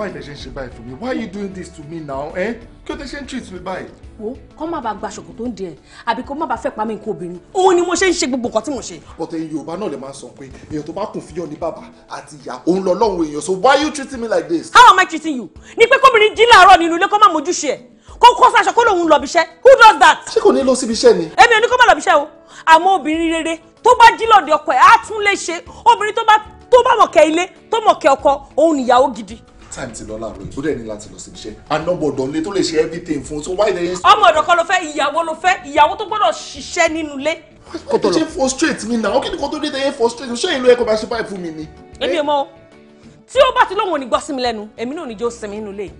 why lè ṣe ń ṣe for me? Why are you doing this to me now eh? kí o tẹ ṣe ń treat mi báyìí. wo kó má bàa gba aṣọkò tó ń di ẹ àbí kó má bàa fẹ́ pa mí nǹkan obìnrin òun ni mo ṣe ń ṣe gbogbo nǹkan tí mo ṣe. but ẹ̀yin yorùbá náà lè máa sọ pé èèyàn tó bá kùn fíyàn ní bàbá àti ìyá òun lọ lọ́hùn èèyàn so why you treating me like this. how am I treating you? ni pé kóbìnrin jí láàárọ̀ nínú ilé kó má mójúṣe ẹ̀ kó kó sáṣọ kó lòun lọ bíṣẹ́ who does that. ṣé kò ní lọ síbi iṣẹ́ ni. èmi ò ní kó má lọ bíṣẹ́ o àmọ́ obìnrin rere tó bá jí lọ́dẹ ọkọ ẹ̀ á tún lè ṣe obìnrin tó bá mọ̀kẹ́ ilé tó mọ̀kẹ́ ọkọ òun nìyàwó gidi time ti lọ láàárọ̀ yìí ó dẹ̀ láti lọ síbi iṣẹ́ anọ́bọ̀dọ̀ nílé tó lè ṣe everything fún so why dey. ọmọ ọ̀dọ̀ kan ló fẹ́ ìyàwó ló fẹ́ ìyàwó tó gbọ́dọ̀ ṣiṣẹ́ nínú ilé. ó ti ṣe frustrate mi náà ó kí ni kó tó dé tẹ́yẹ frustrate ṣé ìlú ẹ̀kọ́ bá ṣe báyìí fún mi ni. èmi eh? ò mọ tí ó bá ti lóun ò ní gbọ́ sí mi lẹ́nu èmi náà ò ní jẹ́ ó sinmi nínú ilé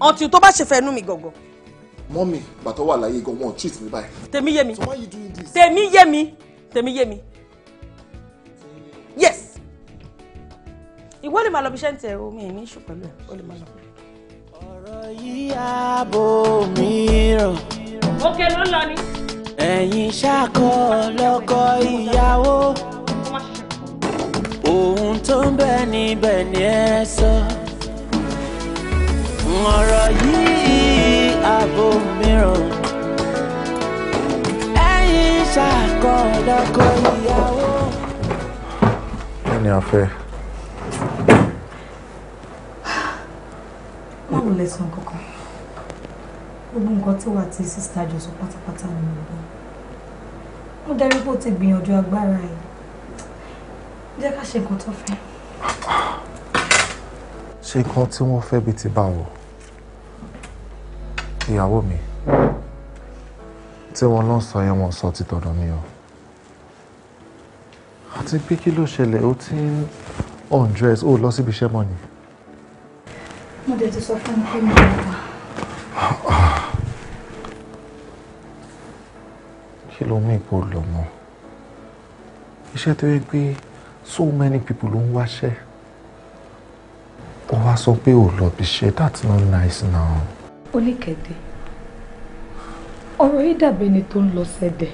until tó bá ṣe fẹ́ nú mi gọ̀gọ̀ mọ́mì gbàtọ́ wà láyé gan wọn treat mi báyìí. tèmi yé mi tèmi yé mi tèmi yé mi yes ìwọ lè máa lọ bí iṣẹ́ ń tẹ̀ omi ẹ̀ ní ìṣù pẹ̀lú ẹ̀ ó lè máa lọ. ọ̀rọ̀ yìí ààbò mi òkè ló lọ ni. ẹ̀yin ṣàkọ lọ́kọ ìyàwó ohun tó ń bẹ níbẹ̀ ni ẹ sọ. ọ̀rọ̀ yìí ààbò mi ẹ̀yin ṣàkọ lọ́kọ ìyàwó. kí ni a fẹ́? báwo lẹ sọ nǹkan kan gbogbo nǹkan tí wà tí sísá jọ sọ pátápátá ni mo gbọ́ mo dẹ́rí bó ti gbìyànjú agbára ẹ̀ jẹ́ ká ṣe nǹkan tó fẹ́. ṣe nǹkan tí wọ́n fẹ́ bíi ti báwo ìyàwó mi tí wọ́n lọ sọ yẹn wọ́n sọ ti tọ̀dọ̀ mi o àti pé kí ló ṣẹlẹ̀ ó ti ń undress ó lọ síbi iṣẹ́ mọ́ ni mo dẹ̀ ti sọ fún mi pé mi ò wà. kí ló mú ipò lọ so many people ló ń wáṣẹ́ ó wá sọ pé ò that's not nice now. oníkẹ̀dẹ̀ ọ̀rọ̀ yìí dàbí ẹni tó ń lọ sẹ́dẹ̀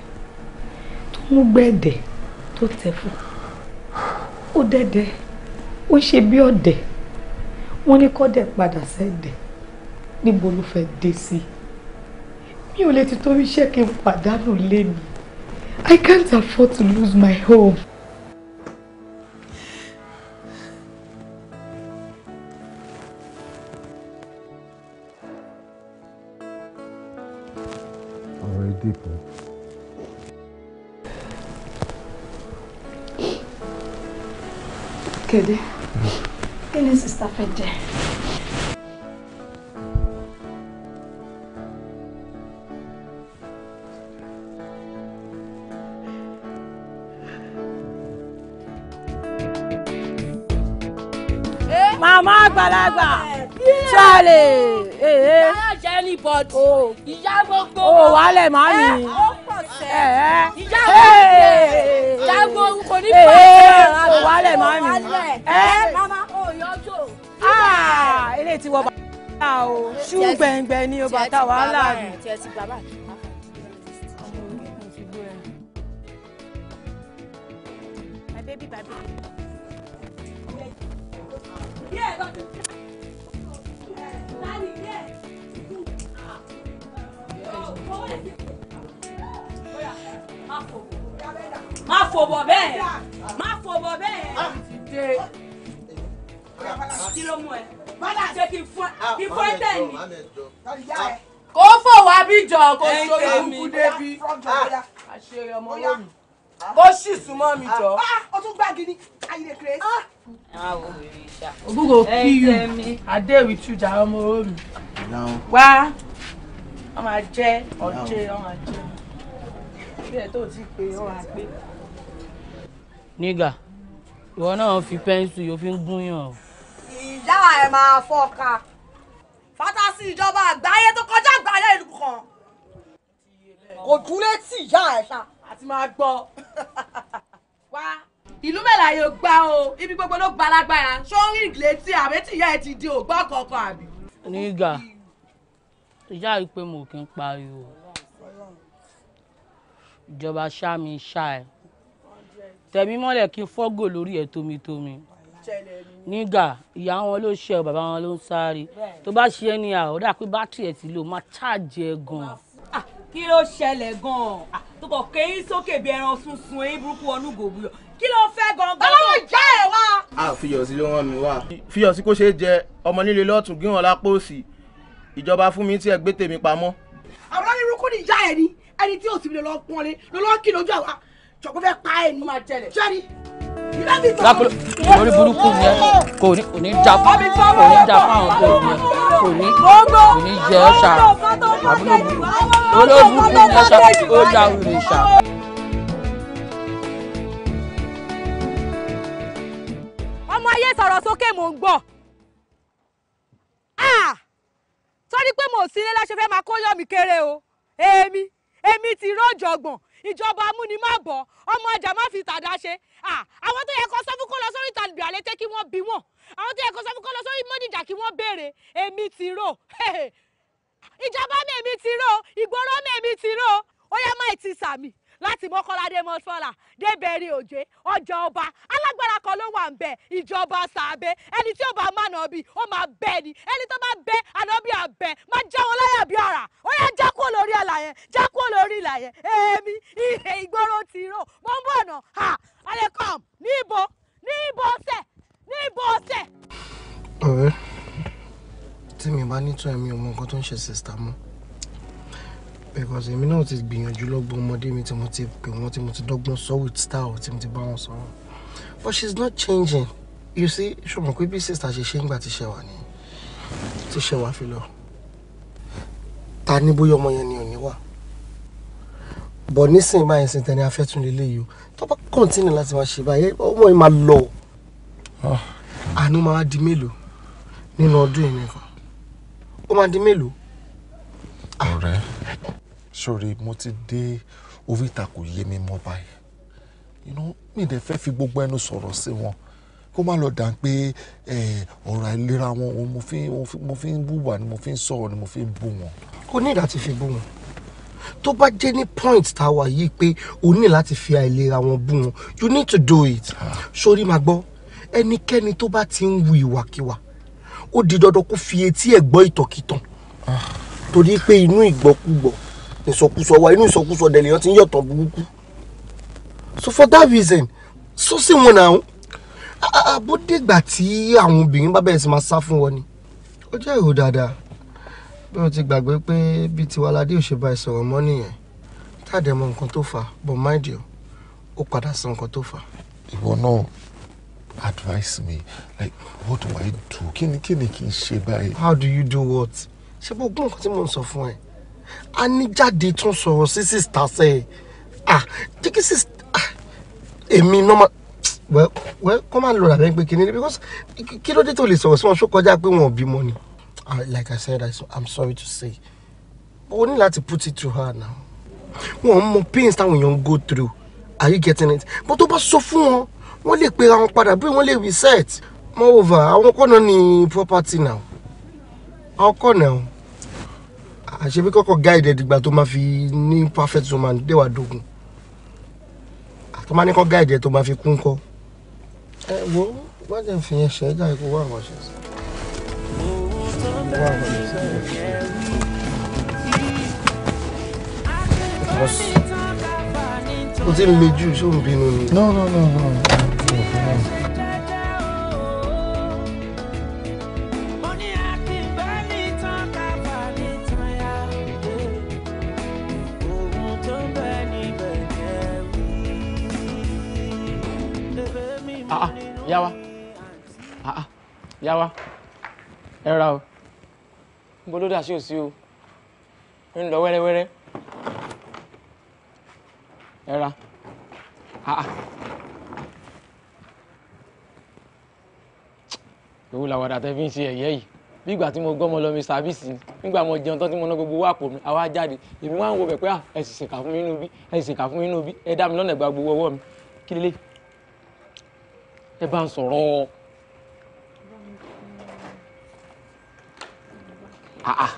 tó ń gbẹ̀dẹ̀ tó tẹ̀ fún ó dẹ́dẹ̀ ó ń ṣe bí wọ́n ní kọ́ padà sẹ́dẹ̀ níbo ló fẹ́ dé sí mi ò lè ti torí iṣẹ́ kí n pàdánù lé mi I can't afford to lose my home. ẹ màámi. ìjà jago kò ní pa ọ wálẹ̀ màámi. ẹ mama o yọjọ. Ah, eléyìí ti wọ bàtà o ṣú gbẹ̀ngbẹ̀ ni o bàtà wàhálà mi. baby, baby. Yeah, fò bọ̀ bẹ́ẹ̀ má fò bọ̀ bẹ́ẹ̀. Ah. kí ló mú ẹ ṣé kí fún ẹ tẹ̀ ní. kò fò wá bí jọ ah. kò sórí kúkú débi ah, àṣeyọrí ọmọ lónìí kó sì súnmọ́ mi jọ. o tún gbá gidi ayé kere. ogungo kiyu adé with you jàre ọmọ oró mi. wá ọmọ ajẹ́ ọjẹ́ ọmọ ajẹ́ bí ẹ tó ti pè ọmọ àgbẹ̀ nígà ìwọ náà fi pẹ́ńsù yóò fi ń gúnyàn o. ìyá ẹ máa fọ́ka fátásí ìjọba àgbáyé tó kọjá àgbáyé ìlú kan kò dúró tí ìyá ẹ ṣá àti máa gbọ́. wá ìlú mẹ́la yóò gbá o ibi gbogbo ló gba lágbára ṣó ń rìn létí àbẹ́tì ìyá ẹ ti di ògbọ́ kankan àbí. nígà ìyá yìí pé mo kì í pariwo ìjọba ṣá mi ṣá ẹ tẹ̀mí mọ́lẹ̀ kí n fọ́gò lórí ẹ̀ tomitomi nígà ìyá wọn ló ṣe ọ bàbá wọn ló ń sáré tó bá ṣe ẹni à ó dà pé bátìrì ẹ̀ ti lò máa ṣáàjì gan. kí ló ṣẹlẹ̀ gan-an tó kọ̀ kéyìn sókè bí ẹran sunsun eyín burúkú ọ̀nù gòbúyọ̀ kí ló fẹ́ gan-an. ọlọ́run já ẹ̀ wá. a fiyọ̀sí ló rán mi wá. fiyọ̀sí kò ṣeé jẹ ọmọ nílé lọ́tún gíwọ̀n lápò òsì ìjọba fún mi tí ẹ gbé tèmi pamọ́. àwọn onírúurú ni ẹni tí òsì mi lọ pọ́nlé lọ́lọ́ jọ̀kọ́ fẹ́ pa ẹ̀ ní. sẹ́ni lápẹ́ lórí burúkú ni ẹ kò ní kò ní já kò ní já fáwọn tó ní ẹ kò ní kò ní jẹ ẹ ṣá àbúrò burúkú olóburúkú ni ẹ ṣá ó já òrìn ṣá. ọmọ ayé sọ̀rọ̀ sókè mò ń gbọ́ torí ah! pé mo ò sí nílẹ̀ ṣe fẹ́ máa kó yọ̀ mí kéré o èmi èmi ti rọ́ọ̀jọ̀gbọ̀n ìjọba amúnimábọ̀ ọmọ ọjà má fi tàdá ṣe àwọn tó yẹ kó sọ fún kó lọ sórí ìtàlùbí àlété kí wọ́n bí wọ́n àwọn tó yẹ kó sọ fún kó lọ sórí mọ́nìjà kí wọ́n béèrè èmi ti rò ìjọba mẹ́mi ti rò ìgboro mẹ́mi ti rò ó yá má ti sàmì láti mọ́kànládé mọ́tòlá débẹ̀rẹ̀ òjé ọjà ọba alágbára kan ló wà ń bẹ̀ ìjọba sàbẹ̀ ẹni tí ó bá má nà bí ó máa bẹ́ ni ẹni tó bá bẹ́ ànábì àbẹ̀ máa já wọn láyà bí ara ó yẹ já kó lórí ẹ̀là yẹn já kó lórí ìlà yẹn èmi ìhè ìgboro ti rò mo ń bọ̀ nà ha alẹ́ kọ́m ní ibo ní ibo ọ̀sẹ̀ ní ibo ọ̀sẹ̀. ọ̀rẹ́ tí mi bá ní tún ẹ̀mí ọmọ nǹkan tó ń ṣe sèsta mọ́ because èmi náà ti gbìyànjú lọ́gbọ́n ọmọdé mi tí mo ti pè wọ́n tí mo ti dọ́gbọ́n sọ with style tí mo ti bá wọn sọ wọn but she is not changing you see ṣùgbọ́n pé bí sista ṣe ṣe ń gbà ti ṣe wà ní ti ṣe wà fi lọ ta ní bóyá ọmọ yẹn ni ò ní wà but nísìnyí báyìí sin tẹni afẹ́tún lélẹ̀ yìí o tó bá kọ́ńtínì láti máa ṣe báyìí ọmọ yìí máa lọ ah. àánú máa di mélòó nínú ọdún yìí nìkan ó máa di mélòó. Ah. ọ̀rẹ́. Sorry, mo ti dé oríta kò yé mi mọ́ báyìí you know mi dẹ̀ fẹ́ fi gbogbo ẹnu sọ̀rọ̀ sí wọn kó má lọ dà pé ọ̀rọ̀ àìlera wọn mo fi mo fi ń búwa ni mo fi ń sọ̀rọ̀ ni mo fi ń bú wọn. o ní láti fi bú wọn tó bá jẹ́ ní point tá a wà yìí pé o ní láti fi àìlera wọn bú wọn you need to do it sórí máa gbọ́ ẹnikẹ́ni tó bá ti ń wu ìwàkiwà ó di dandan kó fi etí ẹ̀ gbọ́ ìtọ̀kìtàn ah. torí pé inú ìgbọ́kúgbọ́ ìsọkúsọ wa inú ìsọkúsọ dẹ̀ lèèyàn ti ń yọ̀tọ̀ burúkú so for that reason so sì wọn náà àbódégbà tí àwọn obìnrin bá bẹ̀rẹ̀ sí máa sá fún wọn ni ó jẹ́ ìhò dáadáa bí mo ti gbàgbé pé bíi tiwa aládé òṣèbá ìsọ̀rọ̀ mọ́ nìyẹn táàdé mọ nǹkan tó fà but mind you ó padà sí nǹkan tó fà. ìwọ náà advise me like what do I do kí ni kí ni kí n ṣe báyìí. how do you do what? ṣé gbogbo nǹkan tí mò ń sọ fún ẹ aníjáde tún sọ̀rọ̀ sí sista sẹ́ ẹ̀ ah jẹ́ kí sista ah èmi normal well well kọ́ máa lọ làbẹ́ pé kìnìún because kí ló dé tó lè sọ̀rọ̀ sí wọn ṣó pé wọn ò bímọ ni ah, like I said I, I'm sorry to say but o ní láti put it to her now wọn mọ pains táwọn èèyàn ń go through are you getting it but tó bá sọ fún wọn wọn lè pera wọn padà bí wọn lè reset moreover àwọn kọ́nà ní property now àwọn kọ́nà àṣebí kọ́kọ́ guide ẹ̀dìgbà tó máa fi ní perfect woman déwà dógún àtọ́mání kọ́ guide ẹ̀ tó máa fi kún kọ́ ẹ wo wọ́n jẹ́ fi yẹn ṣe é jáde kó wá àwọn ṣe sí o ti le jù bínú ni. no no no no. no, no, no. yá ah, ah. yá wa ẹ ra o níbo ló dà sí òsì o ń lọ wẹ́rẹ́wẹ́rẹ́ ẹ ra èwo ah, ah. làwàdà tẹ fi ń ṣe ẹ̀yẹ́ yìí bí ìgbà tí mo gbọ́mọ lọ mi sàbíìsì nígbà mo jẹun tán tí mo ná gbogbo owó àpò mi àwa jáde èmi wá ń wo bẹ̀ pé ẹ sì ṣèkà fún mi nínú bí ẹ sì ṣèkà fún mi nínú bí ẹ dá mi lọ́nà ìgbà gbogbo ọwọ́ mi kí lélẹ́yìí ẹ bá ń sọ̀rọ̀ àà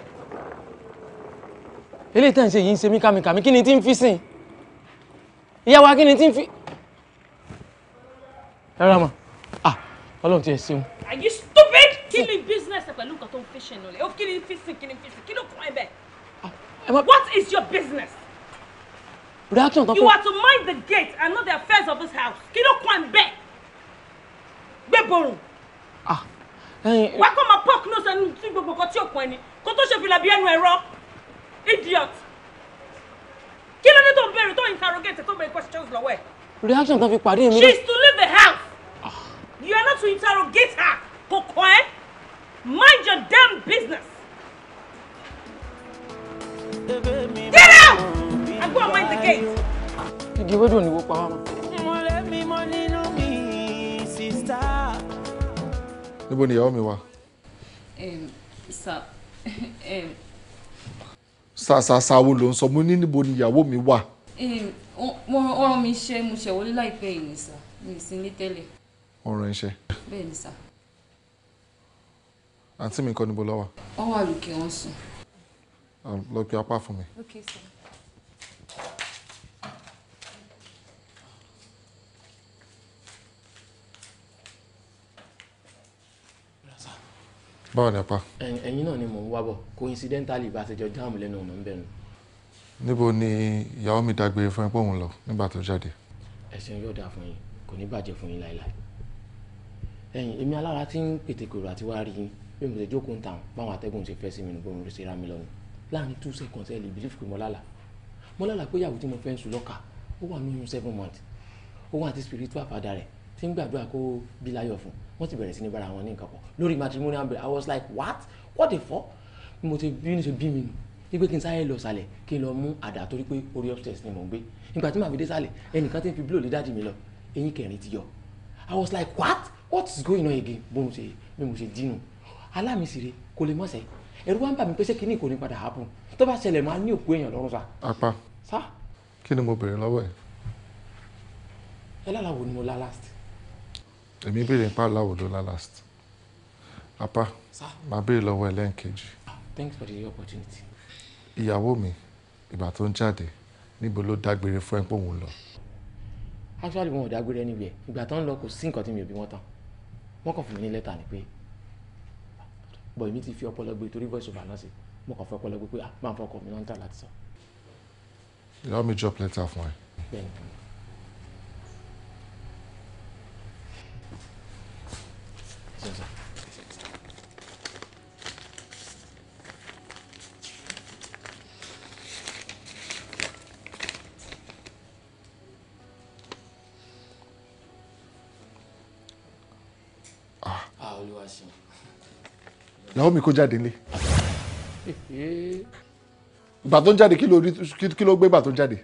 eléyìí tẹ̀ ń ṣe yìí ń ṣe mí kàmìkàmì kí ni tí ń fi sìn ìyá wa kí ni tí ń fi ẹ rà mà à ah, ọlọ́run ti ẹ̀ ṣeun. are you stupid kí ni business pẹ̀lú nǹkan tó ń fi ṣe nílẹ̀ ó kí ni fi sìn kí ni fi sìn kí ló kún ẹ bẹ́ẹ̀ ah, what is your business. reaction you are to mind the gate and not the affairs of this house kí ló kún ẹ gbé borùn ah, wá kọ́ máa pọ́ọ̀kì náà sẹ́nu sí gbogbo kan tí òkun ẹni kó tó ṣe fìlà bí ẹnu ẹ̀rọ idiot kí ló dé tó ń bèrè tó interrogate tó bèrè questions lọ́wọ́ ẹ̀. reaction kan fi parí mi. she is to leave the house ah. you are not to interrogate her kò kọ́ mind your damn business. get out and go and mind the gate. igi wedo ni wo pa wá mọ́. níbo ni ìyàwó mi wà. sàṣàṣà wo ló ń sọ mo ní níbo ni ìyàwó mi wà. wọ́n rán mi iṣẹ́ mo ṣẹ̀ wọlé láìpẹ́ yìí ni sà mi ì sí ní tẹ́lẹ̀. wọ́n rán iṣẹ́. bẹ́ẹ̀ ni sà. àǹtí mi kọ́ níbo ló wà. wọ́n wà lókè wọ́n sùn. lọ pe apá fún mi. okay sir. báwo ni apá. ẹ̀yin náà ni mò ń wá bọ̀ coincidentally bá a ṣe jọ jáàmù lẹ́nu ọ̀nà ń bẹ̀rù. níbo ni ìyàwó mi dágbére fún ẹ pé òun lọ nígbà tó jáde. ẹ̀sìn yóò dáa fún yín kò ní bàjẹ́ fún yín láéláé. ẹ̀yin èmi alára ti ń pètèkòrò àti wá rí yín bí mo ṣe jókòó ń tàn báwọn atẹ́gùn ṣe fẹ́ sí mi nùgbọ́n orí ṣera mi lọ́nu láàrin two seconds ẹ̀ lè believe pé mo lálà mo lálà pé ìyàwó tí mo fẹ́ ń sùn lọ́kà ó seven months òun àti spiritual father rẹ̀ ti ń gbàdúrà kó bí láyọ̀ fún un wọ́n ti bẹ̀rẹ̀ sí ní bára wọn ní nǹkan pọ̀ lórí matrimonial bill i was like what what the fuck mo ti bí níṣe bí mi nù wípé kí n sáré lọ sàlẹ̀ kí n lọ mú àdá torí pé orí upstairs ni mò ń gbé nígbà tí màá fi dé sàlẹ̀ ẹnìkan ti ń fi blow lé dáàdì mi lọ eyín kẹrin ti yọ i was like what what is going on again bó mo ṣe bí mo ṣe dínú alámìsire kò lè mọ̀sẹ̀ ẹ̀rù wa ń bà mí pé ṣé kíní kò ní padà happen tó bá ṣẹlẹ̀ máa ní òkú èèyàn lọ́rùn sa. apá kí ni mo bèrè lọ́wọ́ ẹ̀. ẹ lálàá wo ni mo lá last èmi béèrè nípa láwùjọ la last apá máa béèrè lọ́wọ́ ẹlẹ́ǹkejì. thanks for the opportunity. ìyàwó mi ìgbà tó ń jáde níbo ló dágbére fún ẹ pé òun lọ. actually wọn ò dágbére níbẹ̀ ìgbà tó ń lọ kò sí nǹkan tí mi ò bí wọn tán wọn kàn fún mi ní lẹ́tà ni pé bọ̀ èmi ti fi ọpọlọ gbé torí voice over náà sí mo kàn fọ ọpọlọ gbé pé ah, máa fọkọ mi náà ń tà láti sọ. ìyá mi drop lẹ́tà fún ẹ. bẹ́ẹ̀ni 是不是？ìyàwó ah, mi kó jáde nílé ìgbà tó ń jáde kí ló rí kí ló gbé ìgbà tó ń jáde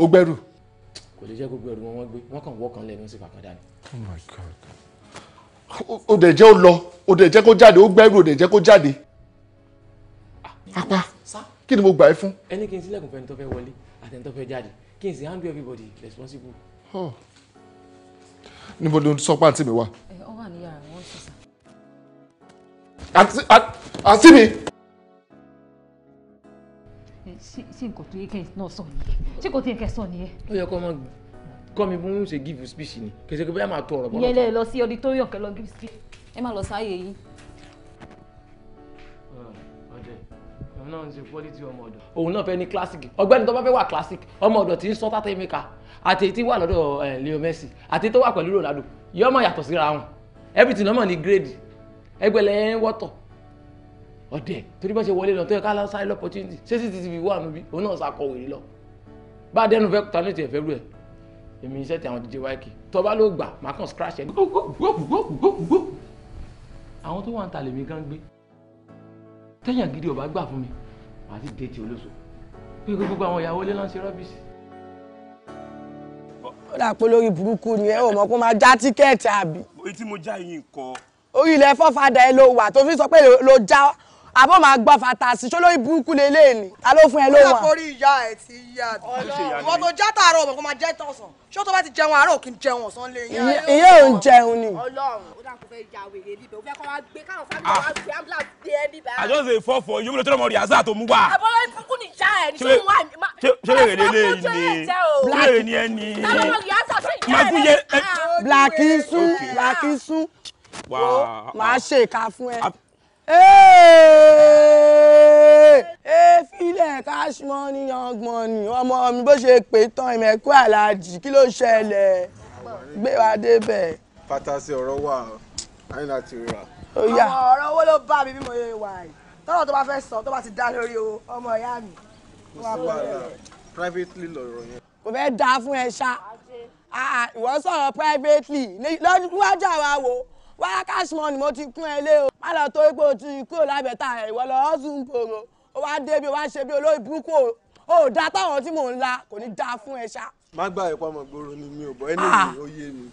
ó gbẹ́rù. kò lè jẹ́ gbogbo ẹrù wọn gbé wọ́n kàn wọ́ kan lẹ́nu sí kàkàndá ni. oh my god ó dẹ̀ jẹ́ ó lọ ó dẹ̀ jẹ́ kó jáde ó gbẹ́rù ó dẹ̀ jẹ́ kó jáde. apá kí ni mo gbà ẹ́ fún. ẹni kí n sílẹ̀kùn fẹ́ni tó fẹ́ wọlé àtẹni tó fẹ́ jáde kí n sì handle everybody responsible. níbo ni o sọ pé àǹtí mi wà. ẹ ọ wà ní yàrá wọn sọ sá. àǹtí àǹtí mi. ṣé nǹkan tó yẹ kẹ́ ẹ náà sọ nìyẹn ṣé kò tó yẹ kẹ́ sọ nìyẹn. ó yẹ kó o máa gbìn kọ́ mi fún ṣe give speech ni kì í ṣe pé bẹ́ẹ̀ máa tó ọ̀rọ̀ bọ́lá. yẹlẹ lọ sí auditorium kẹ lọ give speech. ẹ máa lọ sáàyè yìí. ọ̀dẹ̀ òun ah, náà ń ṣe quality ọmọ ọ̀dọ̀. òun náà fẹ́ ní classic ọgbẹ́ni tó bá fẹ́ wà classic ọmọ ọ̀dọ̀ tí ń sọ tata emeka àti tí wà lọ́dọ̀ eh, Leo Messi àti tó wà pẹ̀lú Ronaldo yọmọ yàtọ̀ síra wọn everything lọ́mọ ní grade ẹgbẹ̀lẹ̀ wọ́tọ̀ ọ̀dẹ̀ torí bá ṣe wọlé lọ tó yẹ ká lọ sáré opportunity. ṣé cctv wà níbí òun náà sá kọ̀wé lọ bá dẹnu fẹ́ tanú ti ẹ̀fẹ́ rú ẹ̀ èmi iṣẹ́ ti àwọn jíjẹ wáìkì tó bá ló gbà máa kàn scratch ẹ̀ gbogbogbogbogbogbogbò àwọn tó wà ń ta lèmi gan gbé tẹ́yàn gidi ò bá gbà fún mi màá sì dé ti olóṣò pé gbogbo àwọn ìyàwó lé lọ́n ṣe rọ́bìsì. ó dà pé lórí burúkú ni ẹ ò mọ̀ pé máa já tíkẹ́ẹ̀tì àbí. orí tí mo já yìí ń kọ. orí ilẹ̀ fọ́fadà ẹ ló wà tó fi sọ pé ló já àbọ̀ máa gbọ́ fatasi ṣó lórí burúkú lélẹ̀ ni ta ló fún ẹ ló wà. ó yà kórìí ìyá ẹ ti yá ọmọ tó já tààrọ̀ ọmọ kó máa jẹ tọ̀sán ṣó tó bá ti jẹun àárọ̀ kì í jẹun ọ̀sán lé yín. ìyá ò ń jẹun ni. Ọlọ́run ó dà kó fẹ́ ya wèrè níbẹ̀ ó fẹ́ kó wá gbé káwọn fámìlì ah. wá fi ambulance gbé ẹ níbẹ̀. àjọṣe ìfọ̀fọ̀ yóò múlò tó lọ́mọ rìazá tó mú wá. àbọ̀wé burúkú ni ìyá ẹ̀ ní tó wà ní. ṣé lè rè lé ní ṣé lè rè ní ẹ ní. Blakisú Blakisú màá ṣe ìka fún ẹ. Ah efilẹ̀ cashmọ́ ní ọgbọ̀n ni ọmọ mi bó ṣe pè tán ìmẹ̀kú aláàjì kí ló ṣẹlẹ̀ gbé wa débẹ̀. pátásí ọ̀rọ̀ wà àyìnlá ti rà. ọmọ ọ̀rọ̀ owó ló bá mi bí mo ṣe wà yìí tọ́lọ̀ tó bá fẹ́ sọ tó bá ti dá lórí owó ọmọ ìyá mi. kò sí wàhálà privately lọ̀rọ̀ yẹn. kò fẹ́ dáa fún ẹ ṣá ah, ìwọ sọ̀rọ̀ privately lọ́jọ́ àwa wo wá cash money mo ti kún ẹ lé o má lọ tó ipò tí kúrò lábẹ́ta ìwọ lọ ọ́sùn gbòòrò ó wá débi ó wá ṣe bí olóyè burúkú o ò dá táwọn tí mò ń la kò ní dá fún ẹ ṣá. má gbà ẹ̀pọ̀ ọmọ gbòòrò ni mi ò bọ́ ẹni mi ò yé mi.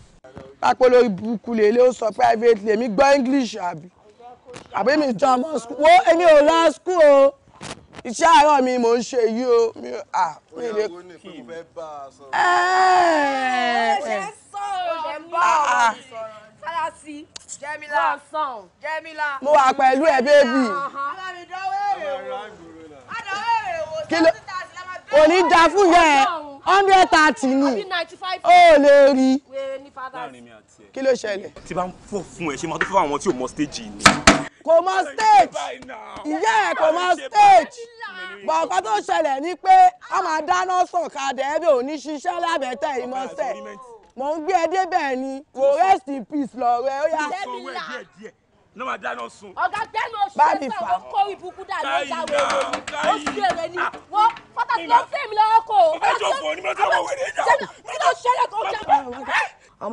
pápẹ́ lórí burúkú lè lé ó sọ private lè mi gbọ́ english àbí àbí mi jọ ọmọ school wo èmi ò lọ school o iṣẹ́ àárọ̀ mi mò ń ṣe yìí o mi à mi lè kí mi. ẹ ẹ ṣe sọ̀rọ̀ mi. Ah, ah. Jẹ́mílá. Jẹ́mílá. Mo wà pẹ̀lú ẹ bébì. Kí ló kò ní da fún yẹn hundred thirty ni ó lè rí. Kí ló ṣẹlẹ̀? Tí bá ń fọ̀ fún ẹ, ṣé máa tó fún àwọn tí ò mọ stage ni. Kò mọ stage, ìyá ẹ̀ kò mọ stage. Bọ̀ǹkan tó ṣẹlẹ̀ ni pé a máa dáná sọ̀kadà ẹ̀ bí ò ṣiṣẹ́ lábẹ́tẹ̀ ìmọ̀ọ́sẹ̀ mò ń gbé ẹ débẹ̀ ni wò rest in peace ah. lọ́rọ̀ ẹ ó yà. ní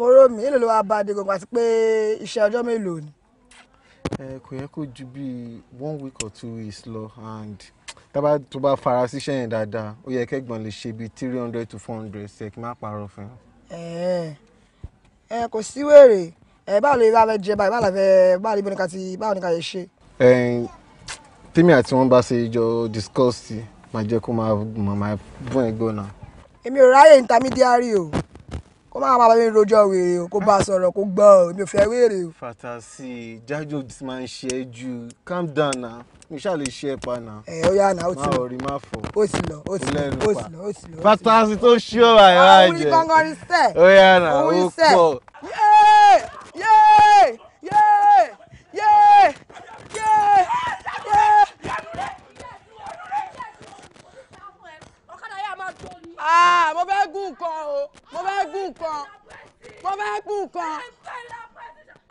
oró mi èlò ló bá adigun àti pé iṣẹ́ ọjọ́ mélòó ni. ẹ kò yẹ kó ju bíi one week or two weeks lọ and tábà tó bá fara síṣẹ́ yẹn dáadáa ó yẹ kẹ́gbọ́n lè ṣe bíi three hundred to four hundred ṣe kí n má parọ́ fún un ẹ kò sí wèrè ẹ báwo lè láfẹ jẹ báyìí báwo láfẹ báwo níbo ni ká ti báwo ni ká lè ṣe. tèmi àti wọn bá ṣe jọ discuss ti máa jẹ kó máa mọ máa bún ẹ gbóná. èmi ò ráyè intermediary o kó máa bá mi rojọ́ wèrè o kó bá a sọ̀rọ̀ kó gbọ́ èmi ò fẹ́ wèrè o. fàtàsì jájò ti máa ń ṣe é ju calm down now mi ṣáà lè ṣe ẹ̀pà náà. ẹ ó yà náà ó ti lọ máa rí máa fọ. ó ti lọ ó ti lọ ó ti lọ ah, ó ti lọ. fatasi tó ṣí ó wà yóò àjẹ. òun ní gangan ní sẹ. ó yà náà ó pọ̀. yéé yéé yéé yéé yéé yéé. ah mo fẹ́ gùn kan o mo fẹ́ gùn kan mo fẹ́ gùn kan.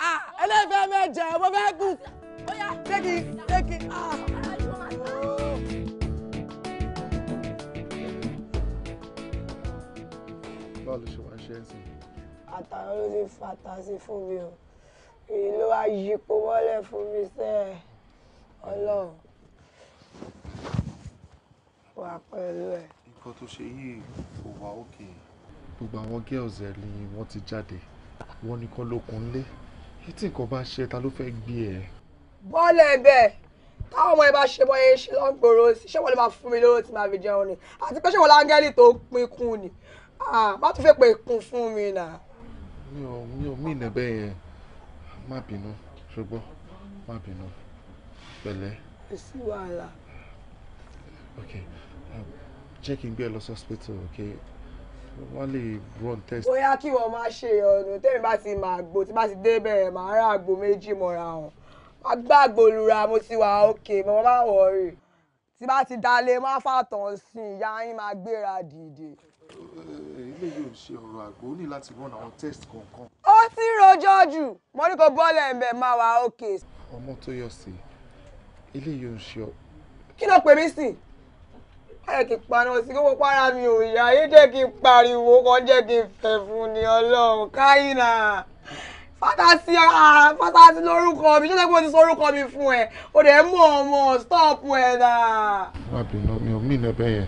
Ah, ẹlẹ́fẹ̀ẹ́ mẹ́jẹ mo fẹ́ kú tẹ́kì tẹ́kì. báwo ló ṣe wá ṣe é sí. àtàwọn ló ti fàtà sí fún mi o èyí ló wá yípo mọ́lẹ̀ fún mi sẹ́ ẹ̀ ọlọ́run wà pẹ̀lú ẹ̀. nǹkan tó ṣe yìí kò wá òkè. gbogbo àwọn girls ẹ̀ ni wọ́n ti jáde wọ́n nìkan ló kún lé tí nǹkan bá ṣe ta ló fẹ́ gbé ẹ. bọ́ọ̀lẹ̀ bẹ́ẹ̀ táwọn ọmọ ẹ bá ṣe bọ́ yẹn ṣe lọ́n gbòòrò sí ṣé wọ́n lè máa fún mi lóró tí màá fi jẹun ni àti pé ṣé wọ́n láńgẹ́lì tó pin kun ni má tún fẹ́ pé kun fún mi nà. mi ò mi ò mí ìnà bẹ́ẹ̀ yẹn má bínú ṣùgbọ́n má bínú pẹ̀lẹ́. kò sí wàhálà. ok um, jẹ́ kí n gbé ẹ lọ sí hospital ok wọ́n lè run test. bóyá kí wọ́n máa ṣe ọ̀nà tẹ́mi bá ti máa gbó tí bá ti dé bẹ̀rẹ̀ màá rà àgbo méjì mọ́ra hàn agbáàgbò lura mo ti wà òkè mo máa wọ̀ rè tí bá ti dalẹ̀ má fàtàn sí ìyá yín máa gbéra dìde. ilé yóò ṣe ọ̀rọ̀ àgbo ó ní láti run àwọn test kọ̀ọ̀kan. ó ti rojọ́ jù mo ní kó bọ́ọ̀lù ẹ̀mẹ̀ máa wà òkè. ọmọ tó yọ sí ilé yóò ṣe ọ. kí ló pè mí sí ẹ kì í pariwo sí kókó para mi ò yá ayé jẹ́ kí n pariwo kan jẹ́ kí n fẹ̀ fún ni ọlọ́run káyìnà fátásí ara fátásí lórúkọ mi ṣé lẹ́gbẹ́ o ti sọ orúkọ mi fún ẹ o dẹ̀ mọ̀ ọmọ stop ẹ̀ dà. má bínú mi ò mí ìnẹ̀bẹ̀ yẹn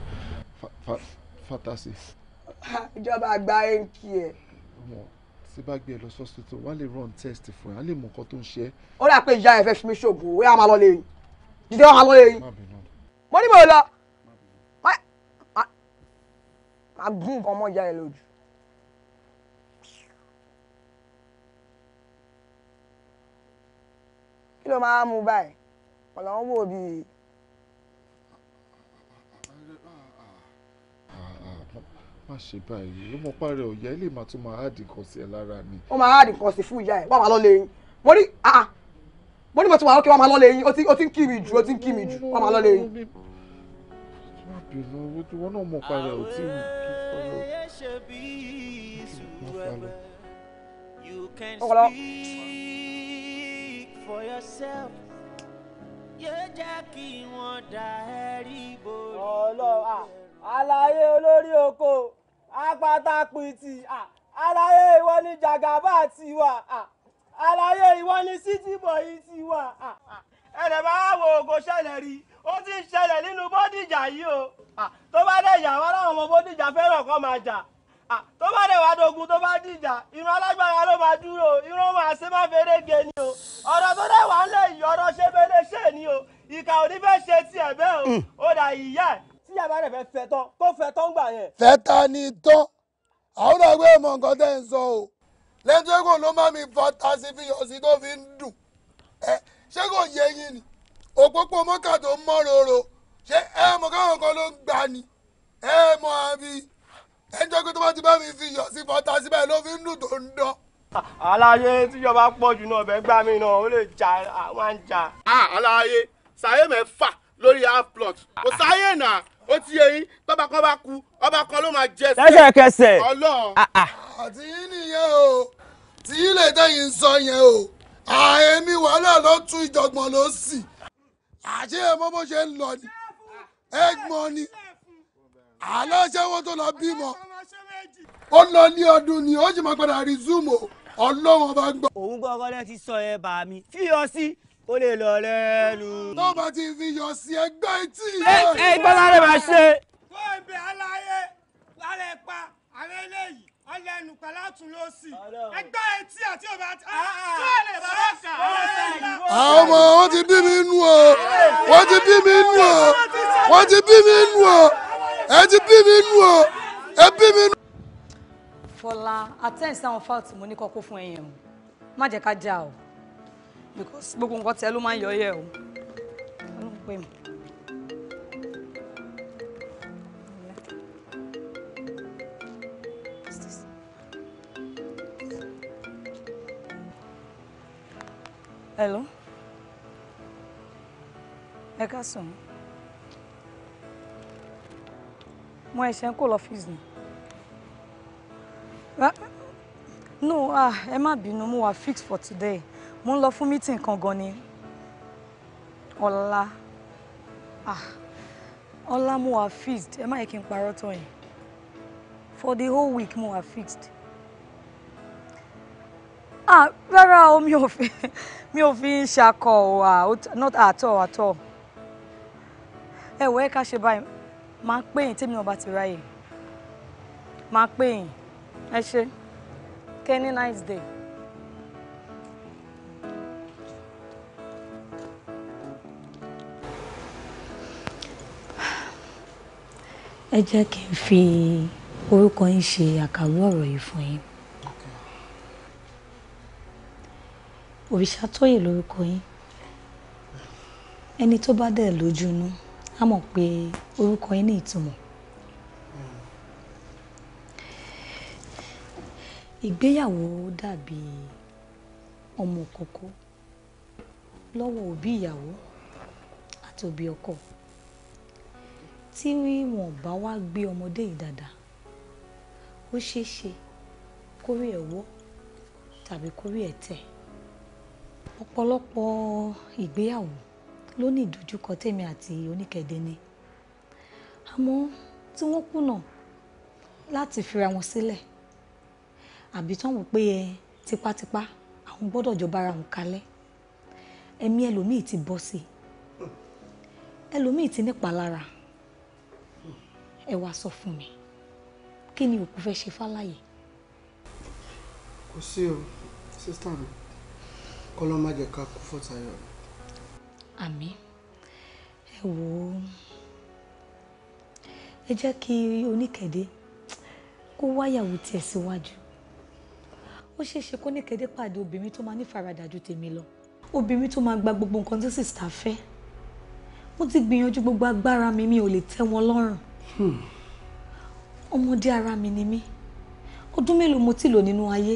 fátásí. ìjọba àgbà ẹ̀ ń kí ẹ. tí bá gbé ẹ lọ sọ́sítò wọ́n á lè run test fún ẹ á lè mọ nǹkan tó ń ṣe é. ó dà pé ìyá ẹ fẹ́ fi mí ṣògùn ó yà máa lọ lè yìn jíjẹ́ wọn máa lọ lè yìn. mo ní mo lọ máa gún nǹkan mọ́ ìyá ẹ lójú. kí ló máa mú báyìí ọ̀là ń wò bíi. má ṣe báyìí ó mọ pára ọ̀yà ilé màá tún máa háàdì kan sí ẹ lára ni. ó máa háàdì kan sí fún ìyá ẹ wọ́n máa lọ lè yín mo ní ah, mo ní mo ti wà ókè wọ́n máa lọ lè yín ó ti ń kí mi jù ó ti ń kí mi jù wọ́n máa lọ lè yín bínú ojúwọ́n náà mọ̀ padà ò tí ì tún fọ́ lọ. You can speak for yourself. Yóò jẹ́ kí wọ́n dá ẹ̀rí borí. Ọlọ́run àlàyé olórí oko apáta àlàyé ìwọ ni jàgàbá ti wà àlàyé ìwọ ni sítìbọ̀ ti wà. Ẹ̀rẹ̀ bá wò ó kò ṣẹlẹ̀ rí ó ti ń ṣẹlẹ̀ nínú bódìjà yìí o tó bá dẹ̀ yà wá láwọn ọmọ bódìjà fẹ́ràn kọ́ máa jà tó bá dẹ̀ wá dogun tó bá dìjà irun alágbára ló máa dúró irun máa ṣe má fèrè ni o ọ̀rọ̀ tó dẹ̀ wá ń lè yí ọ̀rọ̀ ṣe fèrè ṣe ni o ìkà ò ní fẹ́ ṣe tiẹ̀ bẹ́ẹ̀ o mm. ó dà ìyá ẹ̀ tíyà bá rẹ̀ fẹ́ fẹ́ tán tó fẹ́ tán gbà yẹn. fẹ́ta ni tán àwọn ọ̀gbẹ́ ìmọ̀ nǹkan tẹ́ ń sọ o lẹ́jọ́ kò ló má mi fọ́ ta sí fi yọ̀ sí tó fi ń dùn ẹ ṣé kò yẹ yín ni òpópó mọ́kà tó mọ́ roro ṣé ẹ mọ̀ káwọn kan ló ń gbà ni ẹ mọ̀ àbí ẹjọ́ pé tó bá ti bá mi fi yọ̀ sí fọ́tà síbẹ̀ ló fi ń dùn tó ń dán. aláyé tíjọba pọ̀ jù náà bẹ́ẹ̀ gbá mi náà ó lè jà wá ń jà. aláyé sàyé mẹ́fà lórí half plot kò sáyé náà ó ti yẹ yín tọ́ba kan bá ku ọba kan ló máa jẹ sí. lẹ́sẹ̀kẹsẹ̀ ọlọ́run. àti yín nìyẹn o tí yín lè dẹ́yìn sọ yẹn o àìmí wàhálà ló tún ìjọ̀gbọ̀n ló sì àṣé ẹmọ bó ṣe ń lọ ni ẹ̀gbọ́n ni aláṣẹwó tó lọ bímọ ó lọ ní ọdún ni ó sì máa padà rí zoom o ọlọ́wọ́n bá gbọ́. òun gbọ́ngàn náà ti sọ ẹ bá mi fi sí ó lè lọ lẹ́nu. tó bá ti fi yọ sí ẹgbẹ́ etí. ẹ ẹ gbọ́dọ̀ lè máa ṣe. fún ẹgbẹ́ aláyé lálẹ́ pa àwọn eléyìí ọlẹ́nu pẹ̀lú àtún ló sì ẹgbẹ́ etí àti ọba tó ah, ah, ah. lè bá wà àwọn ọmọ wọn ti bí mi inú o wọn ti bí mi inú o wọn ti bí mi inú o ẹ ti bí mi inú o ẹ bí mi inú. fọlá attend sáwọn fáwọtì mo ní kọ́kọ́ fún ẹyẹ o má jẹ́ ká já o because gbogbo nǹkan tẹ ló máa ń yọ ọ yẹ o Hello. Ẹ káàsán. Mo ẹ̀ṣẹ̀ ń kó lọ́fíìsì ni. Ah, no, ah, ẹ má bínú, mo wà fix for today. Mo ń lọ meeting kan gan ni. Ọ̀la. Ah, ọ̀la mo wà fixed. Ẹ má yẹ kí n parọ́ tọ̀ For the whole week mo wà fixed ah rárá o mi ò fi mi ò fi ń not at all at all ẹ where can she buy? Mark máa tell me about it, bá ti ráyè máa pè kenny nice day. ẹ jẹ́ kí n fi orúkọ yín ṣe àkàwé ọ̀rọ̀ yìí fún yín. Òrìṣàtóyè lórúkọ yín ẹni tó bá dẹ̀ lójú inú á mọ̀ pé orúkọ yín ní ìtumọ̀ ìgbéyàwó dàbí ọmọ kókó lọ́wọ́ òbí ìyàwó àti òbí ọkọ tí wọn bá wá gbé ọmọdé yìí dáadáa ó ṣeé ṣe kórè ẹ̀ tàbí kórè ẹ̀ ọ̀pọ̀lọpọ̀ ìgbéyàwó ló ní ìdojúkọ tèmi àti oníkẹ̀dẹ́ ni àmọ́ tí wọ́n kùnà láti fira wọn sílẹ̀ àbí tán wò pé ẹ tipátipá àwọn gbọ́dọ̀ jọ bára wọn kalẹ̀ ẹ̀mí ẹlòmíì ti bọ́ sí ẹlòmíì ti nípalára ẹ wá sọ fún mi kí ni òkú fẹ́ ṣe fáláyé. kò sí o sísítà mi kọ́lọ́ má jẹ́ ká kú fọ́tayọ̀. àmì ẹ wò ó ẹ jẹ́ kí oníkẹ̀dé kó wáyàwó tiẹ̀ síwájú ó ṣeé ṣe kó níkẹ̀dé pàdé obìnrin tó máa ní ju tèmi lọ obìnrin tó máa gba gbogbo nǹkan tí sista fẹ́ mo ti gbìyànjú gbogbo agbára mi mi ò lè tẹ́ wọn lọ́rùn hmm. ọmọdé ara mi ni mí ọdún mélòó mo ti lò nínú ayé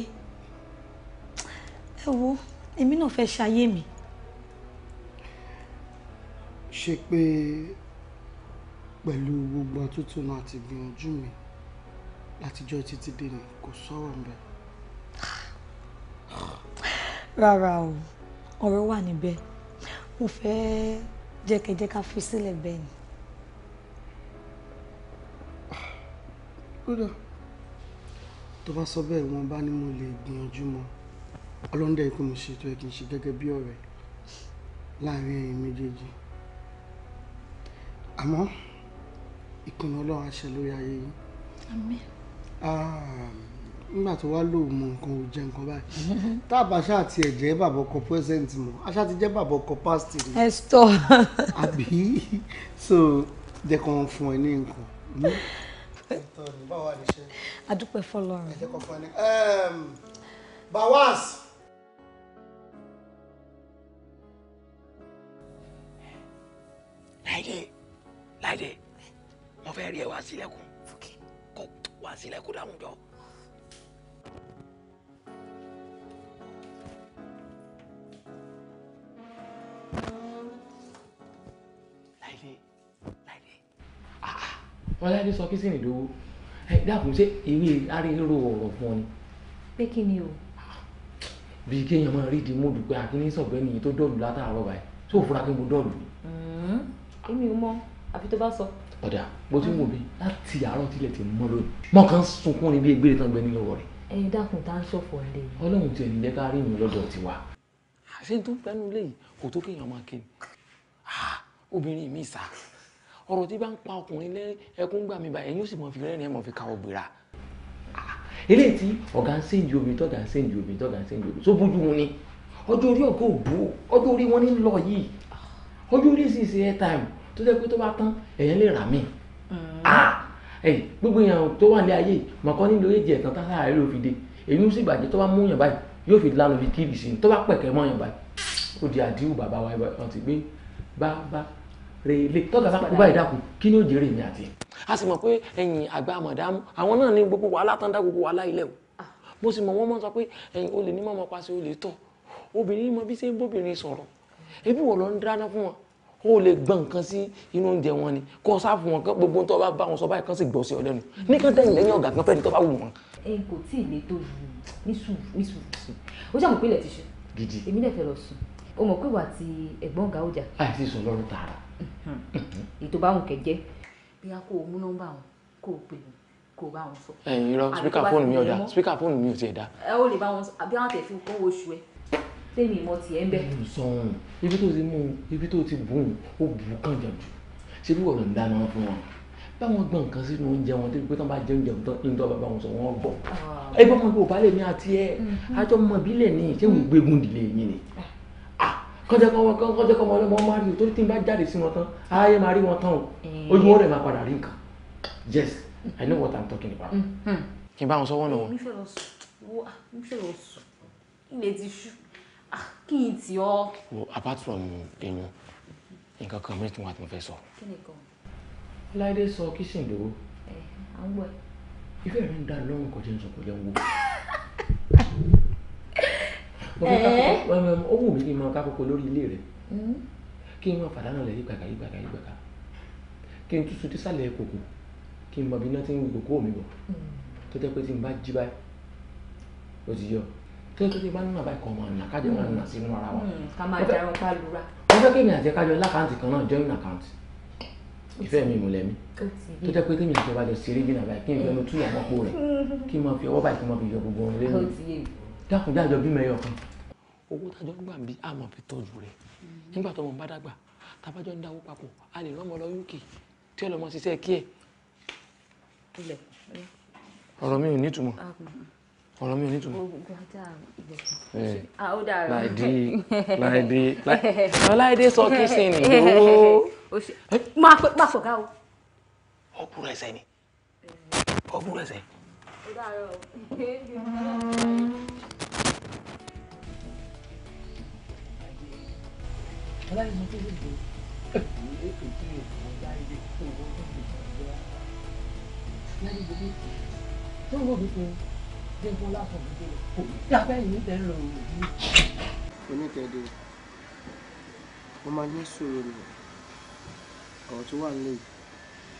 ẹ wo èmi náà fẹ́ ṣayé mi. ṣe pé pẹ̀lú gbogbo àtúntò náà àti gbìyànjú mi látijọ́ títí dé ni kò sọ̀rọ̀ ń bẹ̀. rárá o ọ̀rọ̀ wà níbẹ̀ mo fẹ́ jẹ́kẹ́jẹ́ ká fi sílẹ̀ bẹ́ẹ̀ ni. tó bá sọ bẹ́ẹ̀ wọn bá ní mo lè gbìyànjú mọ́ ọlọ́ndẹ̀ ikú mi ṣètò ẹ̀ kì í ṣe gẹ́gẹ́ bí ọ̀rẹ́ láàrin ẹ̀yin méjèèjì àmọ́ ìkùnà ọlọ́run àṣẹ lórí ayé yìí. àmín. nígbà tó wá lò mọ nǹkan ò jẹ nǹkan báyìí tá a bá ṣáà ti ẹ̀ jẹ́ bàbá ọkọ present mọ́ a ṣáà ti jẹ́ bàbá ọkọ past. ẹ sọ. àbí so jẹ́ kó wọ́n fún ẹ ní nǹkan. báwo wà ní hmm? ṣe. adúpẹ́ fọlọ́run. ẹ jẹ́ kó fún ẹ ní. Bawaz. láìdé láìdé mo fẹ́ rí ẹ wá sílẹ̀kùn kó wá sílẹ̀kùn láwùjọ. láìdé láìdé ah, ah. wọn láìdé sọ kí sì ní lówó dákun ṣe ìwé arírò ọ̀rọ̀ fún ọ ni. pé kí ni o. bíi kéèyàn máa rí di múdù pé akíní sọ̀gbẹ́ni tó dọ́ọ̀lù látàárọ̀ báyìí tó fura kí n kò dọ́ọ̀lù èmi ò mọ àfi tó bá sọ. ọ̀dà bó ti ń wò mí ah. láti àárọ̀ tilẹ̀ ti mọ́ lónìí mọ́ kan sunkún ni bí egbére tán gbẹ nílò rẹ̀. ẹyin dákun tá a ń ṣọ̀fọ̀ lè. ọlọ́run tiẹ̀ níjẹ́ ká rí ìrìn lọ́dọ̀ tiwa. àṣé tó fẹ́nu léyìí kò tó kéèyàn máa kéwì ah, obìnrin mi sá ọ̀rọ̀ tí bá ń pa ọkùnrin lẹ́ ẹkún gbà mí báyìí yóò sì mọ̀ fi rẹ́rìn ẹ̀ mọ̀ fi ka ọ̀gbìnra ah, eléyìí tí ọ̀gá ń sèǹdì obìnrin tọ́gà ń sèǹdì obìnrin tọ́gà ń sèǹdì obìnrin tó bójú wọn ni ọjọ́ orí ọ̀gá òbú ọjọ́ orí wọn ní lọ yìí ọjọ́ orí sì ṣe airtime tó jẹ́ pé tó bá tán èèyàn lè rà mí mm. ah! gbogbo èèyàn tó wà ní ayé mọ̀kọ́ nílò èjì ẹ̀tàn tá sáà rẹ̀ ló fi dé èyí ń sì bàjẹ́ tó bá mú yàn báyìí yóò fi lánàá fi kiri sí i tó bá pẹ̀kẹ́ mọ́ yàn báyìí ó di àdíwù bàbá wa ọ̀n ti gbé bàbá rèlé tọ́ka sápá báyìí dákú kí ni ó jèrè mi àti. a sì mọ̀ pé ẹ̀yìn àgbà màdámù àwọn náà ní gbogbo wàhálà tán dá gbogbo wàhálà ilẹ̀ o mo sì mọ̀ wọ́n mọ̀ sọ pé ẹ̀yìn olè ní mọ̀ mọ̀ pàṣẹ olè tọ̀ obìnrin mọ̀ bí ṣe sọ̀rọ̀ ebi wọ̀ lọ ń dáná fún wọn kó o lè gbọ́n nǹkan sí inú oúnjẹ wọn ni kó o sá fún wọn kán gbogbo tó bá bá wọn sọ báyìí kán sì gbọ́ sí ọ lẹ́nu ní kán tẹ̀yìn lẹ́yìn ọ̀gá kan fẹ́ni tó bá wù wọn. ẹ kò tí ì lè tó ju ní sùúrù ní sùúrù sùn ó ṣàmù pé ilẹ̀ ti ṣe èmi dẹ̀ fẹ́ lọ sùn o mọ̀ pé wà á ti ẹ̀gbọ́n ọ̀gá ọjà. láì sí sùn lọ́rùn tààrà. ètò bá wọn kẹjẹ bí a kó o mú nọ́mbà wọn kó o pè wọn kó o bá wọn sọ. ẹyin irọ́ spíkà fóònù mi ọ̀dà spíkà fóònù mi ò tiẹ̀ dá. ẹ ó lè bá wọn sọ àbí àwọn tẹ̀ tèmi mọ tiẹ̀ ń bẹ̀. ibi tó ti mú ibi tó ti bùn ó bù kàn jà ṣé bí wọ́n dáná fún wọn báwọn gbọ́n nǹkan sínú oúnjẹ wọn débi pé tán bá jẹ oúnjẹ tó ń tọ́ bàbá wọn sọ wọn bọ̀ ẹgbẹ́ ọmọ ìgbà òbálẹ̀ mi àti ẹ àjọ mm-hmm. mọ ìbílẹ̀ ni ṣé òun gbégun dìlé yín ni kọjá kọmọ kọjá kọmọ ọlọmọ ọmọ àríwó torí tí n bá jáde sí wọn tán ayé máa rí wọn tán o eh. ojú wọn rẹ̀ máa padà rí nǹkan yes i know what i'm talking about mm-hmm. kí n bá wọn sọ wọn nù. mi fẹ́ lọ sùn ah, ilé ti ṣú. Ah, kí n tì ọ. wo apart from ẹyin nǹkan kan mìíràn tí wọn ti fẹ́ sọ. kí ni kan. láìdé sọ kíṣìn lówó. ẹ à ń wọ ẹ. ìfẹ́ mi ń dá lọ́rùn kọjá ní sọ̀kọ̀jẹ́ ń wò. Um, um, ó wù mí kí n máa kákòókò lórí ilé rẹ̀ hmm? kí n máa fàdánù lẹ̀ yígbàgà yígbàgà yígbàgà kí n tútù dísàlẹ̀ kòkò kí n mọ bí iná ti ń gbogbo mi bọ̀ hmm. tó jẹ́ pé tí n bá jí báyìí ó ti yọ kí ló ti bá nínú àbá ìkọ̀ ọmọ àná kájọ máa nà sínú ara wa. Hmm, ká máa jarun ká lura. wọ́n fẹ́ kí èmi àti kájọ lákàntì kan náà joint account ìfẹ́ mi ìmùlẹ̀ mi tó jẹ́ pé kí èmi àti ìbàjọ́ ṣeré jìnnà báyìí kí n fẹ́ mi tú ìyàwó pò rẹ̀ kí n máa fi ọwọ́ báyìí kí n máa fi yọ gbogbo orin lẹ́nu dákun dájọ bí mẹ́yọ kan. owó tájọ gbà bí a máa fi tọ́jú rẹ̀ hmm. nígbà tó mọ̀ bá dàgbà tábàjọ́ ń dáwó papọ̀ a lè rán ọmọ lọ UK tí ọlọmọ ṣiṣẹ́ kí ẹ̀. ọ̀rọ̀ mi ọ̀rọ̀ mi ò ní túmọ̀. láìdí láìdí láìdí sọ kìsìn ní owó. máa pẹ́ máa fọ̀gá o. ọkùnrin ẹsẹ̀ ni ọkùnrin ẹsẹ̀. láìdí tó wọ́n wọ́n fi kún un dégun látọ̀gbẹ́dẹ kò dábẹ́ yìí lẹ́ lọ òòlù. oníkẹ́dẹ́ mo máa ní sùúrù nù ọ̀rọ̀ tó wà nílẹ̀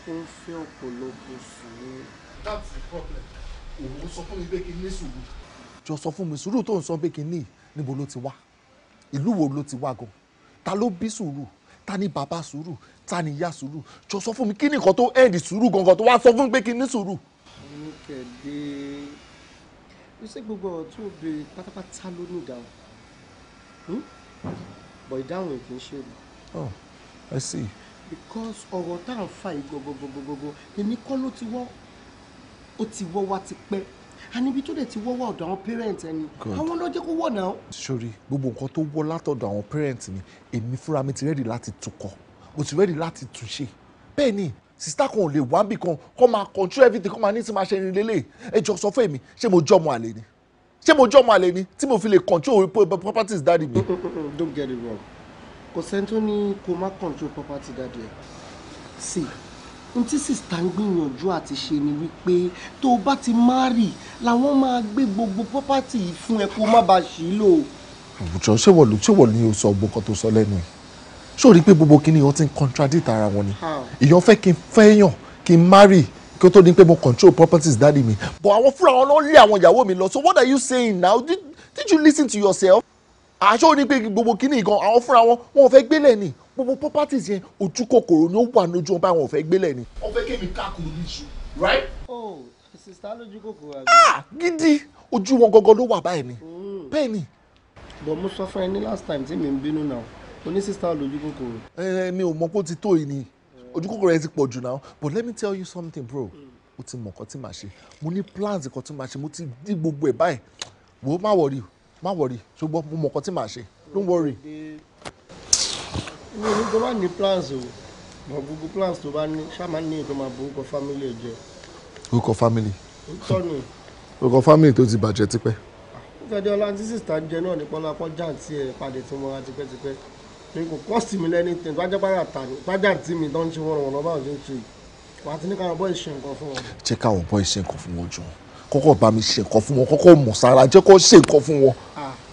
ó ń fẹ́ ọ̀pọ̀lọpọ̀ sùúrù. that's the problem òun sọ fún mi pé kí n ní sùúrù. jọ sọ fún mi sùúrù tó ń sọ pé kí n ní níbo ló ti wá ìlú wo ló ti wá gan ta ló bí sùúrù ta ni bàbá sùúrù ta ni ìyá sùúrù jọ sọ fún mi kí ni nǹkan tó end sùúrù gangan tó wá sọ fún mi pé kí n ní sùúrù. oníkẹ́dẹ́ you say gbogbo ọ̀rọ̀ tó béèrè pátápátá ló ní ìdáhùn hmm? bọ̀ ìdáhùn kì í ṣe o. oh i see. because ọ̀rọ̀ tá à ń fa yìí gbogbogbogbogbò èmi kọ́ ló ti wọ́ ó ti wọ́ wá ti pẹ́ àníbi tó dẹ̀ ti wọ́ wá ọ̀dọ̀ àwọn parent ẹni àwọn ló jẹ́ kó wọ̀ náà. sori gbogbo nǹkan tó wọ́ látọ̀dọ̀ àwọn parent ni èmi fúnra mi ti rẹ́dì láti tukọ̀ mo ti rẹ́dì láti túnṣe bẹ́ẹ̀ ni sista kan ò lè wá bì kan kó máa control everything kó máa ní tí máa ṣe irin lélẹ̀ ẹ jọ sọ fún èmi ṣé mo jọ́ ọmọ àlè ni ṣé mo jọ́ ọmọ àlè ni tí mo fi lè control properties dáàdi mi. don't get it wrong kò sẹ́ni tó ní kó má control property dáàdi ẹ̀ sí n tí sista ń gbìyànjú àti ṣe ni wípé tó o bá ti marry làwọn máa gbé gbogbo property yìí fún ẹ kó má bàa ṣì í lò. àwùjọ ṣé wọ́n ní o sọ gbogbo kan tó sọ lẹ́nu yìí ṣó rí pé gbogbo ni wọn ti ń contradict ara wọn ni èèyàn fẹ́ kí n fẹ́yàn kí n marry kí ó tó di pé mo control properties dáàdi mi but àwọn fúnra wọn ló lé àwọn ìyàwó mi lọ so what are you saying now did, did you listen to yourself àṣọ ni pé gbogbo kíní gan àwọn fúnra wọn wọn ò fẹ́ gbélé ni gbogbo properties yẹn ojú kòkòrò ni ó wà lójú ọba àwọn ò fẹ́ gbélé ni. wọ́n fẹ́ kémi káàkiri ní iṣu right. oh sista lójú kòkòrò àgbẹ̀. ah gidi ojú wọn gangan ló wà báyìí ni mm. bẹ́ẹ̀ But bọ̀ mo sọ fún ẹ ní last time tí mi ń bínú náà onísísítà lójú ẹ mi ò mọ pé ti tó yìí ni ojú yẹn ti pọ̀ jù náà but let me tell you something bro o ti mọ̀ nǹkan tí màá ṣe mo ní plans nǹkan tí màá ṣe mo ti dí gbogbo ẹ̀ báyìí wò má worry má worry ṣùgbọ́n mo mọ̀ nǹkan tí màá ṣe don't worry. mi ò ní gbọ́dọ̀ ní plans o mọ gbogbo plans tó bá ní ṣáà máa ní ètò máa bo orúkọ family ẹ jẹ. orúkọ family. tọ́nu. orúkọ family tó ti bàjẹ́ tipẹ́. ó di ọlá tí sísá jẹ náà ní pọ́nlápọ́n jáǹtì ẹ̀ padà tí mo ra tipẹ́tipẹ́ pé kò cost mi lẹ́ni tẹ̀ tó ajábára tà ní tájà tí mi tó ń ṣe wọ́n lọ́wọ́ báwo ṣe ń ṣe yìí wà á ti ní káwọn bọ́ ìṣe nǹkan fún wọn. jẹ́ káwọn bọ́ ìṣe nǹkan fún wọn jọ kọ́kọ́ bá mi ṣe nǹkan fún wọn kọ́kọ́ mọ̀ sára jẹ́ kó ṣe nǹkan fún wọn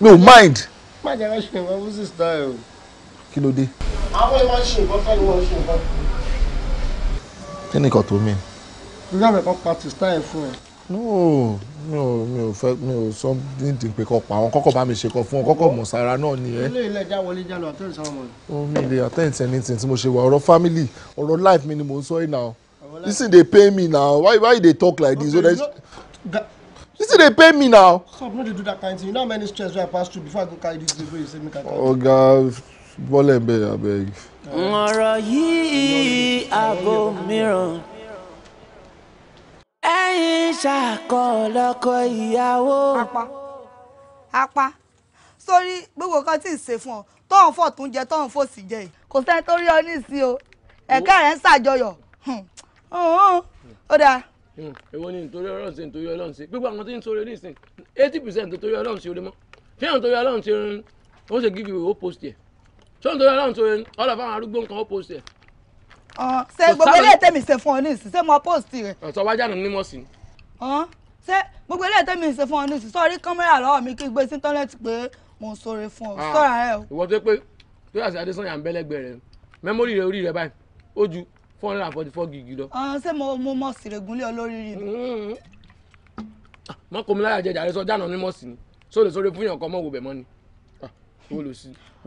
mi ò mind. má jẹ́ ká ṣe nǹkan fún sísítà ẹ̀ o. kí ló dé. àwọn ìwọ̀n ṣe nǹkan fẹ́ ni wọ́n ṣe nǹkan. kí ni nǹkan tó mìíràn. nígbà mẹ́kàn pa sísítà ẹ̀ fún ẹ. no mi ò mi ò fẹ́ mi ò sọ ní ìdìpé kan pa àwọn kọ́kọ́ bá mi ṣe kan fún ọ kọ́kọ́ mọ̀sára náà nìyẹn. ilé ilé ìjà wọlé ìjà lọ àtẹ̀yìn sọ̀rọ̀ mọ́. omi ilé àtẹ̀yìn tẹ̀yìn tẹ̀yìn tí mo ṣe wà ọ̀rọ̀ family ọ̀rọ̀ life mi ni mo ń sọ yìí now this thing dey pain me now why why you dey talk like this. Okay, no, this thing dey pain me now. stop no dey do that kind thing you know how many stress wey i pass through before i go carry this baby wey you say make i carry. oga bọ́lẹ̀ ń abeg. ọ̀rọ̀ yìí àgọ́ mìíràn ṣàkọ lọ́kọ ìyàwó. apá apá sórí gbogbo kan tí ì ṣe fún ọ tọ́hún fọ̀ tún jẹ tọ́hún fò sí jẹ yìí kò sẹ́ni tó rí ọ ní ìsín o ẹ̀ka rẹ̀ ń ṣàjọyọ̀ hmm. ó dáa. Hmm. èwo ni nítorí ọlọ́run ṣe nítorí ọlọ́run ṣe gbogbo àwọn tó ń sọ̀rọ̀ nísìn eighty percent nítorí ọlọ́run ṣe orí mọ́ ṣé àwọn nítorí ọlọ́run ṣe orin wọ́n ṣe give you a post ẹ̀ ṣé nítorí ọlọ́run ṣe orin ọlọ́fà àwọn arúgbó nǹkan ó post ẹ̀ Ah, ṣe gbogbo eléyìí tẹ̀mí ṣe fún ọ ní ìsìn ṣé mo post rẹ̀. ọ̀tọ̀ wájà nù mímọ̀ sí. Ah, ṣé gbogbo eléyìí tẹ̀mí ṣe fún ọ ní ìsìn sọ́ọ́ rí kámẹ́rà lọ́wọ́ mi kí n gbé sí íńtánẹ́ẹ̀tì pé mo ń sọ̀rọ̀ fún ọ ah, sọ̀rọ̀ rẹ o. ìwọ tó pé tó yà sí adésanya ń bẹ́lẹ́gbẹ̀ rẹ mẹ́mórì rẹ orí rẹ báyìí ó ju four hundred and forty four gig lọ. ṣé mo mo mọ̀ sí rẹ̀ gúnlẹ̀ olórí rí mm-hmm. mi. mọ kò mí láyà jẹjà rẹ sọ jáàna mímọ̀ sí ni sóòlù sórí fún yàn kan mọ̀ wò bẹ̀ mọ́ ni.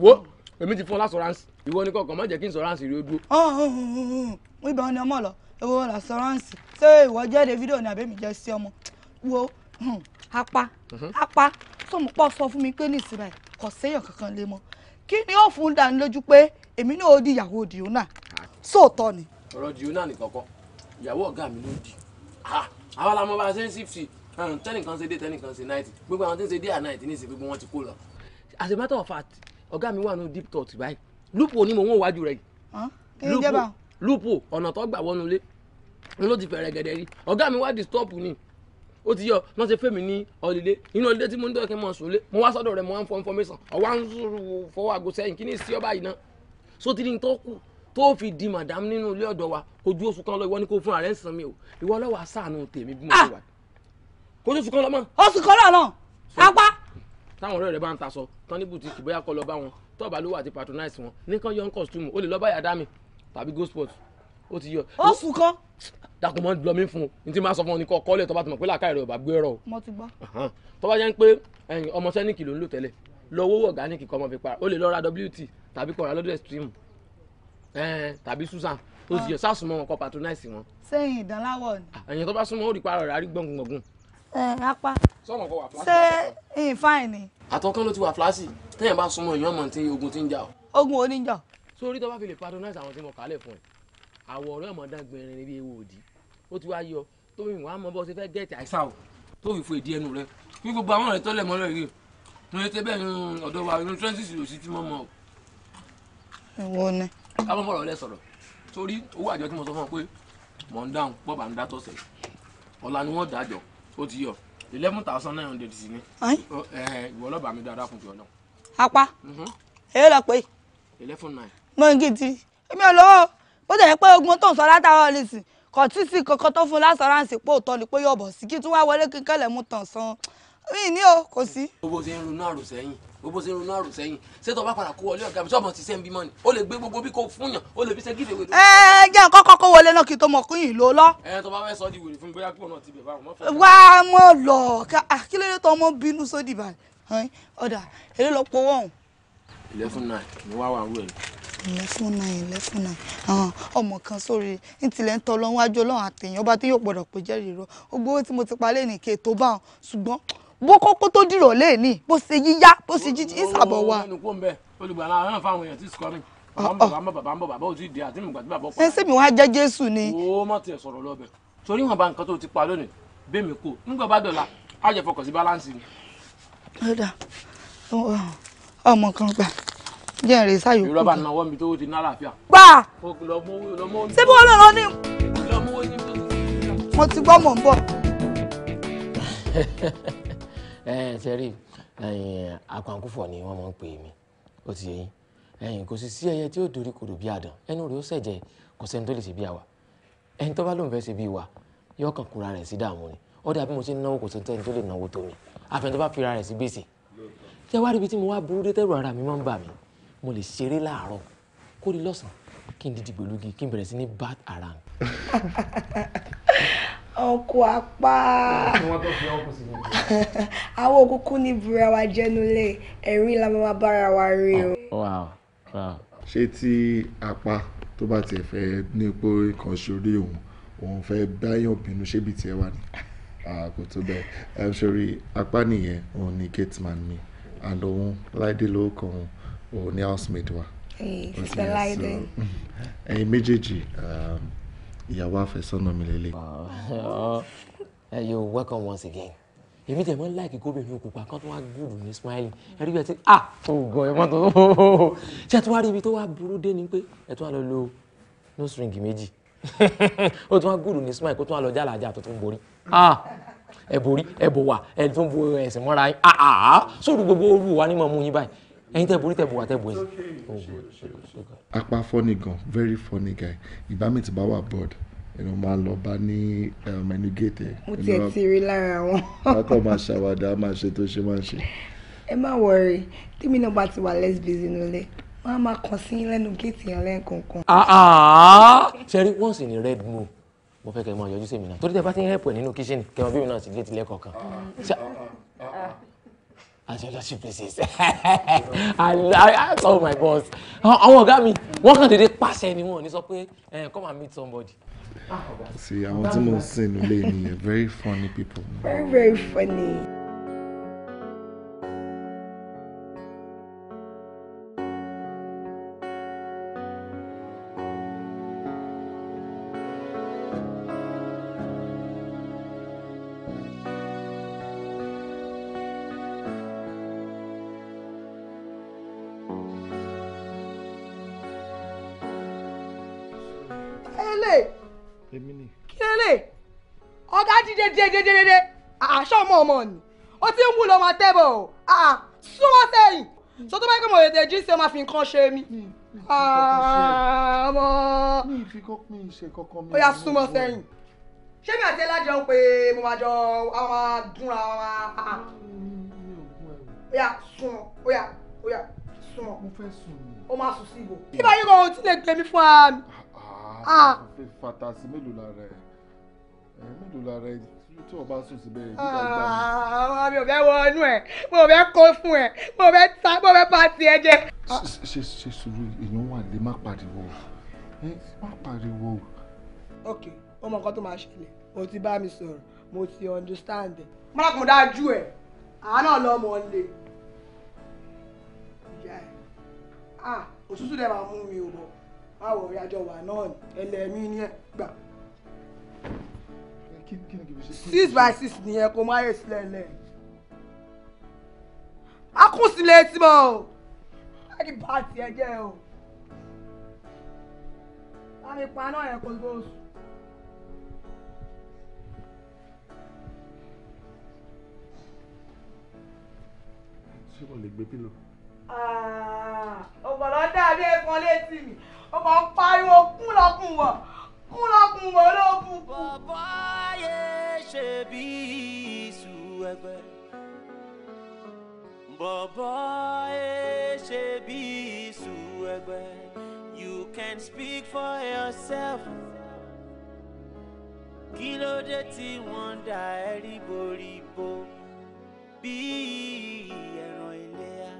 wo èmi ti fún ọ lásọ̀ránsì ìwọ ni kọ̀ọ̀kan má jẹ́ kí n sọ̀ránsì rí o dúró. Oh, oh, oh, ibà ni ọmọ lọ ewu lásọ̀ránsì ṣé ìwọ jẹ́ Davido ni àbẹ́mi jẹ́ sí ọmọ wo hmm, apá mhm. apá tó mú pọ̀ sọ fún mi pé ní ìsinmi kò séèyàn kankan lé mọ́ kí ni ó fún dání lójú pé èmi náà ó di ìyàwó Diona ah. sóòótọ́ ni. ọ̀rọ̀ Diona nìkan kọ́ ìyàwó ọ̀gá mi ló di ah, àwa la mọ bá a ṣe ń ṣìfì hmm, tẹ́nìkan ṣe dé tẹ́nìkan ṣe náìtì gbogbo àwọn tí ń ṣe dé à náìtì ní ìsìn gbogbo wọn ti kó lọ. as a matter of fact ọ̀gá mi wà ní deep talk báyìí lupo ni mo wọ́n wájú rẹ̀ yìí lupo ọ̀nà tó gbà wọnú lé n ló ti fẹ̀rẹ̀ gẹ̀dẹ̀ rí ọ̀gá mi wá disturb ni ó ti yọ wọn ṣe fẹmi ní ọlẹlẹ inú ọlẹlẹ tí mo ń dọkẹ mọ sùn lé mo wá sọ́dọ̀ rẹ̀ mo wá ń fọ information ọwọ à ń fọwọ́ àgọ sẹ́yìn kí ni sí ọba yìí náà so ti ní tó kù tó fi di madam nínú ilé ọ̀dọ̀ wa ojú oṣù kan lọ ìwọ ni kò fún ààrẹ ń san mi o ìwọ lọ́wọ́ àṣà àánú tèmi bí mo ti wà ah! kó oṣù kan lọ mọ. oṣù kan lọ náà apá táwọn ọ̀rẹ́ rẹ̀ bá ń taṣọ tán ní bùtíkì bóyá kọ́ lọ bá wọn tọ́ọ̀bà ló wà àti patronize wọn nìkan yọ ń costume ó lè lọ bá yàdá mi tàbí go sport ó ti yọ. ó sùn kọ́. dàkún mọ́ lọ mí fún un ní tí máa sọ fún ọ ní kọ́ kọ́lẹ̀ tó bá ti mọ̀ pé làákàyè rẹ̀ ò bá gbé rọ̀ o. mo ti gbọ́. tó bá jẹ́ ń pé ọmọọṣẹ́ ní kìlò ń lò tẹ́lẹ̀ lọ owó ọ̀gáníìkì kọ́ ọmọ fi para ó lè lọ ra wt tàbí kọ́ra lọ́dọ̀ extreme tàbí susan ó ti yọ ah. sásùnmọ́ wọn kọ́ patronize wọn. sẹ́yìn ìdánláwọ̀ ni. Ah, ẹ̀yìn tó bá súnmọ́ ó rí parọ́ rẹ̀ á rí gbọ̀ngbọ̀ngbọ̀n apá ṣé ìfáìn ni. àtọkán ló ti wà fúláṣì téèyàn bá súnmọ́ èèyàn mọ̀ tí ogun ti ń jà o. ogun ò ní jà. sórí tó bá fi lè patronize àwọn tí mo kálẹ̀ fún ẹ àwọ̀ ọ̀rẹ́ ọ̀mọ̀dá gbẹ̀rin bí ewu òdì ó ti wá yọ tó fi wàá mọ bọ́ ṣe fẹ́ gẹ̀ẹ́tì o tó fo ìdí ẹnu rẹ kí gbogbo àwọn ọ̀rẹ́ tọ́lẹ̀ o ti yọ eleven thousand nine hundred sí ni. Eh, ìwọ ọlọ́ba mi dáadáa kùn jù ọ lọ. apá èyí mhm. lọ pé. eleven nine. mo ń gidi èmi ò lówó ó jẹ́ pé ogun tó ń sọ látàwọn lè sìn kò tí sí kankan tó fún lásọ̀ránsì pé òótọ́ ni pé yọ̀bọ̀ sí kí tún wá wọlé kíkẹ́lẹ̀ mú tàn san mí ní o kò sí. owó ti ń ronú àròsẹ́yìn gbogbo ṣe ń ronú àrùn sẹ́yìn ṣé tó bá padà kó wọlé ọ̀gá mi sọ́mọ ti sẹ́yìn bí mọ́ni ó lè gbé gbogbo bí kò fún yàn ó lè fi ṣe gíde wèrè. ẹ jẹ́ nǹkan kọ́kọ́ wọlé náà kí n tó mọ̀ kí n lò lọ. ẹ tó bá fẹ́ sọ di wèrè fún bóyá kúrò náà ti bẹ̀ báwọn mọ́ fẹ́. wá mo lọ kí ló dé tó ọmọ bínú sódì báyìí ọ̀dà èlé lọ powó ọ̀hún. eleven nine ni wá wà wúrẹ̀ eleven nine eleven nine àwọn ọmọ kan sórí ntílẹ̀ ń tọ́ lọ́wọ́ wájú ọlọ́run àtẹ̀yìn ọba tí yóò gbọ́dọ̀ pé jẹ́rìí rọ gbogbo owó tí mo ti palẹ̀ ní kí ètò bá wọn ṣùgbọ́n bó kókó tó dìrọ̀ lẹ́ẹ̀ni bó ṣe yíyá bó ṣe jíjí ìsàbọ̀ wa. olùgbàlà àwọn àfáwọn èèyàn ti sọ ah, ah. mi ẹ ṣé mi wá jẹ́ Jésù ni. o má tiẹ̀ sọ̀rọ̀ lọ́bẹ̀ torí wọn bá nǹkan tó ti pa lónìí bẹ́ẹ̀ mi kò nígbà bá dọ̀la á jẹ́ fọkàn sí báláǹsì ni. ọmọ kan gbà jẹ́ ẹ̀rẹ́ sáyò kúkú. ìrọ̀bà náwó mi tó ti ná àlàáfíà. gbà ṣé bí wọ́n lọ lọ ní. mo ti gbọ́ mò ń bọ̀. ẹ sẹ́rí Akwankufo ni wọ́n máa ń pè mí ó ti yẹyìn ẹ̀yìn kò sì sí ẹyẹ tí ó dorí kodò bí àdán ẹnu rẹ̀ ó ṣẹ̀jẹ̀ kò sẹ́ni tó lè ṣe bí àwa ẹni tó bá lóun fẹ́ ṣe bí wa yóò kàn kúra rẹ̀ sí dààmú ni ó dàbí mo ṣe náwó kò sẹ́ni tó lè náwó tó mi àfẹn tó bá fira rẹ̀ sí gbèsè tí a wá ríbi tí mo wá burú dé tẹ́rù ara mi máa ń bà mí mo lè ṣeré láàárọ̀ kó di lọ́sàn kí n dìdì gbòlógì kí n bẹ̀rẹ̀ sí ní bat around. ọkọ apá àwọn òkúkú ní búra wa jẹnulẹ ẹ̀rín la máa bára wa rí o. ṣé tí apá tó bá tiẹ̀ fẹ́ ní pé kan ṣorí òun òun fẹ́ báyọ̀ bínú ṣébi tiẹ̀ wà ní kò tó bẹ́ẹ̀ ẹ ṣorí apá nìyẹn òun ni gate man mi and òun láìdé lórúkọ òun ni housemaid wa. ẹ̀yin méjèèjì. Um, ìyàwó àfẹ́sọ́nà mi lélẹ̀. you're welcome once again èmi tẹ̀ mọ́ láìkí kóbìnrin òkùnkà kan tó wá gùdù ní smiling ẹ̀rí bíi ẹ ti ah oògùn ẹ̀fọn tó ṣe tó wá rí ibi tó wá burú dé ni pé ẹ̀ tó wá lọ lo nose ring méjì ó tún wá gùdù ní smile kó tún wá lọ jálàjà tó tún borí ah ẹ borí ẹ bò wá ẹ tún bo ẹ̀sìn mọ́ra yín ah ah, ah. sóòrù gbogbo orú wa ní mọ̀ mú yín báyìí ẹyin tẹ borí tẹ bọ wà tẹ ẹ. apá funny gan very funny guy ìgbà mi ti bá wà bored ẹnu máa lọ bá ní um, ẹnu gètè. mo tiẹ̀ ti rí lára wọn. akọ máa ṣàwádà máa ṣe tó ṣe máa ṣe. ẹ má wọrí tèmi náà bá ti wà less busy nílé máa máa kàn sí lẹ́nu gètè yẹn lẹ́ẹ̀kọ̀ọ̀kan. ṣẹ́rí wọ́n sì ní red moon mo fẹ́ kẹ́ ẹ máa yọjú sí mi náà torí tẹ bá ti ń help ẹ̀ nínú kíṣìnì kẹ́ ẹ máa bí náà sì gé tilẹ̀ kọ̀ọ̀kan. Ah, ah, ah, at your lordship places I, I told my boss àwọn ọ̀gá mi wọ́n kàn déédéé pàṣẹ ni wọ́n ní sọ pé eh, come and meet somebody. See, àwọn tí mo ń sìn nìyẹn very funny people. very very funny. Ah, àṣọ ọmọ ọmọ ni ó ti ń wú lọ́mọ àtẹ́bọ̀ o ah, súnmọ́ sẹ́yìn sọ tó bá yẹ kó mo lè tẹ̀ jí ṣe máa fi nǹkan ṣe mí. Ah, ọmọ ó yà súnmọ́ sẹ́yìn ṣé mi àti ẹ lájọ ń pé mo máa jọ àwọn máa dúnra àwọn máa. ó yà súnmọ́ ó yà ó yà súnmọ́. mo fẹ́ sùn ni. ó máa sùn sí ibò. kí bá yín tí lè gbé fún ara mi. àà ah, mélòó lára ẹ mélòó lára ẹ tí o bá sùn síbẹ̀ yìí nígbà ìgbà mi. mi ò fẹ́ wọ inú ẹ̀ mi ò fẹ́ kó fún ẹ̀ mi ò fẹ́ ta mi ò fẹ́ bá tiẹ̀ jẹ́. ṣe ṣe sùúrù èèyàn wà lé ti bá mi mo ti understand ẹ̀. mọ́lákùn dájú ẹ̀ àánà lọ́mọ lè. ah òtútù dẹ̀ máa mú mi ò bọ̀ báwo ìrìnàjò wà náà ẹlẹ́mìí ni ẹ̀ gbà six by six nìyẹn kò má yẹ sílẹ̀ lẹ̀ a kún sílẹ̀ tí mo o má ní bá tiẹ̀ jẹ́ o má ní pa náà yẹ kó gbó sùn. ṣé wọn lè gbé pílò. Ah, ọ̀gbọ̀n lọ dàbí ẹ̀kan létí mi ọmọ pariwo kún lọ́kùn wọ̀ múlọkùn wọlé òkùnkùn. bàbá ayé ṣe bí iṣu ẹgbẹ́ bàbá ayé ṣe bí iṣu you can speak for yourself kí ló dé tí wọ́n dá ẹ rí boríbo bí ẹran iléyà.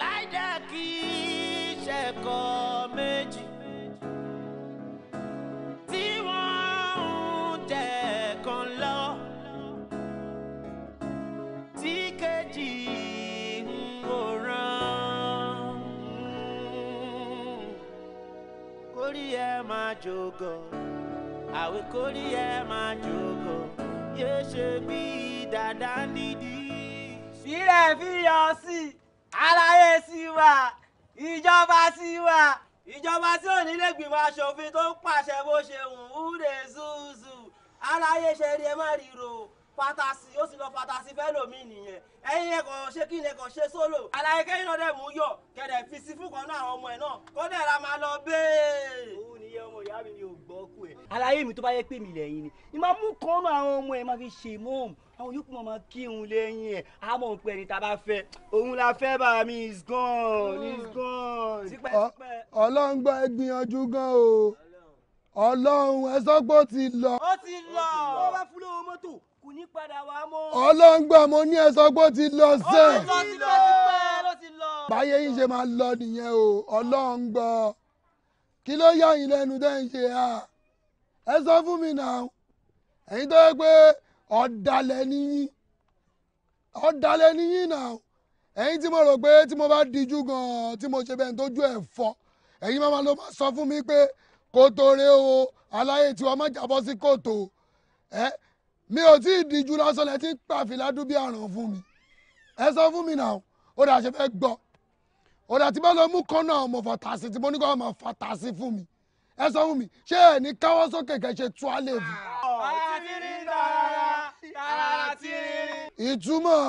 láìdá kí ṣẹ̀kọ méjì. máa jogo àwíkórí ẹ máa jogo yóò ṣe bí dàda nídìí. sílẹ̀ fi yọ sí aráyé sí wa ìjọba sí wa ìjọba tí ò nílé gbìmọ̀ aṣòfin tó ń pàṣẹ bó ṣe wù ú rè zuzu aráyé ṣe rí ẹ má ríro fatasi ó sì lọ fatasi fẹ́ lómi nìyẹn ẹ̀yin yẹn kàn ṣe kí ni kàn ṣe sólò àlàyé kẹ́yìn náà dẹ̀ mú yọ kẹ̀dẹ̀ fi sí fún kan náà àwọn ọmọ ẹ̀ náà kó dẹ̀ ra máa lọ bẹ́ẹ̀. òun ni iye ọmọ ìyá mi ni ò gbọ́ kú ẹ̀. àlàyé mi tó bá yẹ pé mi lẹ́yìn ni ni màá mú kan náà àwọn ọmọ ẹ̀ máa fi ṣe mọ́ọ̀mù àwọn yòókù máa máa kírun lẹ́yìn ẹ̀ á mọ̀ pé ẹni tá a bá fẹ́ òun la fẹ́ bá mi is gone is gone. ọlọ́run gbọ́ ẹ gbìyànjú gan o ọlọ́run ẹ sọ pé ó ti lọ. ó ti lọ. ó bá fún lówó mọ́tò kò ní padà ọlọ́ngbà mo ní ẹ pé ó ti lọ sẹ́. ó ti lọ tipẹ́ báyé yín ṣe máa lọ nìyẹn o ọlọ́ngbà kí ló yà yín lẹ́nu tẹ́ ń ṣe à ẹ sọ fún mi náà ẹ̀yin tó yẹ pé ọ̀dàlẹ̀ ni yín ọ̀dàlẹ̀ ni yín náà ẹ̀yin tí mo rò pé tí mo bá díjú gan-an tí mo ṣe bẹ́ẹ̀ tó ju ẹ̀ ẹ̀yin máa ló máa sọ fún mi pé kòtò rèé o aláyé tí wọ́n má jábọ́ sí kòtò ẹ̀ mi ò tí ì díjú lásán lẹ́tí pàfìlà dúbí àràn fún mi ẹ sọ fún mi náà ó dà ṣe fẹ́ gbọ́ ó dà tí bá lọ mú kọ́nà ọmọ fàtàsí tí mo ní kọ́ ọmọ fàtàsí fún mi ẹ sọ fún mi ṣé ẹ ní káwọ́ sókè kẹ́ṣe tú á lè bù. ìtumọ̀.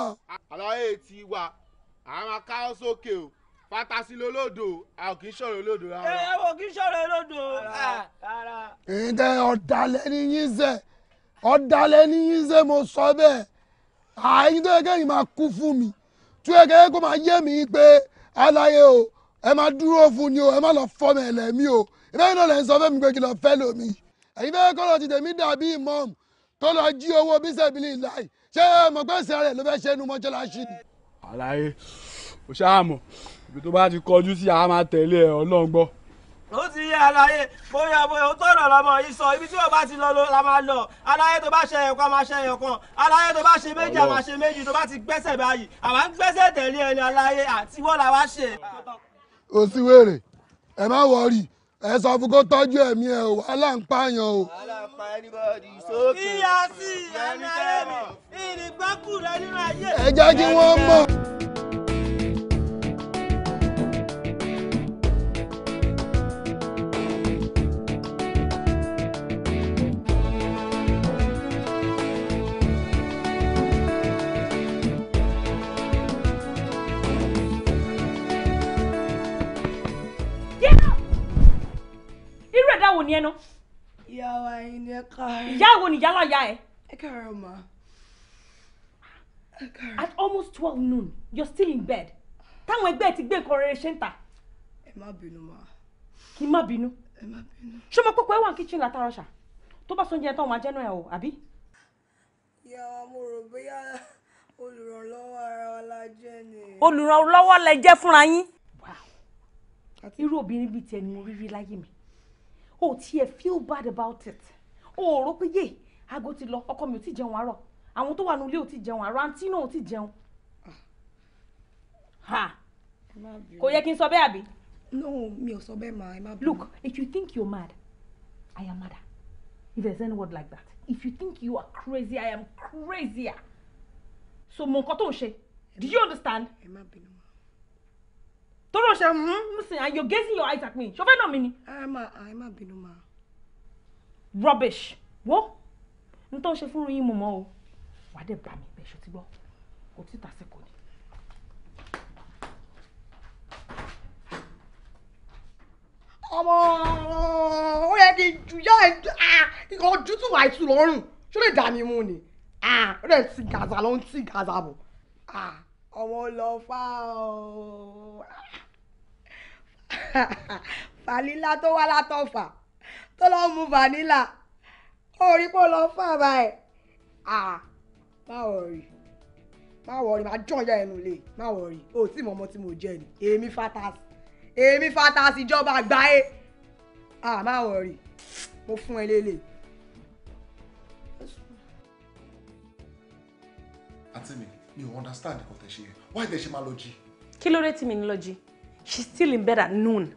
àlàyé ti wà àwọn káwọ́ sókè o fàtàsí lolódò a ò kì í ṣọ̀rọ̀ olódò rárá. ẹ ẹ wò kì í ṣọ̀rọ̀ olódò. ìdẹ ọ̀dàlẹ̀ ni yín sẹ́ẹ̀ ọ̀dàlẹ̀ ní yín ṣe mo sọ bẹ́ẹ̀ àyín tó yẹ kẹ́yìn máa kú fún mi tó yẹ kẹ́yìn kó máa yé mi pé aláyé o ẹ máa dúró fún ni o ẹ má lọ fọ́ mi ẹlẹ́mí o ìbẹ́yìn náà lẹ́ ń sọ fẹ́mi pé kí lọ fẹ́ lómi ẹ̀yin fẹ́ kọ́ lọ ti tèmi dàbí imọ́ọ̀mù tó lọ jí owó bísẹ̀bìlì láì ṣé ọmọ pẹ́sẹ̀ rẹ̀ ló fẹ́ ṣe é nu mọ́ṣáláṣí ni. àlàyé kò ṣáà mọ̀ ibi tó bá ti kọjú sí a máa tẹ̀lé ẹ̀ ọlọ́ngbọ́n ó ti yé àlàyé bóyá bóyá ó tọ̀nà lọ́mọ yìí sọ ibi tí wọ́n bá ti lọ la máa lọ àlàyé tó bá ṣe ẹ̀kan máa ṣe ẹ̀kan àlàyé tó bá ṣe méjì àmà ṣe méjì tó bá ti gbẹ́sẹ̀ báyìí àwa ń gbẹ́sẹ̀ tẹ̀lé ẹni àlàyé àti wọ́n la wá ṣe. kò wèrè ẹ má wọrí ẹ sọ fún kó tọ́jú ẹ̀mí ẹ o wàhálà ń pààyàn o. ìyá sí ìyá ní ayé mi ìrìn gbákùrẹ́ nínú ayé. ẹ jẹ́ kí wọ́n mọ̀. irú ẹ̀dá wo ni ẹ ná. ìyá wa yìí ni ẹ káàárọ̀. ìyá wo ni yálà ya ẹ. ẹ káàárọ̀ ma. ẹ káàárọ̀. at almost twelve noon you're still in bed táwọn ẹgbẹ́ ti gbé nǹkan rere ṣe ń tà. ẹ má bínú ma. kí n má bínú. ẹ má bínú. ṣé mo pọ́pọ́ ẹ wà ní kíchìn látara ṣá tó bá sọ oúnjẹ tán wọn á jẹ́ náà ẹ o àbí. ìyá wa mo rò bóyá olùrànlọ́wọ́ ara wa la jẹ́ ni. olùrànlọ́wọ́ lẹ jẹ́ fúnra yín. irú obìnrin bíi tiẹ̀ ni mo rí rí láyé mi o tiẹ̀ feel bad about it o rò pé yé aago ti lọ ọkọ mi ò ti jẹun àárọ̀ àwọn tó wà nílé ò ti jẹun àárọ̀ àǹtí náà ò ti jẹun kò yẹ kí n sọ bẹ́ẹ̀ àbí. no mi ò sọ bẹ́ẹ̀ ma ẹ má bí. look if you think you're mad i am madder if there's any word like that if you think you are crazy i am crazier so mọ nǹkan tó ń ṣe do you understand. ẹ má bínú tọrọ ṣe mú hmm, sìn and you're gazing your eyes at me ṣọfẹ́ náà mi ni. Ah, ẹ má ah, ẹ má bínú ma. rubbish wo n tó ṣe fún yín mo mọ o wà á dẹ̀ bá mi bẹ́ẹ̀ ṣe ti gbọ́ kò tí tàṣíkò ni. ọmọ ó yẹ kí n ju yá ẹ nǹkan ojú tù wá ìtù lọ́rùn ṣó lè dà mí mu ni ó lè ti gàzà ló ń ti gàzà bò ọmọ lọ fà ó fànílà tó wá látọ̀fà tó lọ́ọ́ mu fànílà ó rí pé ó lọ́ọ́ fà báyìí má wọ̀rì má wọ̀rì má jọ̀yà ẹnu lè má wọ̀rì ó tí mo mọ tí mo jẹ ni èmi fatasi èmi fatasi ìjọba àgbáyé má wọ̀rì mo fún ẹ lélẹ̀. àǹtí mi mi ò understand nǹkan tẹ̀ ṣe yẹn wáyé tẹ̀ ṣe máa lọ jí. kí ló dé tí mi ń lọ jí she's still in bed at noon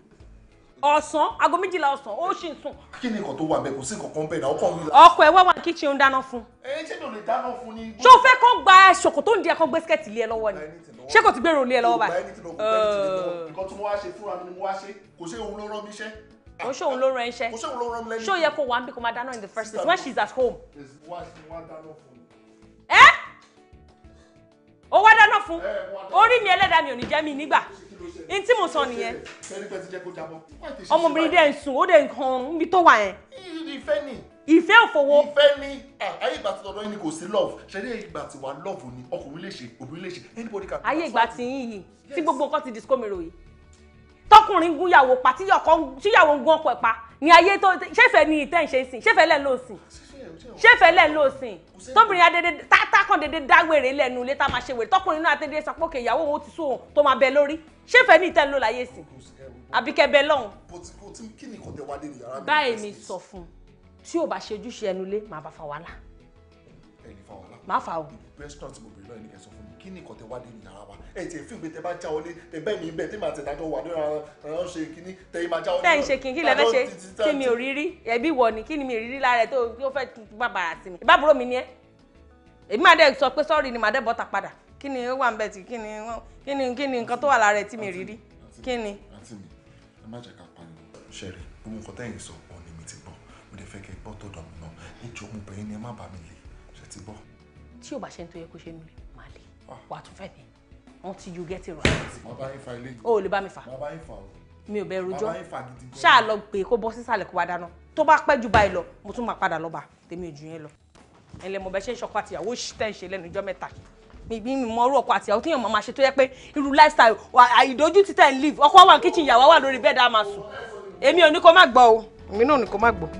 ọ̀sán aago méjìlá ọ̀sán ó sì ń sùn. kí ni nǹkan tó wà bẹ́ẹ̀ kò sí nǹkan kan bẹ́ẹ̀ náà ọkọ mi. ọkọ ẹ wá wà kí ṣeun dáná fún. ẹ ṣé ló lè dáná fún ni. ṣó fẹ́ kán gba ṣòkò tó ń di ẹ̀kan gbé skẹ́ẹ̀tì lé ẹ lọ́wọ́ ni ṣé kò ti gbèrò lé ẹ lọ́wọ́ báyìí. nǹkan tí mo wá ṣe fúnra mi ni mo wá ṣe kò ṣe òun ló rán mi iṣẹ́. kò ṣe òun ló rán iṣẹ́ kò ṣe òun ló rán mi lẹ́nu. ṣó yẹ kó wà ń bí kó máa dáná in the first place when she's at home. Eh? ó wá dáná fún eh, orí mi ẹlẹ́dàá mi ò ní jẹ́ mi nígbà n tí mo sọ nìyẹn ọmọbìnrin dẹ̀ ń sùn ó dẹ̀ ń ọrùn níbi tó wà yẹn. ìfẹ́ ni ìfẹ́ òfowó. ìfẹ́ ni ah, ayé ìgbà tí ọ̀dọ́ yín ni kò sí love ṣe ní ìgbà tí wà love ni ọkùnrin lè ṣe obìnrin lè ṣe anybody can. ayé ìgbà tí yín yìí tí gbogbo nǹkan ti disco miro yìí tọkùnrin gún yàwó pa tíyàwó ń ọkọ ẹ̀ pa ni ayé tó ṣẹ́fẹ̀ẹ́ ni ìtẹ́ ń ṣe sìn ṣẹ́fẹ̀ẹ́ lẹ́ ló sìn ṣé fẹ́ lẹ́ ń lò sí tóbìnrin adédè tákàn dédé dágbére lẹ́nu ilé tá a máa ṣe wèrè tọkùnrin náà adédè sọ pé òkè ìyàwó òun ti sún òun tó máa bẹ lórí ṣé fẹ́ ní ìtẹ́nu ló láyé sí àbíkẹ́ bẹ lọ́hùn. báyìí mi sọ fún un tí ò bá ṣojúṣe ẹnu lé màá bá fa wàhálà. màá fa o. the best part of my life ni kẹ́ sọ fún kí ni nǹkan tẹ wá dé ní yàrá wa ẹ tiẹ̀ fíìmù pé tẹ bá já wọlé tẹ bẹ́ẹ̀ mi bẹ́ẹ̀ tí màá tẹ̀dájọ́ wà lóra ẹ̀rọ ṣe kínní tẹ yìí máa já wọlé. tẹ́ ń ṣe kí n kí lẹ fẹ́ ṣe kí mi ò rí rí ẹbí wọ ni kí ni mi rí rí lára ẹ tó yóò fẹ́ bá bàrà sí mi ìbábúrò mi ni ẹ èmi máa dẹ́ sọ pé sọ́ọ̀rì ni màá dẹ́ bọ́ta padà kí ni ó wà ń bẹ̀ tí kí ni kí ni nǹkan tó wà lára ẹ tí mi rí rí kí ni. àǹtí mi ẹ má jẹ́ ká pariwo ṣẹ́rí gbogbo nǹkan tẹ́yìn sọ ọ̀ ni mi ti gbọ́ mo lè fẹ́ kẹ́ gbọ́ tó dọ̀ mí náà níjọ́ mo bẹ̀yìn ni ẹ má bà mí lè ṣe ti gbọ́. tí ò bá ṣe ń tó yẹ kó ṣe nulẹ̀ wàá tún fẹ́ mi until you get it right. bàbá yín fa ilé yìí. o ò lè bá mi fà. bàbá yín fà o. mi ò bẹ rojọ́ ṣáà lọ gbé kó bọ́ sísàlẹ̀ kó wá dáná tó bá pẹ́ jù báyìí lọ mo tún máa padà lọ́ba tèmi ò jù yẹn lọ. ẹ lè mọ̀ bẹ́ẹ̀ ṣe ń ṣọkọ àtìyàwó tẹ̀ ń ṣe lẹ́nu ijọ́ mẹ́ta mi mi mọ orú ọkọ àtìyàwó téèyàn máa ṣe tó yẹ pé irú lifestyle ìdójú títẹ̀ live ọkọ wà ní kíchìn ìyàwó wà lórí bẹ́ẹ̀dá máa sùn èmi ò ní kó má gbọ́ o èmi náà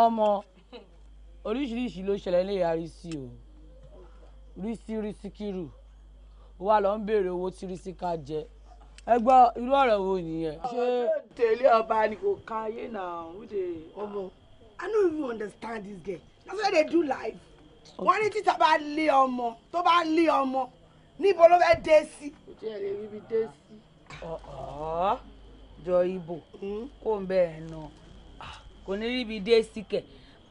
ọmọ oríṣiríṣi ló ṣẹlẹ̀ ní àrísí o rísí rísí kírù wà lọ ń béèrè owó tí rísí ká jẹ ẹ irú ọ̀rọ̀ wo nìyẹn. ṣé tèlé ọba ni kò ka ayé náà who dey. ọmọ i no even understand this girl na so they do life wọ́n ní títà bá lé ọmọ tó bá lé ọmọ níbo ló fẹ́ dé sí. kò tí ẹ ibi dé sí. jọ ibo hmm? kó ń bẹ́ẹ̀ náà kò ní ríbi dé síkẹ̀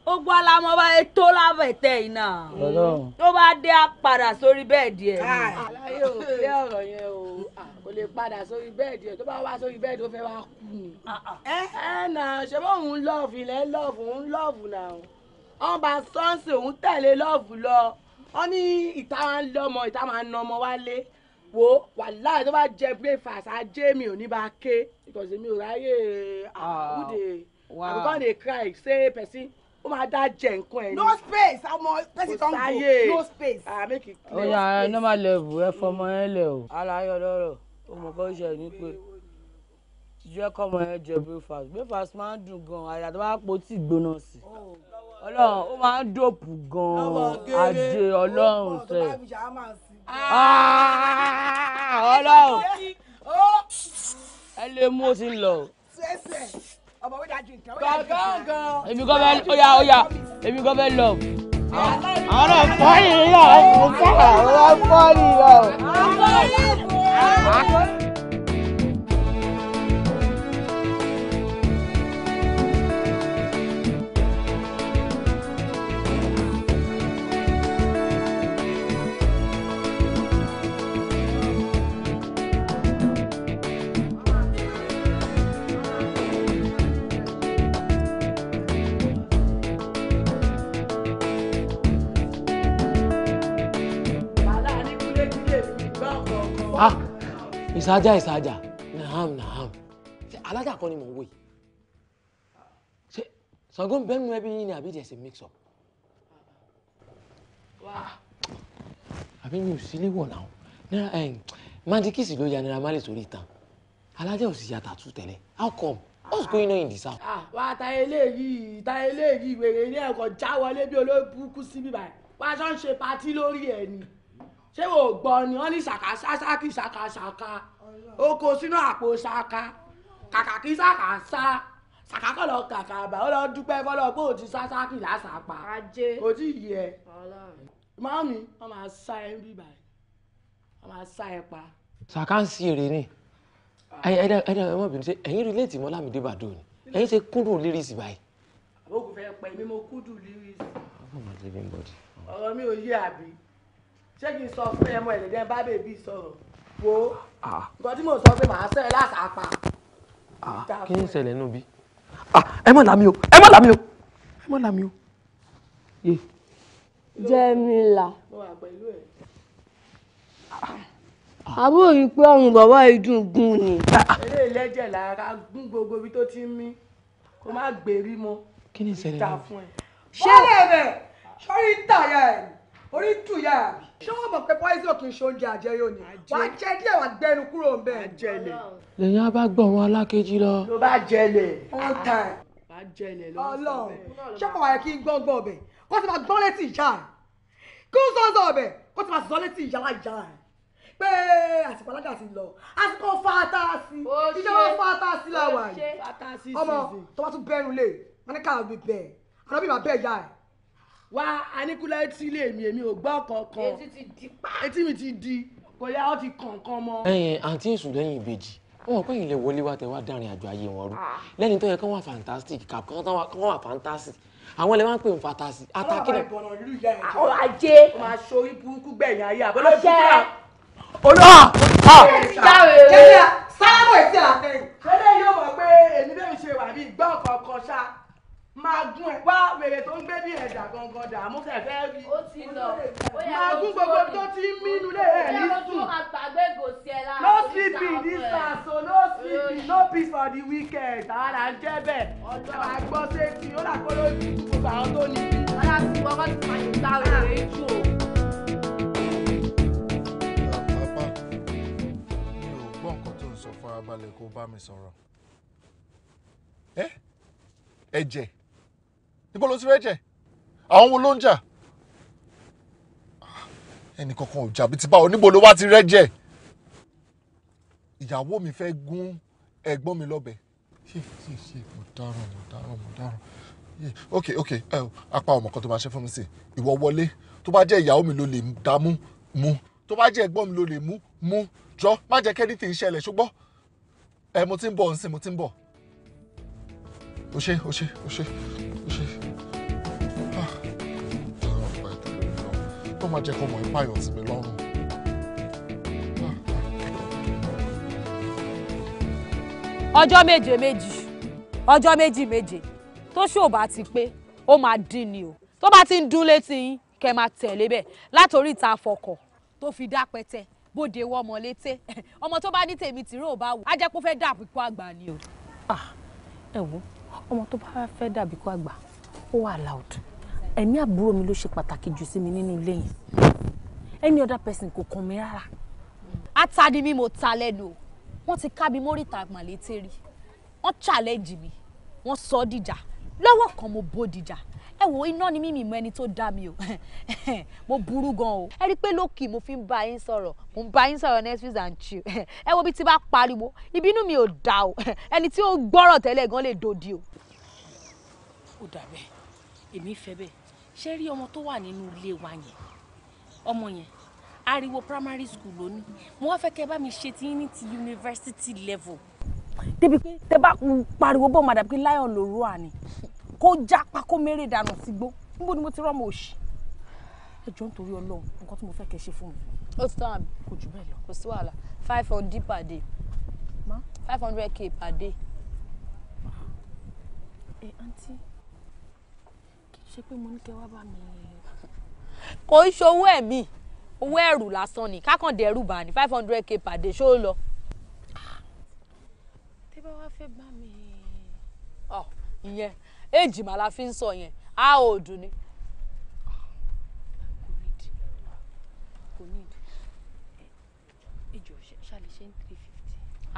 ó gbọ́ alámọ́ bá tó lábẹ̀tẹ̀ iná tó bá dé á padà sórí bẹ́ẹ̀dì ẹ̀. aláyé ò ọ̀rọ̀ yẹn o kò lè padà sórí bẹ́ẹ̀dì ẹ̀ tó bá wá sórí bẹ́ẹ̀dì ó fẹ́ wá kú ni. Ah, ah. ẹ ẹ nà ṣe bó òun lọ́ọ̀fù ilẹ̀ lọ́ọ̀fù òun lọ́ọ̀fù nà ó wọn bá sọ́ọ̀sì òun tẹ̀lé lọ́ọ̀fù lọ wọn ní ìta máa ń lọ́mọ ìta máa ń nà ọmọ wálé wo wàhálà tó bá jẹ breakfast ajé mi ò ní bá ké ìtọ̀sí mi ò ráyè àkúdè. Ah wow àbúkọ́ dey cry say person ó máa dá jẹ nǹkan ẹ̀ no space ọmọ person don go no space. ah make e clear. ó yà normal level ẹ fọmọ ẹ lẹ o alayọ lọrọ ọmọkọ ṣe ní pé jẹ́ kọ́mọ ẹ jẹ breakfast breakfast máa ń dùn gan àyà tó bá po tí gbóná sí ọlọ́run ó máa ń dòpù gan àjẹ ọlọ́run sẹ́ ah, ọlọ́run ẹ lè mú ó ti lọ ọmọ wo go! nǹkan. gàgán gan. èmi kò fẹ́ ó yá ó yá èmi kò fẹ́ lọ. àwọn náà fọ́ yìí yà ó fọ́ àwọn ìsájà ìsájà naham naham ṣe alájà kan ni mò ń wò yìí ṣe Ṣàngó ń bẹ́nu ẹbí yín ni àbí there's a mix up. Ah, àbí mi ò sí ilé wọ̀ náà náírà mandikisi ló ya Naira Marley sórí ìtàn alájà ò sì ya tàtú tẹ́lẹ̀ how come what's going on in this house. Ah, wà á ta eléyìí ta eléyìí wèrè ní ẹ̀kọ́ já wọlé bí olóòbù kú síbí báyìí wàá ṣọ́ ń ṣe patí lórí ẹ̀ ni ṣé o gbọ́ ni wọ́n ní ṣàkàṣàkì ṣàkàṣàkà ó kó sínú àpò ṣàkà kàkà kí ṣàkàṣà ṣàkàkọ̀ lọ kàkà àbá ó lọ dúpẹ́ fọlọ́ pé ò ti ṣàṣàkì lásàpà kò tí ì yẹ mọ́mí wọ́n máa ṣá ẹ bí báyìí wọ́n máa ṣá ẹ pa. ṣàkà ń sí èrè ni ẹ̀dá ẹ̀dá ẹ̀ mọ̀ bínú ṣe ẹ̀yin relate mọ́ Lámìdé Bàdó ni ẹ̀yin ṣe kúndùn lírìsì báyìí. àbókù fẹ́ pẹ̀ mí mo kúndùn lírìsì. ọ̀rọ̀ mi ò yé àbí ṣé kí n sọ fún ẹmọ ẹ̀lẹ́dẹ́ bá bèbí sọ̀rọ̀ wo ah, ah. nǹkan tí mò ń sọ pé màá sẹ́rẹ̀ lásàápa. Ah, kí ni ìṣẹ̀lẹ̀ nù bí. ẹ má làmí o ẹ má làmí o ẹ má làmí o. Jẹ́mílà àbúrò yìí pé ọrùn bàbá yìí dùn gún ni. eré ìlẹ́jẹ̀ lára gún gbogbo ibi tó ti ń mí kó má gbèrí mọ́ kí ni ìṣẹ̀lẹ̀ náà ṣé ẹ bẹ̀ sórí ìtàyà ẹ̀ orí tù yá àbí ṣé wọ́n mọ̀ pé poison kì í ṣe oúnjẹ àjẹyó ni wàá jẹ díẹ̀ wàá gbẹnu kúrò ń bẹ́ẹ̀. àjẹlẹ̀ lèyìn abá gbọ̀n wọn alákejì lọ. ló bá jẹlẹ̀. one time. bá jẹlẹ̀ lọ. Ọlọ́run ṣé kò wáyé kí n gbọ́n gbọ́ ọbẹ̀ kó ti máa gbọ́n létí ìjà rẹ̀ kí n sọ́sọ́ ọbẹ̀ kó ti máa sọ́ létí ìjà ìjà rẹ̀ pé àsìkò alága ti lọ àsìkò fatasi ìjọba fatasi làwà yìí ọmọ tó bá tún bẹ́ẹ̀ nulẹ̀ wọn wá aníkúlẹ̀ tí ilé mi èmi ò gbọ́ kankan etí ti di pa etí mi ti di kò yá ó ti kankan mọ́. ẹyin àǹtí èsùn lẹ́yìn ìbejì wọn pẹ́ ilẹ̀ wọlé wa tẹ wá dárin àjọ ayé wọn rú lẹ́ni tó yẹ kán wà fantastic kàp kán wà fantastic àwọn ẹlẹ́wọ̀n pè ń fantastic atakílẹ̀. àwọn ajé máa ṣe orí burúkú gbẹ̀yìn ayé àbọ̀lọ́ ìbúkúrà. olóò ọ̀ jáwèé sálábọ̀ ìsìn àtẹ̀yìn. ṣẹlẹ̀ yóò mọ̀ pé èmi lè ṣe wà ní ìgbà ọ̀kọ̀ọ̀kan ṣáá máa gún ẹ wá wèrè tó ń gbé ní ẹ̀dà gangan dà mú fẹ́ fẹ́ rí. ó ti lọ máa gún gbogbo tó ti ń mínú lé ẹ̀ ní sùn. no sleeping this far so oh, no sleeping no peace for the weekend. àwa là ń jẹ́ bẹ́ẹ̀ àwa gbọ́ sétí ó là kó lójú gbogbo àwọn tó ní. ọlá ti wọ́n kọ́ ti máa ń ta ah. jù o. ẹ̀jẹ̀ níbo ló ti fẹ́ jẹ́ àwọn wo ló ń jà ẹnì kankan ò jà ti báwo níbo ló wá ti rẹ́ jẹ́ ìyàwó mi fẹ́ gún ẹ̀gbọ́n mi lọ́bẹ. ṣe ṣe ṣe mo dáràn mo dáràn mo dáràn ok ok apá ọmọ kan tó máa ṣe fún mi sí ìwọ wọlé tó bá jẹ́ ìyàwó mi ló lè dá mú mú tó bá jẹ́ ẹ̀gbọ́n mi ló lè mú mú jọ má jẹ́ kẹ́ni tí ń ṣẹlẹ̀ ṣùgbọ́n ẹ mo ti ń bọ̀ nsìn mo ti ń bọ̀ o ṣe o ṣe o ṣe o ṣe. tó máa jẹ́ kọ́mọ ìpáyọ̀ sí mi lọ́rùn. ọjọ́ méje méjì ọjọ́ méjì méje tó ṣòbá ti pé ó máa dín ni o tó bá ti ń dún létí yín kẹ́ máa tẹ̀lé bẹ́ẹ̀ látòrí ìta àfọkọ̀ tó fi dá pẹ́tẹ́ bóde wọ ọmọ létí ọmọ tó bá ní tèmi tìró ò bá wù á jẹ́ kó fẹ́ dàbí kó àgbà ni o. Ah, ẹ wo ọmọ tó bá fẹ́ dàbí kó àgbà ó wà láòdù ẹ̀mí àbúrò mi ló ṣe pàtàkì jù sí mi nínú ilé yẹn any other person kò kàn mí rárá. ata ni mi mo ta lẹ́nu wọ́n ti ká mi móríta màlétérì wọ́n challenge mi wọ́n sọ ọ́ dìjà lọ́wọ́ kan mo bó dìjà ẹ wo iná ni mímì mọ ẹni tó dá mi o mo burú gan o ẹ rí i pé lókì mo fi ń bá yín sọ̀rọ̀ mo ń bá yín sọ̀rọ̀ netflix and chill ẹ wo bí ti bá pariwo ìbínú mi ò dá o ẹni tí ó gbọ́rọ̀ tẹ́lẹ̀ gan lè dòdì o. ó dà bẹ́ẹ̀ èmi fẹ́ bẹ́ẹ̀ ṣé rí ọmọ tó wà nínú ilé wa yẹn ọmọ yẹn ariwo primary school ló ní mo wá fẹ́ kẹ́ bá mi ṣe ti ní ti university level. débi pé tẹ bá pariwo bó madam pé láyọ̀ lòrú àní kó jápa kó mérè dànù sígbó níbo ni mo ti rọ́mọ òṣì ẹ jọ̀ọ́ nítorí Ọlọ́run nǹkan tí mo fẹ́ kẹ́ ṣe fún mi. ó ti tán àmì kò jù bẹ́ẹ̀ lọ. kò sí wàhálà five hundred per day five hundred k per day. ẹ eh, àǹtí ṣe pé mo ní kẹ́ wá bá mi. kò í ṣowó ẹ̀mí owó ẹ̀rù lásán ni kákàndé ẹ̀rù bá ní five hundred k pàdé ṣó lọ. tí bá wá fẹ́ bá mi. ọ ìyẹn èjì màlá fi ń sọ yẹn a ò dùn ni. kò ní ìdí ìjọ three fifty.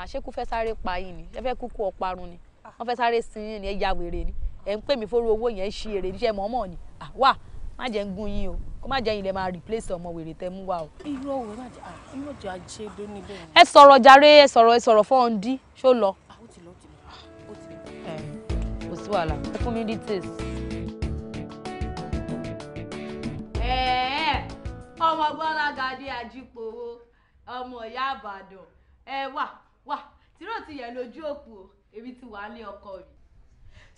àṣekú fẹ́ sáré pa yín ni ẹ fẹ́ kúkú ọparun ni ah. wọ́n fẹ́ sáré sin yín ni ẹ ya wèrè ni ẹ̀ ń pè mí fóró owó yẹn ṣe èrè níṣẹ́ mọ́mọ́ ni wà má jẹ́ ń gún yín o kó má jẹ́ yín lẹ́ máa replace ọmọ wèrè tẹ́ mú wa o. irú ọ̀rọ̀ má jẹ́ irú ọ̀jọ̀ ajé ló ní bẹ́ẹ̀. ẹ sọ̀rọ̀ jàre ẹ sọ̀rọ̀ ẹ sọ̀rọ̀ fọ́ ọ́n dí ṣó lọ. kò sí wàhálà ẹ fún mi details. ọmọ gbọ́lágadé ajípòwò ọmọ ìyá àbàdàn ẹ wà wà tíró lójú òpó èmi ti wà ní ọkọ mi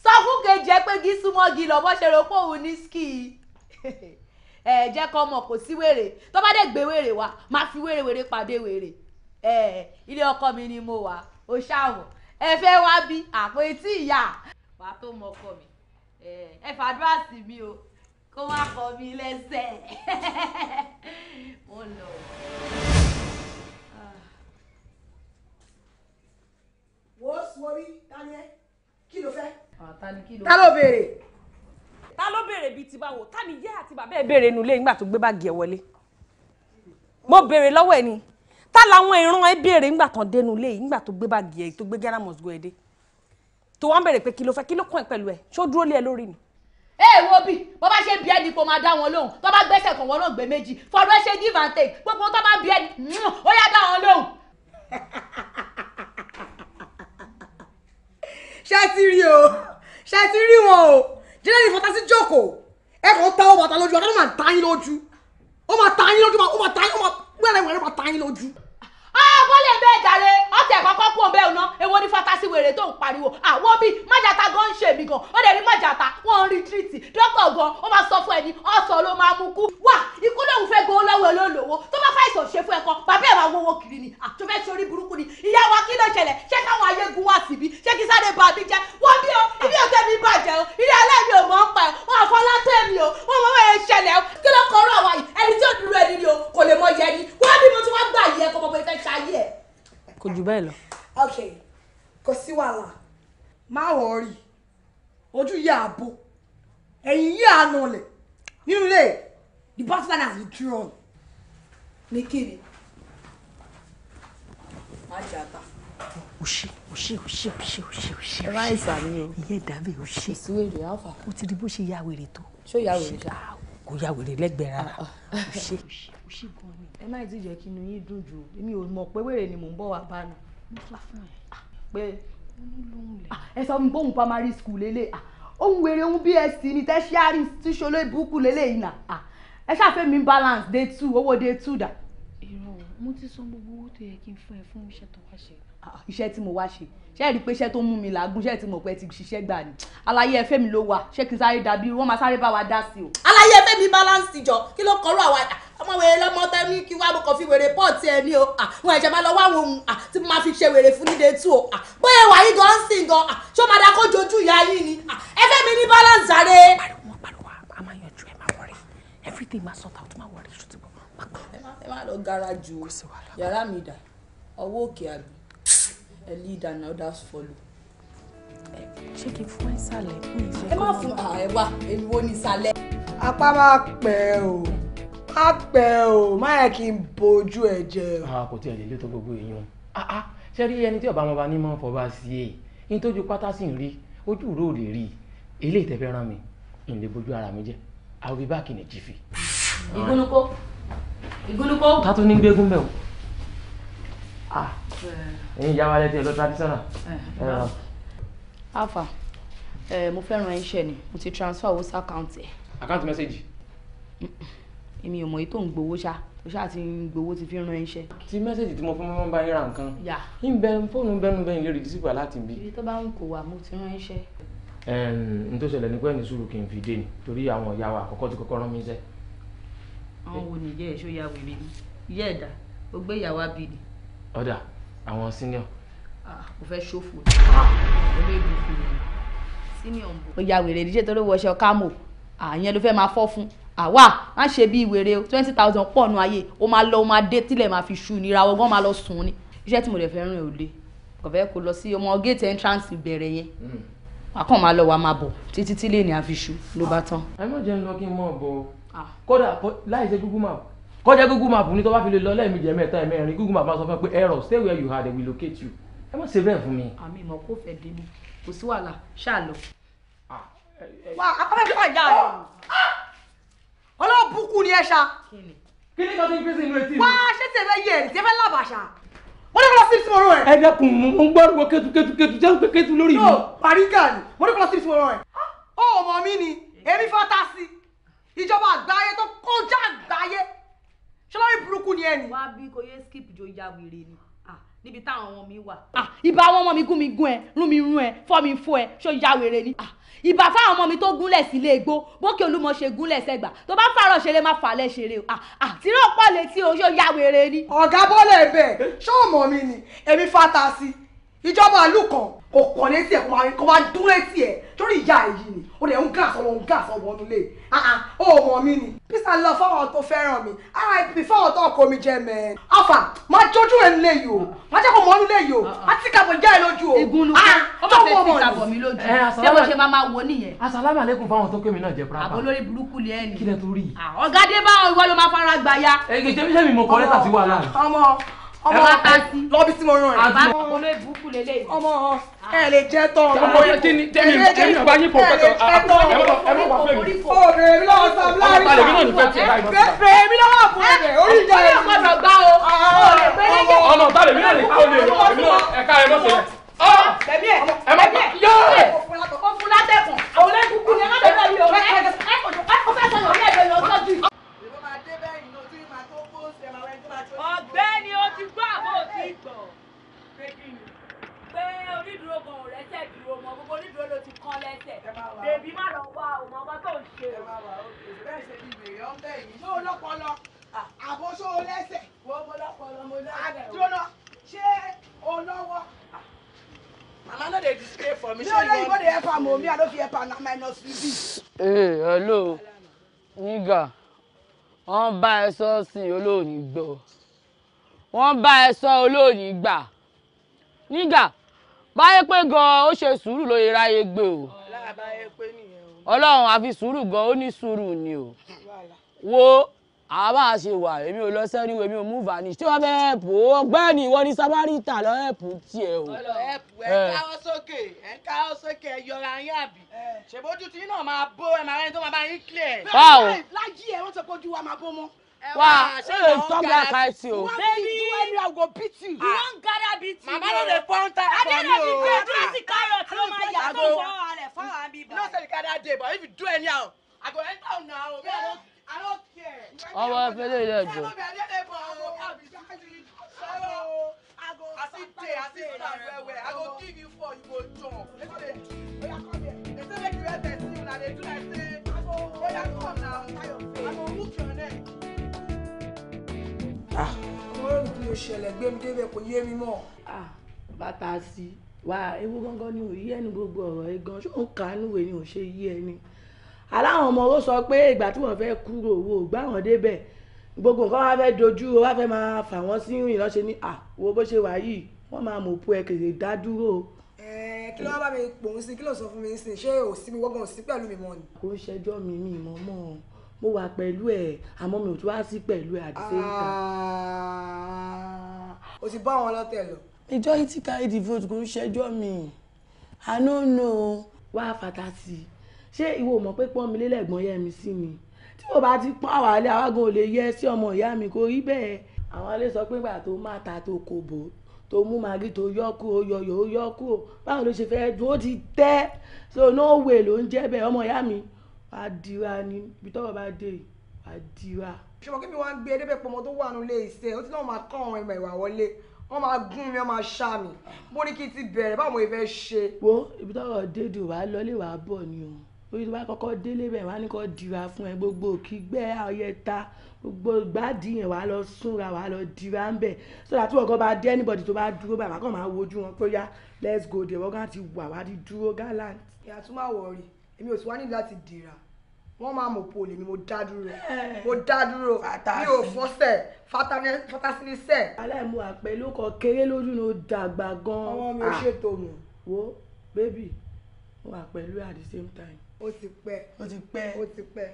sọ fún kejì ẹ pé kí súnmọ́ gi lọ bó ṣe rò pé òun ní ski ẹ jẹ́ kọ́ ọmọ kò sí wèrè tó bá dẹ̀ gbé wèrè wá máa fi wèrè wèrè pàdé wèrè ẹ ilé ọkọ mi ni mo wà ó ṣàwọn ẹ fẹ́ wá bí àpò etí ìyá wàá tó mọ ọkọ mi ẹ fàdúrà sí mi o kó má kọ mi lẹ́sẹ̀ mo lọ. Ah. wọ́n sọ rí daniel kí ló fẹ́. Ah, ta ló béèrè. ta ló béèrè bíi ti báwo ta ni yé àti bàbá ẹ béèrè nulẹ nígbà tó gbé báàgì ẹ wọlé mo béèrè lọ́wọ́ ẹ ni ta làwọn ìran ẹ béèrè nígbà tán dénú ilé yìí nígbà tó gbé báàgì ẹ tó gbé Ghana must go ẹ dé tó wọ́n béèrè pé kí ló fẹ́ kí ló kàn ẹ pẹ̀lú ẹ ṣó dúró lé ẹ lórí ni. ẹ ẹ wo bí bó bá ṣe bí ẹni kó máa dá wọn lóhùn tó bá gbẹ́sẹ̀ kan wọn náà gbé ṣé ti rí o ṣé ti rí wọn o jẹ́nẹ́rì fọ́tà sí jókòó ẹ kàn ta ọmọ àtàlójú akẹ́kọ̀ọ́ máa ta yín lójú ó máa ta yín lójú ó máa ta yín ó máa gbẹ́rẹ́ wẹ̀rẹ́ máa ta yín lójú kọ́kọ́ lè bẹ́ẹ̀ jàre ọ̀tẹ̀ kọ́kọ́ kú ọ̀bẹ́ ọ̀nà èwo ni fatasi wèrè tó ń pariwo àwọn bíi májàta gan ń ṣe mí gan ó dẹ̀ ní májàta wọ́n ń rí tírìtì dókítà gan ó máa sọ fún ẹni ọ̀sán ló máa mú kú wá ikú lòun fẹ́ gbowó lọ́wọ́ olólùwọ́ tó bá fàìsàn ṣe fún ẹ̀kọ́ bàbá ẹ̀ máa wọ́wọ́ kiri ni àtúfẹ́ sori burúkú ni ìyá wa kí ló ṣẹlẹ̀ ṣé káwọn ayégun wá síbi ṣé kí sáré bá mi jẹ wọ́n bí o ilé ọ̀tẹ̀ mi bàjẹ́ o ilé alẹ́ mi ò mọ̀ ń pa ẹ̀ wọ́n àfọlátẹ́ mi o wọ́n mọ̀ ẹ̀ ṣẹlẹ̀ o kí ló kọ́ ọ̀rọ̀ àwa yìí ẹni tí ò dúró ẹni ni o kò lè mọ yẹ ni wọ́n bí mo ti wá gbà yẹ kọ́ mọ̀ pé fẹ́ ṣayé yẹ. kò jù bẹ́ẹ̀ lọ. ok kò sí wàhálà má wọrí ojú yà á ẹ̀yìn yà á nulẹ̀ nínú ilé the batman has the drawn. ní kíni má jà ta. òṣì òṣì òṣì òṣì òṣì òṣì ẹ máa ń sàmì o ìyẹn ìdàbẹ òṣì ìsúwèrè alfa o ti di bó ṣe ya wèrè tó. ṣó ya wèrè ṣá kò ya wèrè lẹ́gbẹ̀ẹ́ rárá òṣì òṣì òṣì gan ni ẹ má ti jẹ́ kí inú yín dùn jù èmi ò mọ̀ pé wèrè ni mò ń bọ̀ wá bá nù. mo ah, ah, sọ fún ẹ. pé ẹ sọ mi bóun primary school lélẹ̀ ah, ohun wèrè ohun bsc ni tertiary institution lórí burúkú lélẹ̀ yìí nà ẹ ṣàfẹ́ balance day two owó day two dà. irọ́ mo ti san gbogbo owó tó yẹ kí n fún ẹ fún iṣẹ́ tó wá ṣe iṣẹ́ tí mo wá ṣe ṣe rí i pé iṣẹ́ tó mú mi làágùn ṣe ti mọ̀ pé ti ṣiṣẹ́ gbà ni àlàyé ẹ̀fẹ́ mi ló wà ṣé kí n sáré dàbí wọ́n máa sáré bá wa dá sí o. àlàyé ẹ̀fẹ́ mi balance jọ kí ló kọ́ ọ́ àwa ọmọ wèrè lọ́mọ tẹ́ni kí wàá mo kàn fi wèrè pọ́ọ̀tì ẹni o àwọn ẹ̀jẹ̀ máa lọ wá àwọn ohun tí mo máa fi ṣe wèrè fún nílé tú o bóyá ìwà yìí gan sìn gan ṣé ó máa dá kójú ojú ìyá yìí ni ẹ̀fẹ́ mi ní balance àre. pariwo pariwo a máa yanjú ẹ máa wọrí everything máa sort out máa wọrí ṣùtì bọ. ẹ má lọ gáràjù yàrá mi dà ọwọ́ òkè a lead and others follow. ṣé kí n fún ẹ sálẹ̀ fún ìfẹ́ kan. ẹ má fún ẹ wá èmi wo ni sálẹ̀. apá máa pẹ́ o máa pẹ́ o má yẹ kí n bojú ẹ jẹ. kò tí ẹ lè lé tó gbogbo èèyàn ṣé rí ẹni tí ọba ọmọba ní mọ́ fọba sí i ní tójú pátá sì ń rí ojú ìró ò lè rí i eléyìí tẹ́ fẹ́ ràn mí n lè bojú ara mi jẹ I will be back in a jiffy. ìgúnnukó ìgúnnukó. ta tún ní gbégún bẹ́ẹ̀ o ẹ̀yin ìyá wa lẹ́tẹ̀ẹ́ lọ traditional. alfa mo fẹ́ràn ẹ̀ ń ṣẹ̀ ni mo ti transfer owó sí àkáǹtì ẹ̀. àkáǹtì mẹ́sẹ̀gì. èmi ò mọ̀ èyí tó ń gbowó o ṣáà ti ń gbowó ti fi ran iṣẹ́. ti mẹ́sẹ̀gì tí mo fún mọ́ bá yín ra nǹkan. yà ń bẹ fóònù bẹnu bẹyìn lórí dísìpà láti bí. ibi tó bá ń kó wa mo ti ran iṣẹ́. n tó ṣẹlẹ̀ ní pé ẹni sùúrù kì í fi dé ni torí àwọn ìyá wa àkọ́kọ́ ti kọ́kọ́ rán mi iṣẹ́. àwọn wo ni ìyá ẹ̀ ṣó ya wèrè ni ìyá ẹ̀dá ó gbé ìyàwó abì ni ọ̀dà àwọn senior. kò fẹ́ ṣòfò ní ah. olóògbé ni senior ń bọ̀. ó ya wèrè díje tó ló wọṣọ kámò àyẹn ló fẹ́ máa fọ́ fún àwa má ṣe bí wèrè o twenty thousand pọ̀ nù ayé o máa lọ o máa dé tílẹ̀ máa fi ṣù ní ìràwọ̀ gan máa lọ sùn ni iṣẹ́ tí mo lè fẹ́ rìn ò le kò fẹ́ kó lọ sí ọmọ gate entrance bẹ̀rẹ̀ yẹn hmm. wà kàn máa lọ wà máa bọ̀ títí tílẹ̀ ní àfiṣù ló bá tán. Ah. ẹ má jẹ́ ń lọ kí n mọ̀ bọ̀ ah. kódà láì ṣe Google Map kọjá google map ní tó bá fi lè lọ lẹ́ẹ̀mejì ẹ̀mẹ́ta ẹ̀mẹ́rin google map máa sọ fún ẹ pé error stay where you are they will locate you ẹ má ṣe bẹ́ẹ̀ fún mi. àmì ìmọ̀ kò fẹ́ bínú kò sí wàhálà ṣáà lọ. Ah, wà á fẹ́ fà yá rẹ̀ ni ẹ ṣá. kí ni kan tí ń fi sí inú etí mi. wá ṣé tẹ̀ fẹ́ yẹ ẹ̀ tẹ̀ fẹ́ lábàṣà mo ní kó lọ sí ìsinmi ọ̀rọ̀ rẹ̀. ẹ dẹ́kun mo ń gbọ́dọ̀ kétu kétu kétu jẹ́ pé kétu lórí mi. parí gàlí mo ní kó lọ sí ìsinmi ọ̀rọ̀ rẹ̀. ó mọ̀ mí ni èmi fọ́ ta sí ìjọba àgbáyé tó kọjá àgbáyé ṣé lórí burúkú ni ẹ ni. wá bí kò yé skip jo ya wèrè ni níbi táwọn ọmọ mi wà. ìbá àwọn ọmọ mi gún mi gún ẹ rún mi rún ẹ fọ́ mi fọ́ ẹ ṣó ya wèrè ni. ìbá fáwọn ọmọ mi tó gúnlẹ̀ sílé igbó bókè olúmọ ṣe gúnlẹ̀ sẹ́gbà tó bá fàárọ̀ ṣeré má fàálẹ̀ ṣeré o. àtìrọ̀ pọ̀ létí o ṣó ya wèrè ni. ọ̀gá bọ́lẹ̀ bẹ́ẹ̀ ṣé ọmọ mi ni èmi fata sí i ìjọba àlù kan kò kàn létí ẹ̀ kò máa dún létí ẹ̀ torí ìyá èyí ni ó dẹ̀ ń gà sọ́wọ́ ń gà sọ́wọ́ nílé ah, ah, ó mọ̀ mí ni. peace and love fáwọn tó fẹ́ràn mi rip fáwọn tó ọkọ mi jẹ mẹ́. afa máa jójú ẹ̀ nílé yìí o máa jẹ́ kó mọ́ nílé yìí o ah, máa ti kàbọ̀ já ẹ lójú o. ìgúnnu kan ó máa fẹ́ ti kàbọ̀ mi lójú eh, ṣé mo ṣe máa máa wò nìyẹn. asalaamu aleykum fáwọn tó pè mí náà jẹ pàápàá. àbò lórí burúkú ni ẹ ní. kí lẹ tó rí. ọ̀gá dé báwọn ìwọ ló máa fara gbà ya. èyí tẹ́bí sẹ́mi mo kọ́ ọmọ ọba lọ́bí tí mo rán ẹ̀. àbá olè burúkú lélẹ̀. ọmọ ẹ lè jẹ́ tọ́ ọmọ ọmọ yẹn kí ni tẹ́mi tẹ́mi ọba yín kò pẹ́tọ̀ ẹ mọ̀ wá fẹ́mi. o bèèmí lọ́wọ́ sọ fúláwì sọ bèèmí lọ́wọ́ fúláwì orí ìjà rẹ̀. ọmọ ọba gbá o ọmọ ọba lèmi náà lè kí o lè rọ ẹ̀ka ẹ̀ mọ̀ sọ̀rọ̀. ọ bẹ̀bí ẹ̀ ẹ̀ mọ̀ yọ̀ọ́ o fúlátẹ̀kùn àwọn olè burúkú ni ẹ̀ bẹ́ẹ̀ ni o ti gbọ́ àbọ̀ ò ti gbọ́ pé onídùúró gan ò rẹ́sẹ̀ dúró mọ́ gbogbo onídùúró ló ti kán lẹ́sẹ̀ bèbí má lọ wá òmò ọgbà tó ń ṣe o. bẹ́ẹ̀ ṣe ni ìbèrè ọ́n bẹ́ẹ̀ yìí ṣó lọ́pọlọ àbóṣó lẹ́sẹ̀ wo mo lọ́pọlọ mo lẹ́sẹ̀ o. ṣé olówó. Mama no dey display for me. No, no, you go dey help am o. Me, I no fit help am na minus fifty. Ee, eh, hello, nígà, wọ́n bá ẹ sọ́ọ̀sì olóòní gbọ́ wọ́n bá ẹ sọ olóyìn gbà nígbà báyé pé gan-an ó ṣe sùúrù ló yẹra yẹ gbé o ọlọ́run àfi sùúrù gan-an ó ní sùúrù ni o wo àbá ṣe wà èmi ò lọ sẹ́ni èmi ò mú vani tí wọ́n fẹ́ ẹ̀pù ọgbẹ́ni ìwọ ni sábàrìtà lọ ẹ̀pù tiẹ̀ o. ẹ̀pù ẹ̀ eh. káwọ́ sókè ẹ̀ káwọ́ sókè ẹ̀ yọra yín àbí. Eh. ṣèbójú tí yín náà máa bó ẹ̀ máa rẹ́ni tó máa bá yín clear. báwo lájí ẹ̀ wọ́n sọ pé wa máa bó mọ́. Wow, say eh, stop that kind thing. What will you do anyway? I go beat you. Ah. You wan gather beat me. Mama no dey burn time for me o. I dey dey do carrot I ma ya to for ale for am be boy. No say you gather dey but if you do anyhow, I go enter una o. I don't care. Ọmọ ẹgbẹ́lẹ́ ilé ẹ̀jọ̀. I see day, I see stand well well. I go give you four, you go jump. They say, oya come here. They say make you help person una dey do like say, oya oh, come now. I go hook your ṣẹlẹ̀ gbé mi débẹ̀ kò yé mi mọ́. bàtà sí wa ewu gángan ni ò yí ẹni gbogbo ọ̀rọ̀ ẹ gan ṣó ń kàánú wèé ni ò ṣe yí ẹni aláwọn ọmọ owó sọ pé ìgbà tí wọ́n fẹ́ kúrò owó gbá wọn débẹ̀ gbogbo nǹkan wá fẹ́ dojú wá fẹ́ máa fà wọ́n sí ìrìn lọ́ṣẹ́ ní à wo bó ṣe wà yìí wọ́n máa mọ̀ òpó ẹ kèrè dá dúró. kí ló wá bá mi pòun sí kí ló sọ fún mi sí ṣé òsínmi wọ́gbọ̀n sí pẹ̀lú mi mọ́ ni. kò ń ṣẹjọ́ mi mi mọ́ mọ́ mo wà pẹ̀lú ẹ̀ àmọ́ mi ò tún wá sí pẹ̀lú ẹ̀ at the same time. Ah, o ti bá àwọn ọlọ́tẹ̀ lọ. majority carry the vote kò ń ṣẹjọ́ mi i no know wá fata sí i ṣé ìwọ mọ̀ pé pọ́n mi lélẹ̀gbọ́n yẹ mi sí ni tí mo bá ti pọ́n àwọn alẹ́ àwọn gan ò lè yẹ sí ọmọ ìyá mi kò rí bẹ́ẹ̀ àwọn alẹ́ sọ pé gbà tó máa ta tó kò bò tó mú màgí tó yọ kúrò yọyọ ó yọ kúrò báwo ló ṣe fẹ́ dùn ó ti tẹ́ so no way ló ń jẹ́ bẹ́ẹ̀ ọmọ ìyá mi wà ni ibi tọ́rọ̀ bá dé wà á dira. ṣùgbọ́n kí mi wá ń gbé edébẹ̀ pọ̀ mọ́ tó wà nílé iṣẹ́ ó ti náà máa kọ́ àwọn ìmọ̀ ìwà wọlé wọ́n máa gún mi wọ́n máa ṣá mi mo ní kí n ti bẹ̀rẹ̀ báwo ìfẹ́ ṣe. wo ibi tọ́rọ̀ dédè wà á lọlé wà á bọ̀ ni o orí tó bá kọ́kọ́ délé bẹ̀ wá ní kó dira fún ẹ gbogbo òkígbẹ́ ọyẹta gbogbo gbádìyàn wà á lọ súnra wà á lọ dira ń bẹ̀ sọ́dà tí wọ́n bá dé anybody tó bá dúró báyìí wà á kàn máa wojú wọn pé yá let's go there wọ́n kàn ti wà wá ti dúró gallant. ìyá tún máa wọ̀ rí èmi ò sì wá nílò láti dira wọ́n máa mọ̀ pé olè mi mo dá dúró eh. mo dá dúró mi ò fọ́sẹ̀ fatasinise. aláìmú àpẹ ló kọ kéré lójú ló dàgbà gan-an. ọmọ mi ò ah. ṣètò mọ. wo bébì mo wà pẹ̀lú at the same time. ó ti pẹ́ ó ti pẹ́ ó ti pẹ́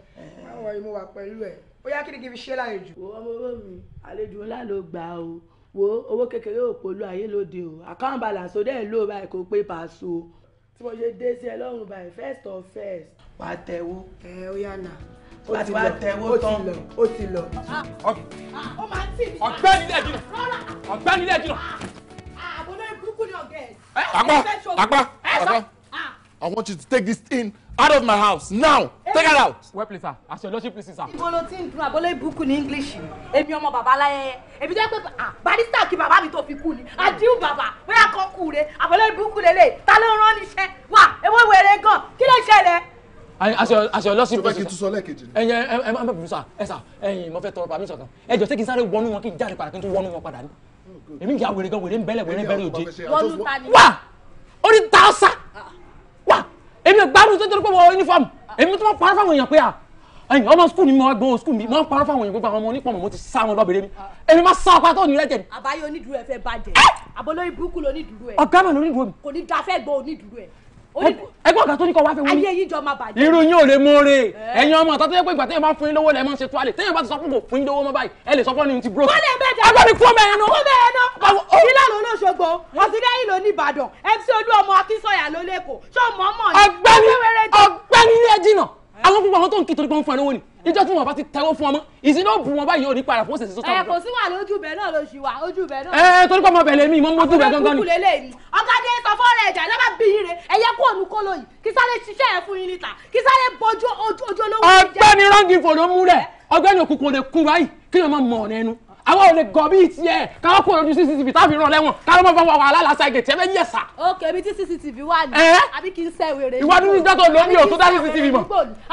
àwọn eh. ọ̀rẹ́ mo wà pẹ̀lú ẹ̀ bóyá kí ni kí n fi ṣe lálejò. wo ọmọ owó mi àlejò ńlá ló gbà o wo owó kékeré òpòlù ayé lóde o account balance ó dẹ̀ ló báyìí kó pé pàṣọ tí mo ṣe dé sí ẹ lọ́rùn báyìí first of first wàá tẹ̀wó. ẹ ó yà nà ó ti lọ ó ti lọ ó ti lọ. ó máa ń tì mí. ọ̀gbẹ́ni ilé ẹ̀jìnà ọ̀gbẹ́ni ilé ẹ̀jìnà. àbúrò ìbúrúkú ni ọ̀gẹ̀ ẹ̀. àgbà àgbà àgbà I want you to take this in out of my house now hey. take it out. well please sir as your lordship please sir. ìbolo tí ń dun àbọ̀lẹ̀ ìbúkú ní english èmi ọmọ bàbá aláyẹyẹ èmi jẹ́ pé barista kí bàbá mi tó fi kú ni àdìrú bàbá bóyá kan kú re àbọ̀lẹ̀ ìbúkú lélẹ̀ ta ló rán níṣẹ́ wà ewé wẹ̀rẹ̀ gan kí ló ṣẹlẹ̀ aṣọ ọlọsìn bó ṣe sọ lẹ́ẹ̀kejì ni. ẹyin ẹ ẹ bẹ̀rù sà ẹ sà ẹyin mo fẹ́ tọrọ pàmí sọ̀kan ẹ jọ ṣé kí n sáré wọnú wọn kí n jáde padà kí n tún wọnú wọn padà ni èmi ìyá wèrè gan wèrè ń bẹ́lẹ̀ wèrè ń bẹ́lẹ̀ òde. wọnú ta ni. wà ó ní ta ọ̀sà wà èmi ò gbádùn tó torí pé wọ́n uniform èmi tó máa parọ́ fáwọn èèyàn pé à ẹyin ọmọ skul ni mo wá gbọ́n skul mi mo máa parọ́ fáwọn èèyàn gbogbo àwọn ọmọ onípọ̀mọ̀ mo ti sá wọn lọ́bẹ̀rẹ̀ mi èmi máa sá ọkọ àtọ́ni rẹ jẹ. àbáyọ onídùúró ẹ fẹ́ bàjẹ́ àbọ̀lórí burúkú lónídùúró ẹ. ọ̀gá mi lónídùúró mi. kò ní dáfẹ́ gbọ́ onídùúró ẹ ẹgbọ́n kan tó ní kọ́ wá fẹ́ wọ́n mi. ayé yín jọ máa bàjẹ́. irú yín ò lè mọ̀ọ́rẹ́ ẹ̀yin ọmọ àtàtà yẹ pé ìgbà téèyàn bá fún yín lówó lẹ́ẹ̀ máa ń ṣe tuwálẹ̀ téèyàn bá ti sọ fún kò fún yín lówó mọ́ báyìí ẹ lè sọ fún ẹni ti bro. kọ́lẹ̀ bẹ́ẹ̀ dẹ̀ agbábi kú ọmọ ẹ̀nu. kú ọmọ ẹ̀nu ìlànà olóṣogbo ọ̀sídẹ́yìn ló ní Ìbàdàn FC olú ọmọ Akínsọ̀yà ló lẹ́kọ̀ọ́ àwọn gbogbo àwọn tó ń kí torí pé wọ́n fún ẹ lówó ni ìjọ tí wọn bá ti tẹ́wọ́ fún ọmọ ìsìn náà bù wọn báyìí ò ní para fún òṣèṣe sọ́tọ̀. ẹ kò sí wà lójú bẹ́ẹ̀ náà lóṣù wa ojú bẹ́ẹ̀ náà. ẹ torí pé ọmọ bẹ̀rẹ̀ mi ìmọ̀ mọ́jú bẹ́ẹ̀ gángan ni. ọ̀gádé sọ fọ́ọ̀rọ̀ ẹ̀jà lọ́ba bí yín re ẹ̀yẹ kú òun kó lóyìn kí sáré ṣiṣẹ́ ẹ̀ fún yín níta kí sáré bọjú ojú olówó. ọgbẹ́ni rángì fòdó múlẹ̀ ọgbẹ́ni òkùnkùn lè kú báyìí kí àwọn ò lè gọ̀ bíi tiẹ̀ káwọn kúrò lójú cctv tábí ràn lẹ́wọ̀n káwọn máa fọwọ́ wàhálà lásà gètè ẹ̀fẹ́ yẹ̀ sà. ok ibi tí cctv wà ní àbí kì í ṣe wèrè. ìwà nínú ìjọ tó lómi ò tó dá cctv mọ̀.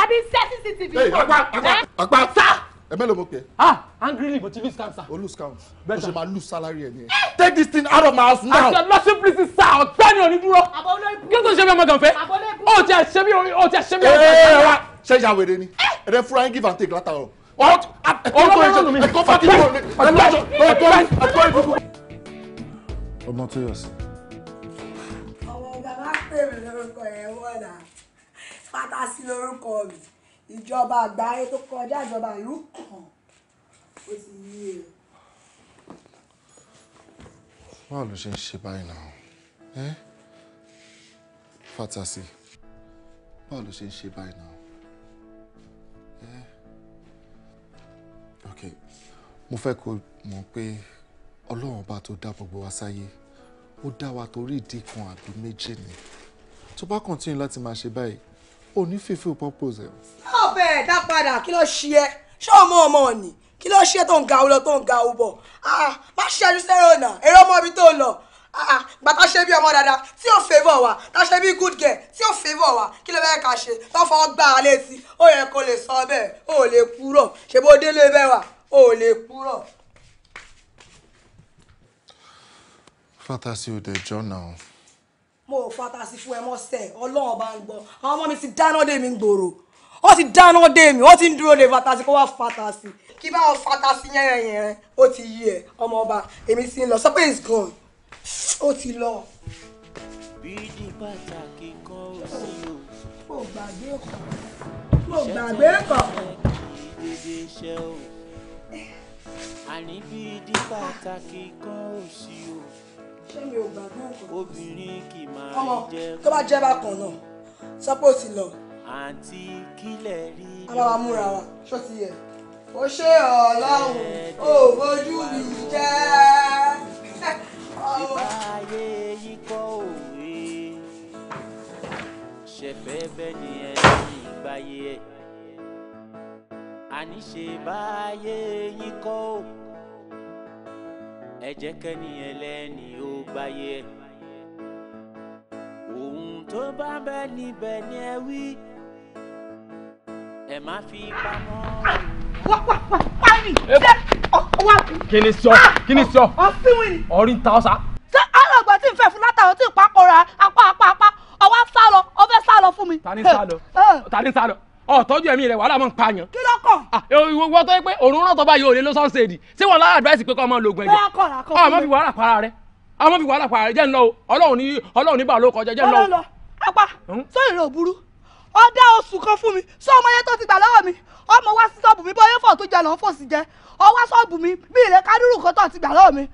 àbí ṣe cctv mọ̀. ọgbà ọgbà ẹ mélòó mo pè ah angrily but you lose count sir. o lose count o ṣe ma lose salary ẹ nìyẹn. take this thing out of my house now. àṣà lọ́sí please sá ọ̀gbẹ́ni onídúró. àbọ̀ olóyìnbó. kí ló tó ṣe bí ọmọ gànfẹ́. àbọ̀ olóyìnbó. ó ti ẹ̀ ṣe bí ó ti ẹ̀ ṣe bí ọmọ gànfẹ́. ṣé ìyá wèrè ni. Eh? ẹ ọmọ tó yọ sí. ọmọ bàbá pè mí lórúkọ ẹ̀ wọ́dà pátá sí lórúkọ mi ìjọba àgbáyé tó kọjá ìjọba ìlú kan ó ti yí e. báwo ló ṣe ń ṣe báyìí náà ẹ fàtàsí báwo ló ṣe ń ṣe báyìí náà. okay mo fẹ́ kó mọ̀ pé ọlọ́run ọba tó dá gbogbo wa sáyé ó dá wa torí ìdí kan àbí méjì ni tó bá continue láti máa ṣe báyìí ò ní fulfill purpose ẹ̀. ọbẹ̀ ẹ̀dá padà kí ló ṣe ẹ́ ṣé ọmọ ọmọ ni kí ló ṣe tó ń ga ọ lọ tó ń ga ọ bọ̀ ah, má ṣẹ́jú sẹ́rọ̀ náà èrè ọmọ ibi tó lọ Ah, ah, gba tá ṣe bí ọmọ dáadáa tí ò favour wa tá ṣe bí good girl tí ò favour wa kí ló fẹ́ ká ṣe tó fọ́ gbá létí ó yẹ kó lè sọ bẹ́ẹ̀ ó lè kúrò ṣe bó délé bẹ́ẹ̀ wà ó lè kúrò. fantasi ò dé jọ náà. mo ò fantasi fún ẹ mọ́sẹ̀ ọlọ́run bá ń gbọ́ àwọn ọmọ mi ti dáná dé mi gbòòrò wọ́n ti dáná dé mi wọ́n ti ń dúró de fantasi kó wá fantasi kí báwọn fantasi yẹn yẹn yẹn ó ti yí ẹ ọmọ ọba èmi ti ń lọ sọ pé it's gone ó ti lọ. bídì pàtàkì kan ó sì o. mo gbàgbé kan mo gbàgbé kan. àní bídì pàtàkì kan ó sì o. ṣé mi ò gbàgbé nǹkan. obìnrin kì máa ń jẹ́ kó. tó bá jẹ́ bákan náà sọ́pọ̀ sí lọ. àǹtí kílẹ̀ rí. aláwa múra wa ṣó ti yẹ ó ṣe ọlọ́run ò bójú mi jẹ́. ìbáyé yìí kọ́ òwe ṣẹ̀fẹ̀ bẹ́ẹ̀ ni ẹ ní ìgbáyé ẹ̀ àní ṣe báyé yìí kọ́ ò ẹ jẹ́ kẹ́ni ẹlẹ́ni ó gbáyé ohun tó bá bẹ́ẹ̀ níbẹ̀ ni ẹ wí ẹ má fi pamọ́. wá wá wá wá ní. wá. kí ni sọ ah! kí ni sọ. ọsìn wìn. ọrin ta ọ̀sà. ṣé alọ́gbọ́n tí ń fẹ́ fún látàwọn tí ì pákóra apá apá apá ọwọ́ sá lọ ọfẹ́ sá lọ fún mi. ta ni sá lọ ta ni sá lọ ọ̀tọ́jú ẹ̀mí rẹ̀ wàhálà máa ń pààyàn. kí ló Ah, ìwọ tó yẹ pé òun rántọ́ bá yóò lé ló sọ́ọ̀sì èdì tí wọ́n lára àdúrà sí pé kọ́ ọmọ lògùn ẹ̀jẹ̀. bẹ́ẹ̀ kọ̀ làkọ̀ ah, fún mi. ọmọ fi wàhálà para rẹ ọmọ ah, fi wàhálà para rẹ jẹ́ ń lọ o ọlọ́run ní ọlọ́run ní bàálù kọjá jẹ́ ń lọ o. ọlọ́run lọ apá hmm? sóyè rẹ̀ ò ó dá oṣù kan fún mi sọ ọmọ yẹn tó ti gbà lọ́wọ́ mi ọmọ wá sí ṣọ́ọ̀bù mi bóyá fọ̀ tó jẹ lọ́n fò sí jẹ ọ wá ṣọ́ọ̀bù mi bí ilé kádùrù kan tó ti gbà lọ́wọ́ mi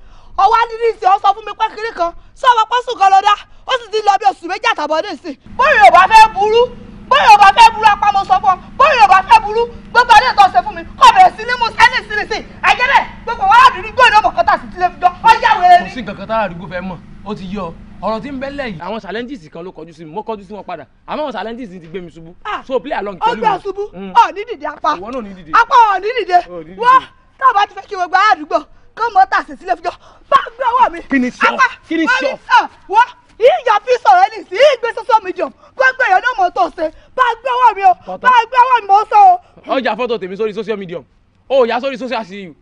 ọ wá ní níìsín ọ sọ fún mi pé kiri kan sọ ọmọ pọ́sù kan ló dá ó sì ti lọ bí oṣù méjì àtàbọ̀ níìsín. bóyá ò bá fẹ́ burú bóyá ò bá fẹ́ burú apamọ́ sọ fún ọ bóyá ò bá fẹ́ burú gbogbo ọdún ìtọ́ ṣe fún mi kọ́ bẹ̀rẹ̀ sí ní mu sẹ́ni sí ní sí àjẹ́bẹ̀ gbogbo wàhálà dúdú gbòòdò mọ̀kọ́tà sí tilẹ̀ fi jọ ọ wẹ̀rẹ̀ ni. kò sí kankan tá àdúgbò fẹ́ mọ̀ ó ti yọ ọ̀rọ̀ tí ń bẹ́ lẹ̀ yìí. àwọn challenges kan ló kọjú sí mi mo kọjú sí wọn padà àmọ́ àwọn challenges ti gbé mi ṣubú. Ah! so play along pẹ̀lú mi. ọgbẹ́ ṣubú ọ̀ mm. ní dìde apá apá ọ̀ ní dìde wọ́n tá a bá ti fẹ́ kí gbogbo àdúgbò kó mọ́ tà sí sílẹ̀ fúnjọ́ bá gbé ọwọ́ mi. kí ni sọ kí ni sọ. wọ́n ìyá fi sọ̀rọ̀ ẹni sí ìgbé social media gbogbo èèyàn náà mọ̀ tó ṣe bá gbé ọwọ́ mi o bá gbé ọwọ́ mi mọ̀ sọ o. ọjà fọ́tò tèmi sórí social media o ò yá sórí social media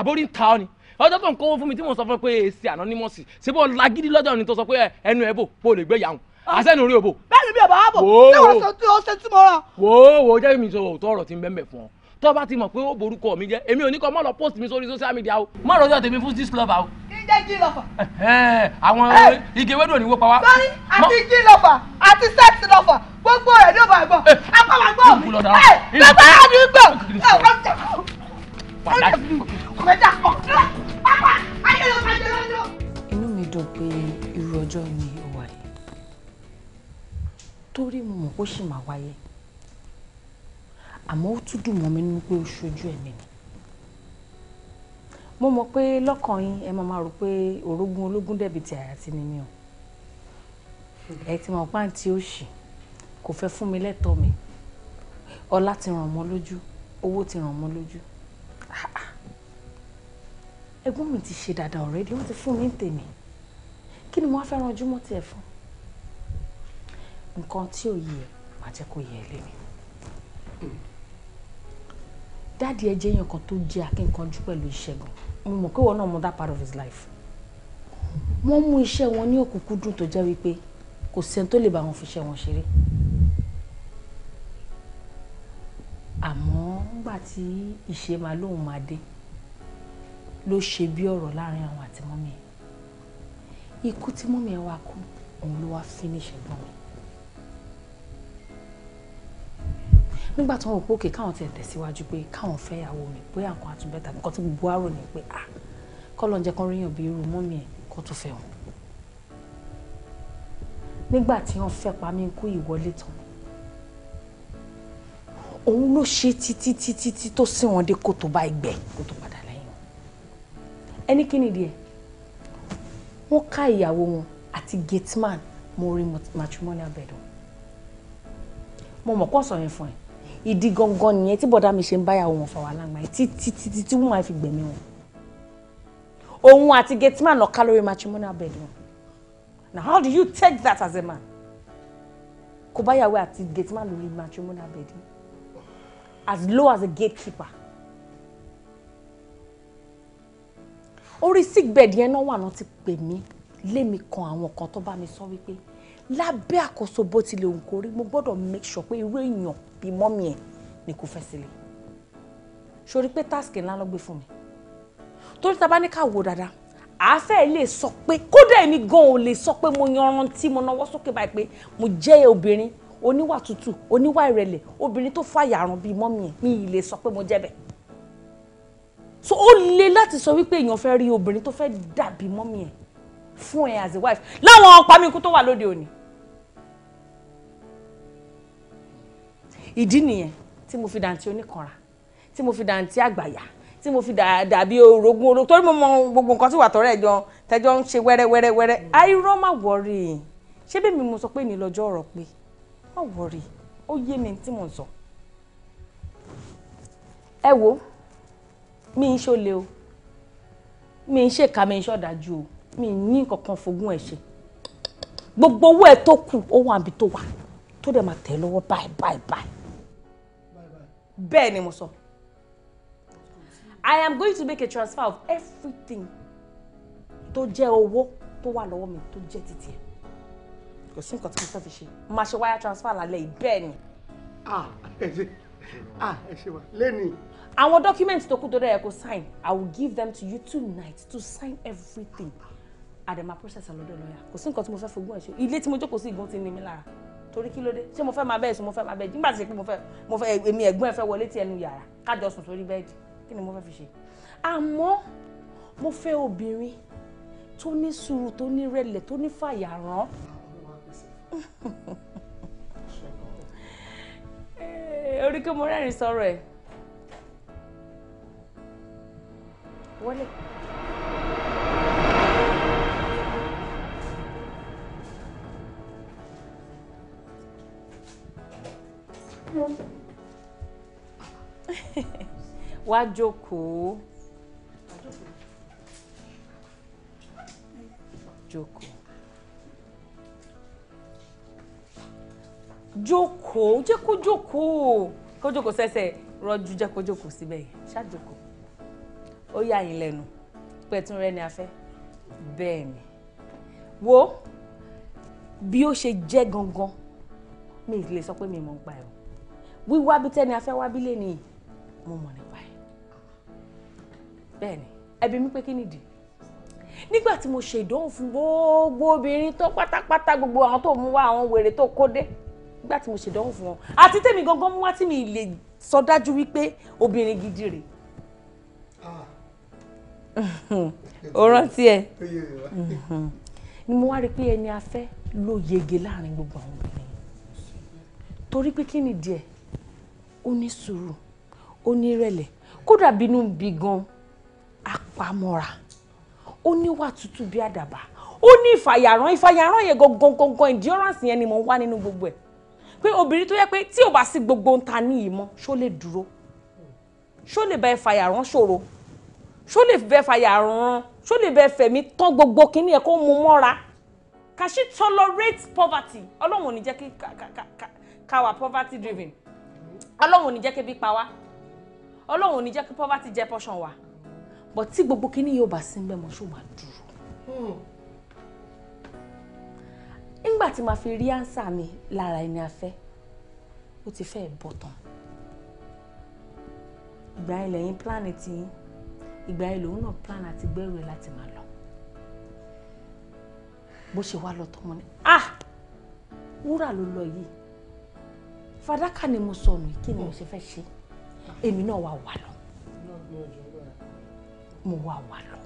àbórí ń ta ọ ni ọjọ́ tó ń kówó fún mi tí mo sọ fún pé èsì anonymous ṣé bó lagidi lọ́jọ́ ni tó sọ pé ẹnu ẹ̀ bò bó lè gbé yàwùn àṣẹ́nu orí òbò. bẹ́ẹ̀ni bí ọba àbọ̀ tí wọ́n sọ tí ó ṣe tí mo rà. wò ó wò ó jẹ́ mi sọ̀rọ̀ tó ọ̀rọ̀ ti ń bẹ́ẹ̀ fún ọ tó bá ti mọ̀ pé ó borúkọ mi jẹ́ èmi ò ní kọ́ mọ́ lọ post mi sórí social media o má rọ́jọ́ tèmi fún dis lover o. kí jẹ́ jí lọ́fà. àwọn igi ewédú ò ní wó pa wá. sọ́rí àti jí lọ́fà àti sex lọ́fà gbogbo rẹ̀ ní òbá ẹ̀gbọ́n akọ́wà gbọ́ mi ẹ̀ bẹ́ẹ̀ bá yà ní gbọ́ pápá ayélujára pàjọ lọ́jọ́. inú mi dùn pé irú ọjọ́ ni ó wà yìí torí mo mọ̀ pé ó sì máa wáyé àmọ́ ó tún dùn mọ́ mi nínú pé ó ṣojú ẹ̀mí ni mo mọ̀ pé lọ́kàn yín ẹ máa máa rò pé orogún ológun dẹ̀bi ti àyà ti ni mi o ẹ ti mọ̀ pàǹtí òṣì kò fẹ́ fún mi lẹ́tọ̀ọ́ mi ọlá ti ràn mọ́ lójú owó ti ràn mọ́ lójú ẹ̀gbọ́n mi ti ṣe dáadáa already wọ́n ti fún mi tèmi kí ni mo wá fẹ́ràn ojúmọ́ tiẹ̀ fún nǹkan tí ò yẹ màá jẹ́ kó yẹ lé mi dáàdi ẹ jẹ́ èèyàn kan tó jẹ́ akínkanjú pẹ̀lú ìṣẹ́gun mo mọ̀ pé wọn náà mọ that part of his life wọ́n mú iṣẹ́ wọn ní òkúkúdùn tó jẹ́ wípé kò sẹ́ni tó lè bá wọn fi iṣẹ́ wọn ṣeré àmọ́ nígbà tí ìṣe máa lóun máa dé ló ṣe bí ọ̀rọ̀ láàrin àwọn àti mọ́mí ẹ̀ ikú tí mọ́mí ẹ̀ wá kú òun ló wá finish ẹ̀gbọ́n mi nígbà tí wọn ò pókè káwọn tiẹ̀ tẹ̀síwájú pé káwọn fẹ́ ìyàwó mi bóyá nǹkan àtúbẹ̀tà nǹkan tí gbogbo àrò ni pé ah kọ́lọ̀ ń jẹ́ kán ríyàn bí irú mọ́mí ẹ̀ kó tó fẹ́ wọn nígbà tí wọ́n fẹ́ pa mí kú ìwọlé tán òun ló ṣe títí títí tó sí wọn dé kó tó bá ẹgbẹ́ kó tó bá ẹni kí ni díẹ̀ wọ́n ká ìyàwó wọn àti gateman mori matrimonial bed o mo mọ̀ kó sọ yẹn fún ẹ ìdí gangan nìyẹn tí bọ̀dá mi ṣe ń báyàwó wọn fà wà láǹgbà yìí títí títí tí wọ́n máa fi gbẹ̀mí wọn òun àti gateman lọ ká lórí matrimonial bed wọn now how do you take that as a man kò báyàwó àti gateman lórí matrimonial bed as low as a gatekeeper. orí sickbed yẹn náà wà náà ti pè mí lémi kan àwọn kan tó bá mi sọ wípé lábẹ́ àkóso bó tilẹ̀ òun kò rí mo gbọ́dọ̀ make sure pé irú èèyàn bíi mọ́mì ẹ̀ ni kò fẹ́ sílẹ̀ sórí pé táàsì ńlá ló gbé fún mi torí ta bá ní ká wò dáadáa àáfẹ́ lè sọ pé kódà èmi gan ò lè sọ pé mo yanran tí mo náwó sókè báyìí pé mo jẹ́ obìnrin oníwà tútù oníwà ìrẹ̀lẹ̀ obìnrin tó fàyàrùn bíi mọ́mì ẹ̀ mi ì lè sọ pé mo jẹ́ bẹ́ẹ̀ so ó le láti sọ wípé èèyàn fẹ́ rí obìnrin tó fẹ́ dàbí mọ́mí ẹ̀ fún ẹ as a wife láwọn pamíkú tó wà lóde òní. ìdí nìyẹn tí mo fi dàǹtí oníkanra tí mo fi dàǹtí àgbàyà tí mo fi dàbí orogún orogún torí mo mọ gbogbo nǹkan tí wà tọrẹ jọ tẹjọ ń ṣe wẹrẹ wẹrẹ wẹrẹ àìrọ má wọrí ṣé bẹ́ẹ̀ mi mo sọ pé ní lọ́jọ́ ọ̀rọ̀ pé má wọrí ó yé mi tí mo sọ. ẹ wo mi ń ṣọ̀lẹ o mi ń ṣèkà mi ń ṣọ̀dájú o mi ní kankan fogún ẹ̀ ṣe gbogbo owó ẹ̀ tó kù ó wà níbi tó wà tó dẹ̀ máa tẹ̀ lọ́wọ́ báyìí báyìí báyìí bẹ́ẹ̀ ni mo sọ I am going to make a transfer of everything tó jẹ́ owó tó wà lọ́wọ́ mi tó jẹ́ títì ẹ̀ kò sí nǹkan tí mo fẹ́ fi ṣe máa ṣe wire transfer lálẹ́ yìí bẹ́ẹ̀ ni. ah ẹ ṣe ah ẹ ṣe wa lẹ́nìí àwọn documents tó kù tó dẹ̀ yẹ kó sign i will give them to you tonight to sign everything àdèmà process lọ́dọ̀ lọ́yà kò sí nǹkan tí mo fẹ́ fogún ẹ̀ ṣe ilé tí mo jókòó sí ìgbọ́n ti ní mi lára torí kí ló dé ṣé mo fẹ́ máa bẹ́ẹ̀ sùn mo fẹ́ máa bẹ́ẹ̀ jí nígbà tí mo fẹ́ mo fẹ́ èmi ẹ̀gbọ́n ẹ̀ fẹ́ wọlé ti ẹnu yàrá kájọ sùn sórí bẹ́ẹ̀dì kí ni mo fẹ́ fi ṣe àmọ́ mo fẹ́ obìnrin tó ní sùúrù tó ní rẹ̀lẹ̀ tó ní fàyàrán eh, orí kí mo rẹ́rìn sọ̀rọ̀ ẹ̀ wọlé. wá jókòó jókòó jókòó jẹ́ kó jókòó kó jókòó sẹ́sẹ̀ rọjú jẹ́ kó jókòó síbẹ̀ yẹn ṣáà jókòó ó yà yín lẹ́nu pẹ̀tún rẹ ni a fẹ́ bẹ́ẹ̀ ni wo bí ó ṣe jẹ́ gangan mi lè sọ pé mi mọ̀ nípa ẹ̀ o wíwá bí tẹ́ni a fẹ́ wá bí lè ní mo mọ̀ nípa ẹ̀ bẹ́ẹ̀ ni ẹbí mi pé kí nìdí nígbà tí mo ṣe ìdánwò fún gbogbo obìnrin tó pátápátá gbogbo àwọn tó mú wá àwọn wèrè tó kó dé nígbà tí mo ṣe ìdánwò fún wọn àti tèmi gangan mú wá tí mi lè sọ dájú wípé obìnrin gidi rèé o rántí ẹ ni mo wá rí i pé ẹni afẹ́ ló yege láàrin gbogbo àwọn obìnrin torí pé kí ni díẹ̀ ó ní sùúrù ó ní ìrẹ̀lẹ̀ kódà bínú bí gan apamọ́ra ó níwà tútù bí àdàbà ó ní ìfàyàrán ìfàyàrán yẹn gangan gangan endurance yẹn ni mo ń wá nínú gbogbo ẹ̀ pé obìnrin tó yẹ pé tí ò bá sí gbogbo ń ta ní ìmọ̀ ṣó lè dúró ṣó lè bá ìfàyàrán ṣòro ṣó lè fẹ́ fàyà rán ṣó lè bẹ́ẹ̀ fẹ̀mí tán gbogbo kínní ẹ̀ kó mú mọ́ra can she tolerate poverty ọlọ́run ò ní jẹ́ kí ká wà poverty driven ọlọ́run ò ní jẹ́ kí ebi pa wá ọlọ́run ò ní jẹ́ kí poverty jẹ́ portion wa but tí gbogbo kínní yóò bá sí mbẹ́ mọ́ ṣó máa dúró. Hmm. nígbà tí màá fi rí ánsà mi lára ẹni afẹ́ ó ti fẹ́ bọ̀ tán ìgbà yẹn lẹ́yìn plánet yín ìgbà yẹn lòun náà plan àti gbẹ́rù ẹ̀ láti máa lọ bó ṣe wá lọ tọmọ ni ah wúrà ló lọ yìí fàdákà ni mo sọnù kí ni mo ṣe fẹ́ ṣe èmi náà wà wà lọ mo wà wà lọ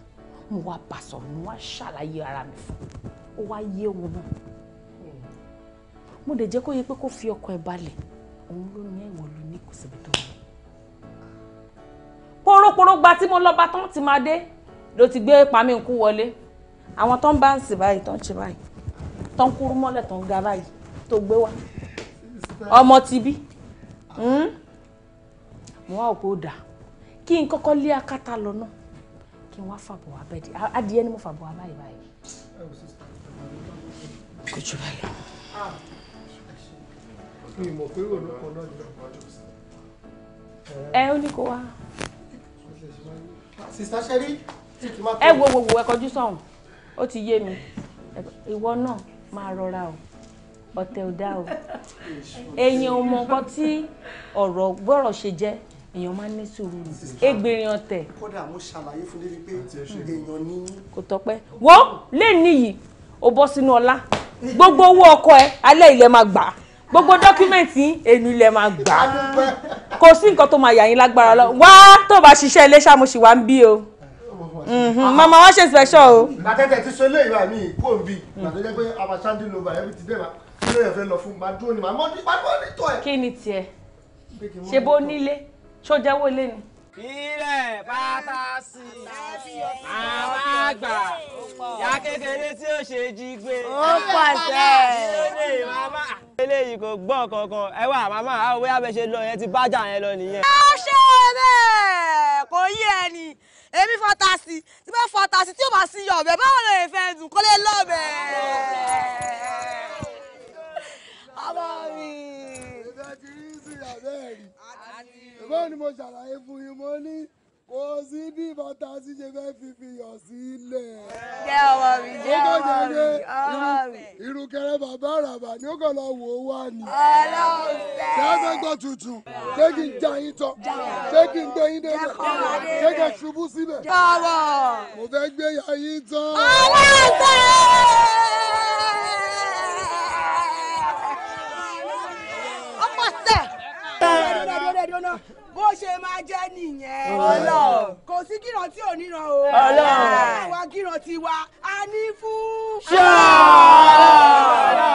mo wà bà sọ̀rọ̀ mo wà ṣàlàyé ara mi fún ó wá yé òun náà mo dẹ̀ jẹ́ kó yẹ pé kó fi ọkọ̀ ẹ̀ balẹ̀ òun ló ní ẹ̀wọ̀n ló ní kò poroporo gba tí mo lọ bá tán ti máa dé ló ti gbé pami nkú wọlé àwọn tó ń bá ń sì báyìí tó ń ṣe báyìí tó ń kúrú mọ́lẹ̀ tó ń ga báyìí tó gbé wa ọmọ ti bí hmm? mo wá òpó dà kí n kọ́kọ́ lé akátá lọ náà kí n wá fàbọ̀ wá bẹ́ẹ̀ di adìẹ ni mo fàbọ̀ wá báyìí báyìí kò jù báyìí lọ. ẹ ó ní kó wá sista ṣẹ́rí eh wo wo wo ẹ kọjú sọ̀hún ó ti ye mi Iwo náà ma rọra o ọ̀tẹ̀ ò dáa o èèyàn ò mọ nǹkan tí ọ̀rọ̀ gbọ́rọ̀ ṣe jẹ́ èèyàn máa ń ní sùúrù ni égbèrè ọ̀tẹ̀. kódà mo ṣàlàyé fún débi pé èèyàn ní. kò tọpẹ́ wọ́n lè níyì ó bọ́ sínú gbogbo owó ọkọ ẹ alẹ́ ilẹ̀ máa gbà gbogbo dọ́kúmẹ̀ntì èmi lẹ máa gbà kò sí nǹkan tó máa yà yín lágbára lọ wá tó bá ṣiṣẹ́ ilé ṣá mo ṣì wá ń bí o mama mm-hmm. mm-hmm. wá ṣe special o. bàtẹ́tẹ̀ ti sọ ilé ìwà mi kò ń bí bàtẹ́ pé our sandal over every ti dẹ́ba ilé yẹn fẹ́ lọ fún ma dúró ni ma mọ́ ní ma dúró ní tọ́ ẹ̀. kí ni tiẹ̀ ṣe bó nílé ṣó jẹ́wọ́ ilé ni ilẹ̀ pátásì àwọn àgbà ya kékeré tí ó ṣe jí gbé. ó pàṣẹ. ilé màmá eléyìí kò gbọ́ kankan ẹ wá màmá àwọn bóyá bẹ ṣe lọ yẹn ti bájà yẹn lọ nìyẹn. ó ṣe bẹ́ẹ̀ kò yí ẹni èmi fọtasì tí bẹ́ẹ̀ fọtasì tí ó bá sí yọ̀bẹ báwo lè fẹ́ dùn kó lè lọ́bẹ̀. ọmọ mi. ìdájí ń sìn àbẹ́ẹ̀rì bọ́ọ̀ ni mo ṣàlàyé fún yín mo ní kò sí bí bàtà sí ṣe fẹ́ fi fiyọ̀ sílẹ̀. jẹ́ ọmọ mi jẹ́ ọmọ mi ọmọ mi. irun kẹrẹ bàbá àràbà ni ó kàn lọ wò ó wà ní. ọlọ́run fẹ́. ṣé ẹ fẹ́ gbọ́ tuntun ṣé kí n já yín tán ṣé kí n gbé yín débẹ̀ ṣé kí n ṣubú síbẹ̀. mo fẹ́ gbé yàrá yín tán. ọlọ́run fẹ́. rẹ̀ dọ́nà bó ṣe máa jẹ́ nìyẹn. kò sí kíran tí ò níran o. ọlọ. àwa kíran ti wa a ní fún. ṣọ ọlọ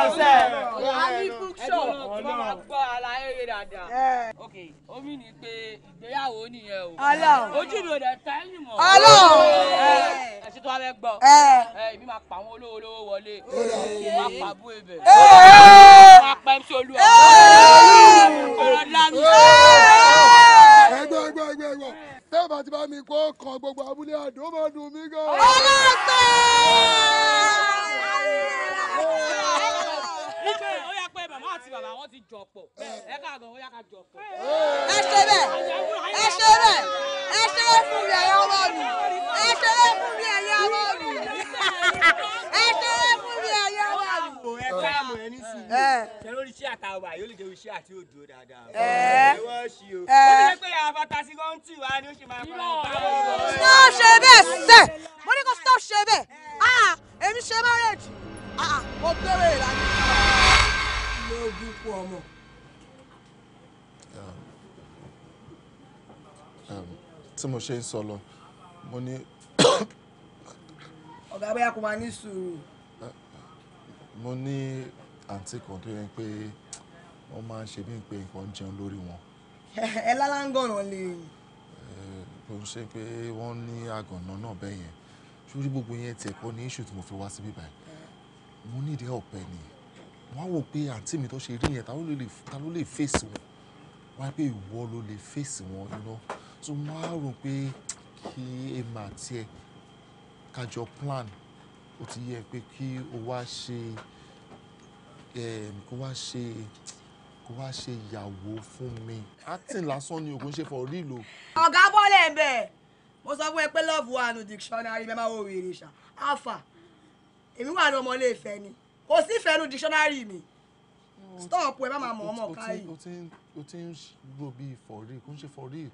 a ní fún ṣọ. ọlọ. ọlọ. ọlọ. ọlọ. ọlọ. ọlọ. ọlọ òkè omi ni pé ìgbéyàwó nìyẹn o. Ọlọ́run ojú mi ò dẹ tẹyìn mọ. Ọlọ́run ẹ tó wá fẹ́ gbọ́. ẹ ẹ ibi máa pa àwọn olówó olówó wọlé. máa pa bú ibẹ̀. máa pa mc olú ẹ. ọ̀rọ̀ lámì. ẹgbẹ́ ẹgbẹ́ ẹgbẹ́ ẹgbẹ́ tẹ́ bàtí bá mi kó kan gbogbo abúlé àdó máa dùn mí gan. ọlọ́pàá. bàbá wọn ti jọ pọ̀ ẹ káàgàn ó yá ká jọ pọ̀. ẹ ṣe bẹ́ẹ̀ ẹ ṣe bẹ́ẹ̀ ẹ ṣe bẹ́ẹ̀ fún mi ẹ̀yà ọmọ mi ẹ ṣe bẹ́ẹ̀ fún mi ẹ̀yà ọmọ mi ẹ ṣe bẹ́ẹ̀ fún mi ẹ̀yà ọmọ mi. ẹ káàmù ẹ ní sùn ṣe lórí iṣẹ́ àtàwà yóò lè jẹ́ iṣẹ́ àti odò dáadáa. ẹ ẹ wọ́n ṣe o. pé àwọn fatasi kan tì wá ni ó ṣe máa fara pa. stop ṣe bẹ́ẹ̀ sẹ́ mo ní kó stop ṣe bẹ́ẹ̀ ah èmi ṣe marriage ah, ah mo gbé wèrè lánàá lójú kú ọmọ. Um, um, tí mo ṣe ń sọ lọ mo ní. ọ̀gá bóyá kò máa ní sùúrù. mo ní àǹtí kan tó yẹ pé wọ́n máa ń ṣe bí pé nǹkan jẹun lórí wọn. ẹ lálàngànà lè. kò ń ṣe pé wọ́n ní àgànná náà bẹ́ẹ̀ yẹn ṣúrí gbogbo yẹn tiẹ̀ kọ́ ní iṣu tí mo fi wá síbí báyìí mo ní ìdí ọ̀pẹ nìyẹn wọ́n á wò pé àǹtí mi tó ṣe rí yẹn ta ló lè fèsì wọn wọ́n á pé ìwọ ló lè fèsì wọn iná so wọ́n á rò pé kí èmi àti ẹ kájọ plan ó ti yẹ pé kí o wá ṣe ehm, kó wá ṣe kó wá ṣe ìyàwó fún mi acting lásán ni ògùn ṣe for real o. ọ̀gá bọ́lẹ̀ ń bẹ̀ mo sọ fún ẹ pé love one? nù dictionary mẹ́máa wò wèrè ṣá alpha èmi wà ní ọmọ ilé ìfẹ́ ni kò sí fẹ́nu dictionary mi oh. stop ẹ bá máa mọ̀ ọmọ ká yìí. o ti ń gbò bí ìfọ̀rí kò ń ṣe fọ̀rí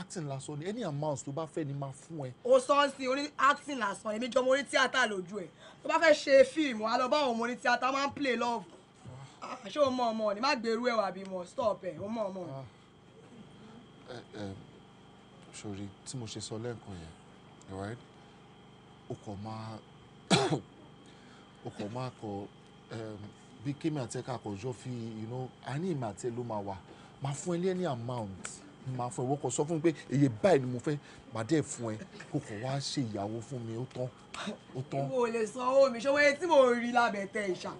acting lásán ni any amount tó bá fẹ́ ni máa fún ẹ. o sọ ń sin orí acting lásán èmi jọ mo rí tíátà lójú ẹ tó bá fẹ́ ṣe fíìmù wa lọ bá àwọn ọmọ orí tíátà máa ń play love ah, ṣé o mọ ọmọ ni má gbèrú ẹ wà bí mo stop ẹ o mọ ọmọ. ẹ ẹ sori tí mo ṣe sọ lẹ́ẹ̀kan yẹn right o kò máa o kò máa kọ ehm, bí kémi àti ẹ̀ka àkọ́jọ́ fi iná àní ìmọ̀ àti ẹ̀ ló máa wà máa fún ẹ ní any amount máa fún ẹ wọ́n kọ sọ fún mi pé èyí báyìí ni mo fẹ́ máa dẹ́ fún ẹ kó kọ̀ wá ṣe ìyàwó fún mi ó tán ó tán. mo lè san owó mi ṣọwọ́ etí tí mò ń rí lábẹ́ tẹ ìṣà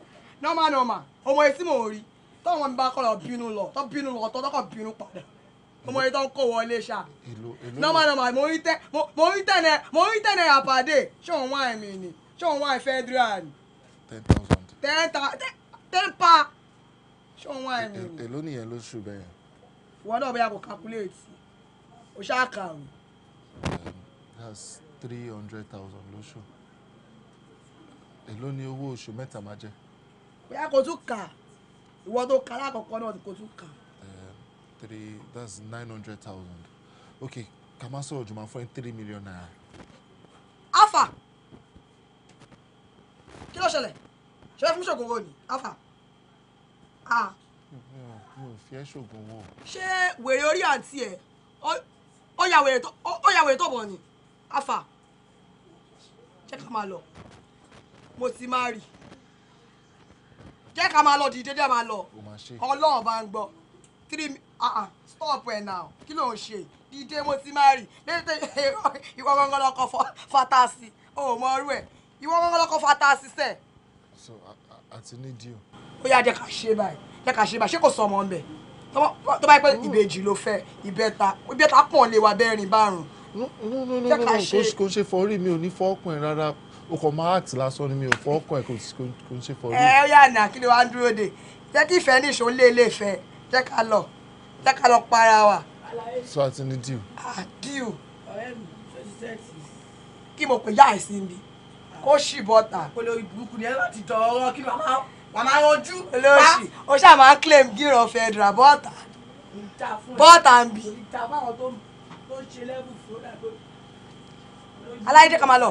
nọ́mà nọ́mà ọmọ etí tí mò ń rí tọ́wọ́n mi bá kọ́ lọ bínú lọ tọ́ bínú lọ tọ́ tọ́kọ̀ bínú padà ọmọ yìí tó ń kó wọlé ṣá nọ́mà nọ́mà mo rí tẹ́ mo rí tẹ́ náà mo rí tẹ́ náà àpàdé ṣé òun wá ẹ̀mí ni ṣé òun wá ni ten thousand. ten ta ten pa ṣé wọn wá ẹni rò. èló nìyẹn lóṣù bẹ́ẹ̀. ìwọ náà bẹ́ẹ̀ kò calculate o ṣáà kà o. that's three hundred thousand lóṣù èló ni owó oṣù mẹ́ta máa jẹ́. bóyá kò tún kà ìwọ tó kà lákọ̀ọ́kọ́ náà kò tún kà. Um, three that's nine hundred thousand okay kàmá sọ̀rọ̀ jùmọ̀ fún ẹ three million naira. ṣẹlẹ̀ ṣe fún ṣògùn owó ni afa. mi ò fi ẹ́ ṣògùn owó. ṣé wèrè orí àǹtí ẹ̀ ó ya wèrè tó bọ̀ ni afa jẹ́ ká máa lọ mo ti máa rì jẹ́ ká máa lọ dìde dẹ́ máa lọ ọlọ́run bá ń gbọ́ three ah, ah stop ẹ̀ now kí ló ń ṣe dìde mo ti máa rì lẹ́tẹ̀ ìwọ gbọ́ngàn lọ́kọ̀ fatasi ò mọ irú ẹ̀ ìwọ gbọ́ngàn lọ́kọ̀ fatasi sẹ́ẹ̀ so àti need you. ó yá jẹ́ ká ṣe báyìí jẹ́ ká ṣe báyìí ṣé kò sọ ọmọ ń bẹ̀ tó bá yẹ pé mm. ìbejì ló fẹ́ ìbẹ́ta ìbẹ́ta pọ̀ lè wà bẹ́ẹ̀ rìn bárùn. jẹ́ ká ṣe kò ṣe fọ́rí mi ò ní fọ́ọ̀kùn ẹ̀ rárá o kò máa act lásán ni mi ò fọ́ọ̀kùn ẹ̀ kò ṣe fọ́rí. ẹ ó yà nà kí ni wàá dúró de jẹ́ kí ìfẹ́ ní ìṣòro lé ilé ìfẹ́ jẹ́ ká lọ jẹ́ ká lọ para wa. so àti ní díù. ah díù kí mo pè yá àìsí mi kó ṣì bọ́tà. olórí burúkú ni ẹ láti dọ̀ ọ́rọ́ kí màmá màmá rọjú. olóòṣì ó ṣáà máa claim gírọ̀ fẹ́ẹ́dra bọ́tà bọ́tà ń bì. aláìdé kan máa lọ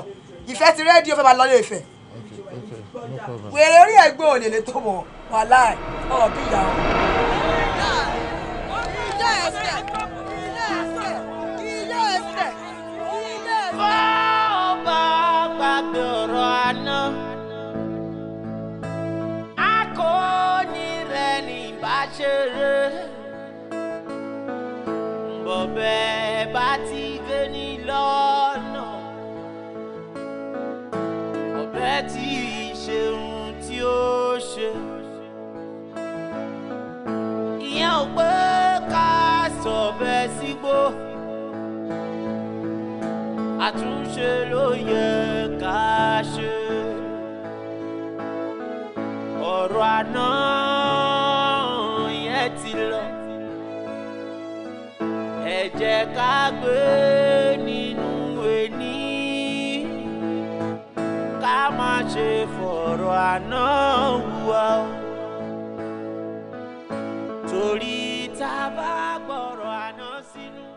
ìfẹ́ ti rédíò fẹ́ máa lọ ilé ìfẹ́ wèrè orí ẹ̀gbọ́n ò tó mọ̀ wàhálà ọ̀ bí ìyá gbàgbé ọ̀rọ̀ àná. akóni rẹ̀ ní ìbáṣeré. bọ̀bẹ̀ bá ti gé ní lọ́nà. bọ̀bẹ̀ tí ìṣeun tí àtúnṣe ló yẹ ṣáṣe ọ̀rọ̀ àná yẹn ti lọ ẹ jẹ́ ká gbé nínú ẹni ká má ṣe fọ̀rọ̀ àná wúwa o torí tá a bá gbọ́rọ̀ àná sínú.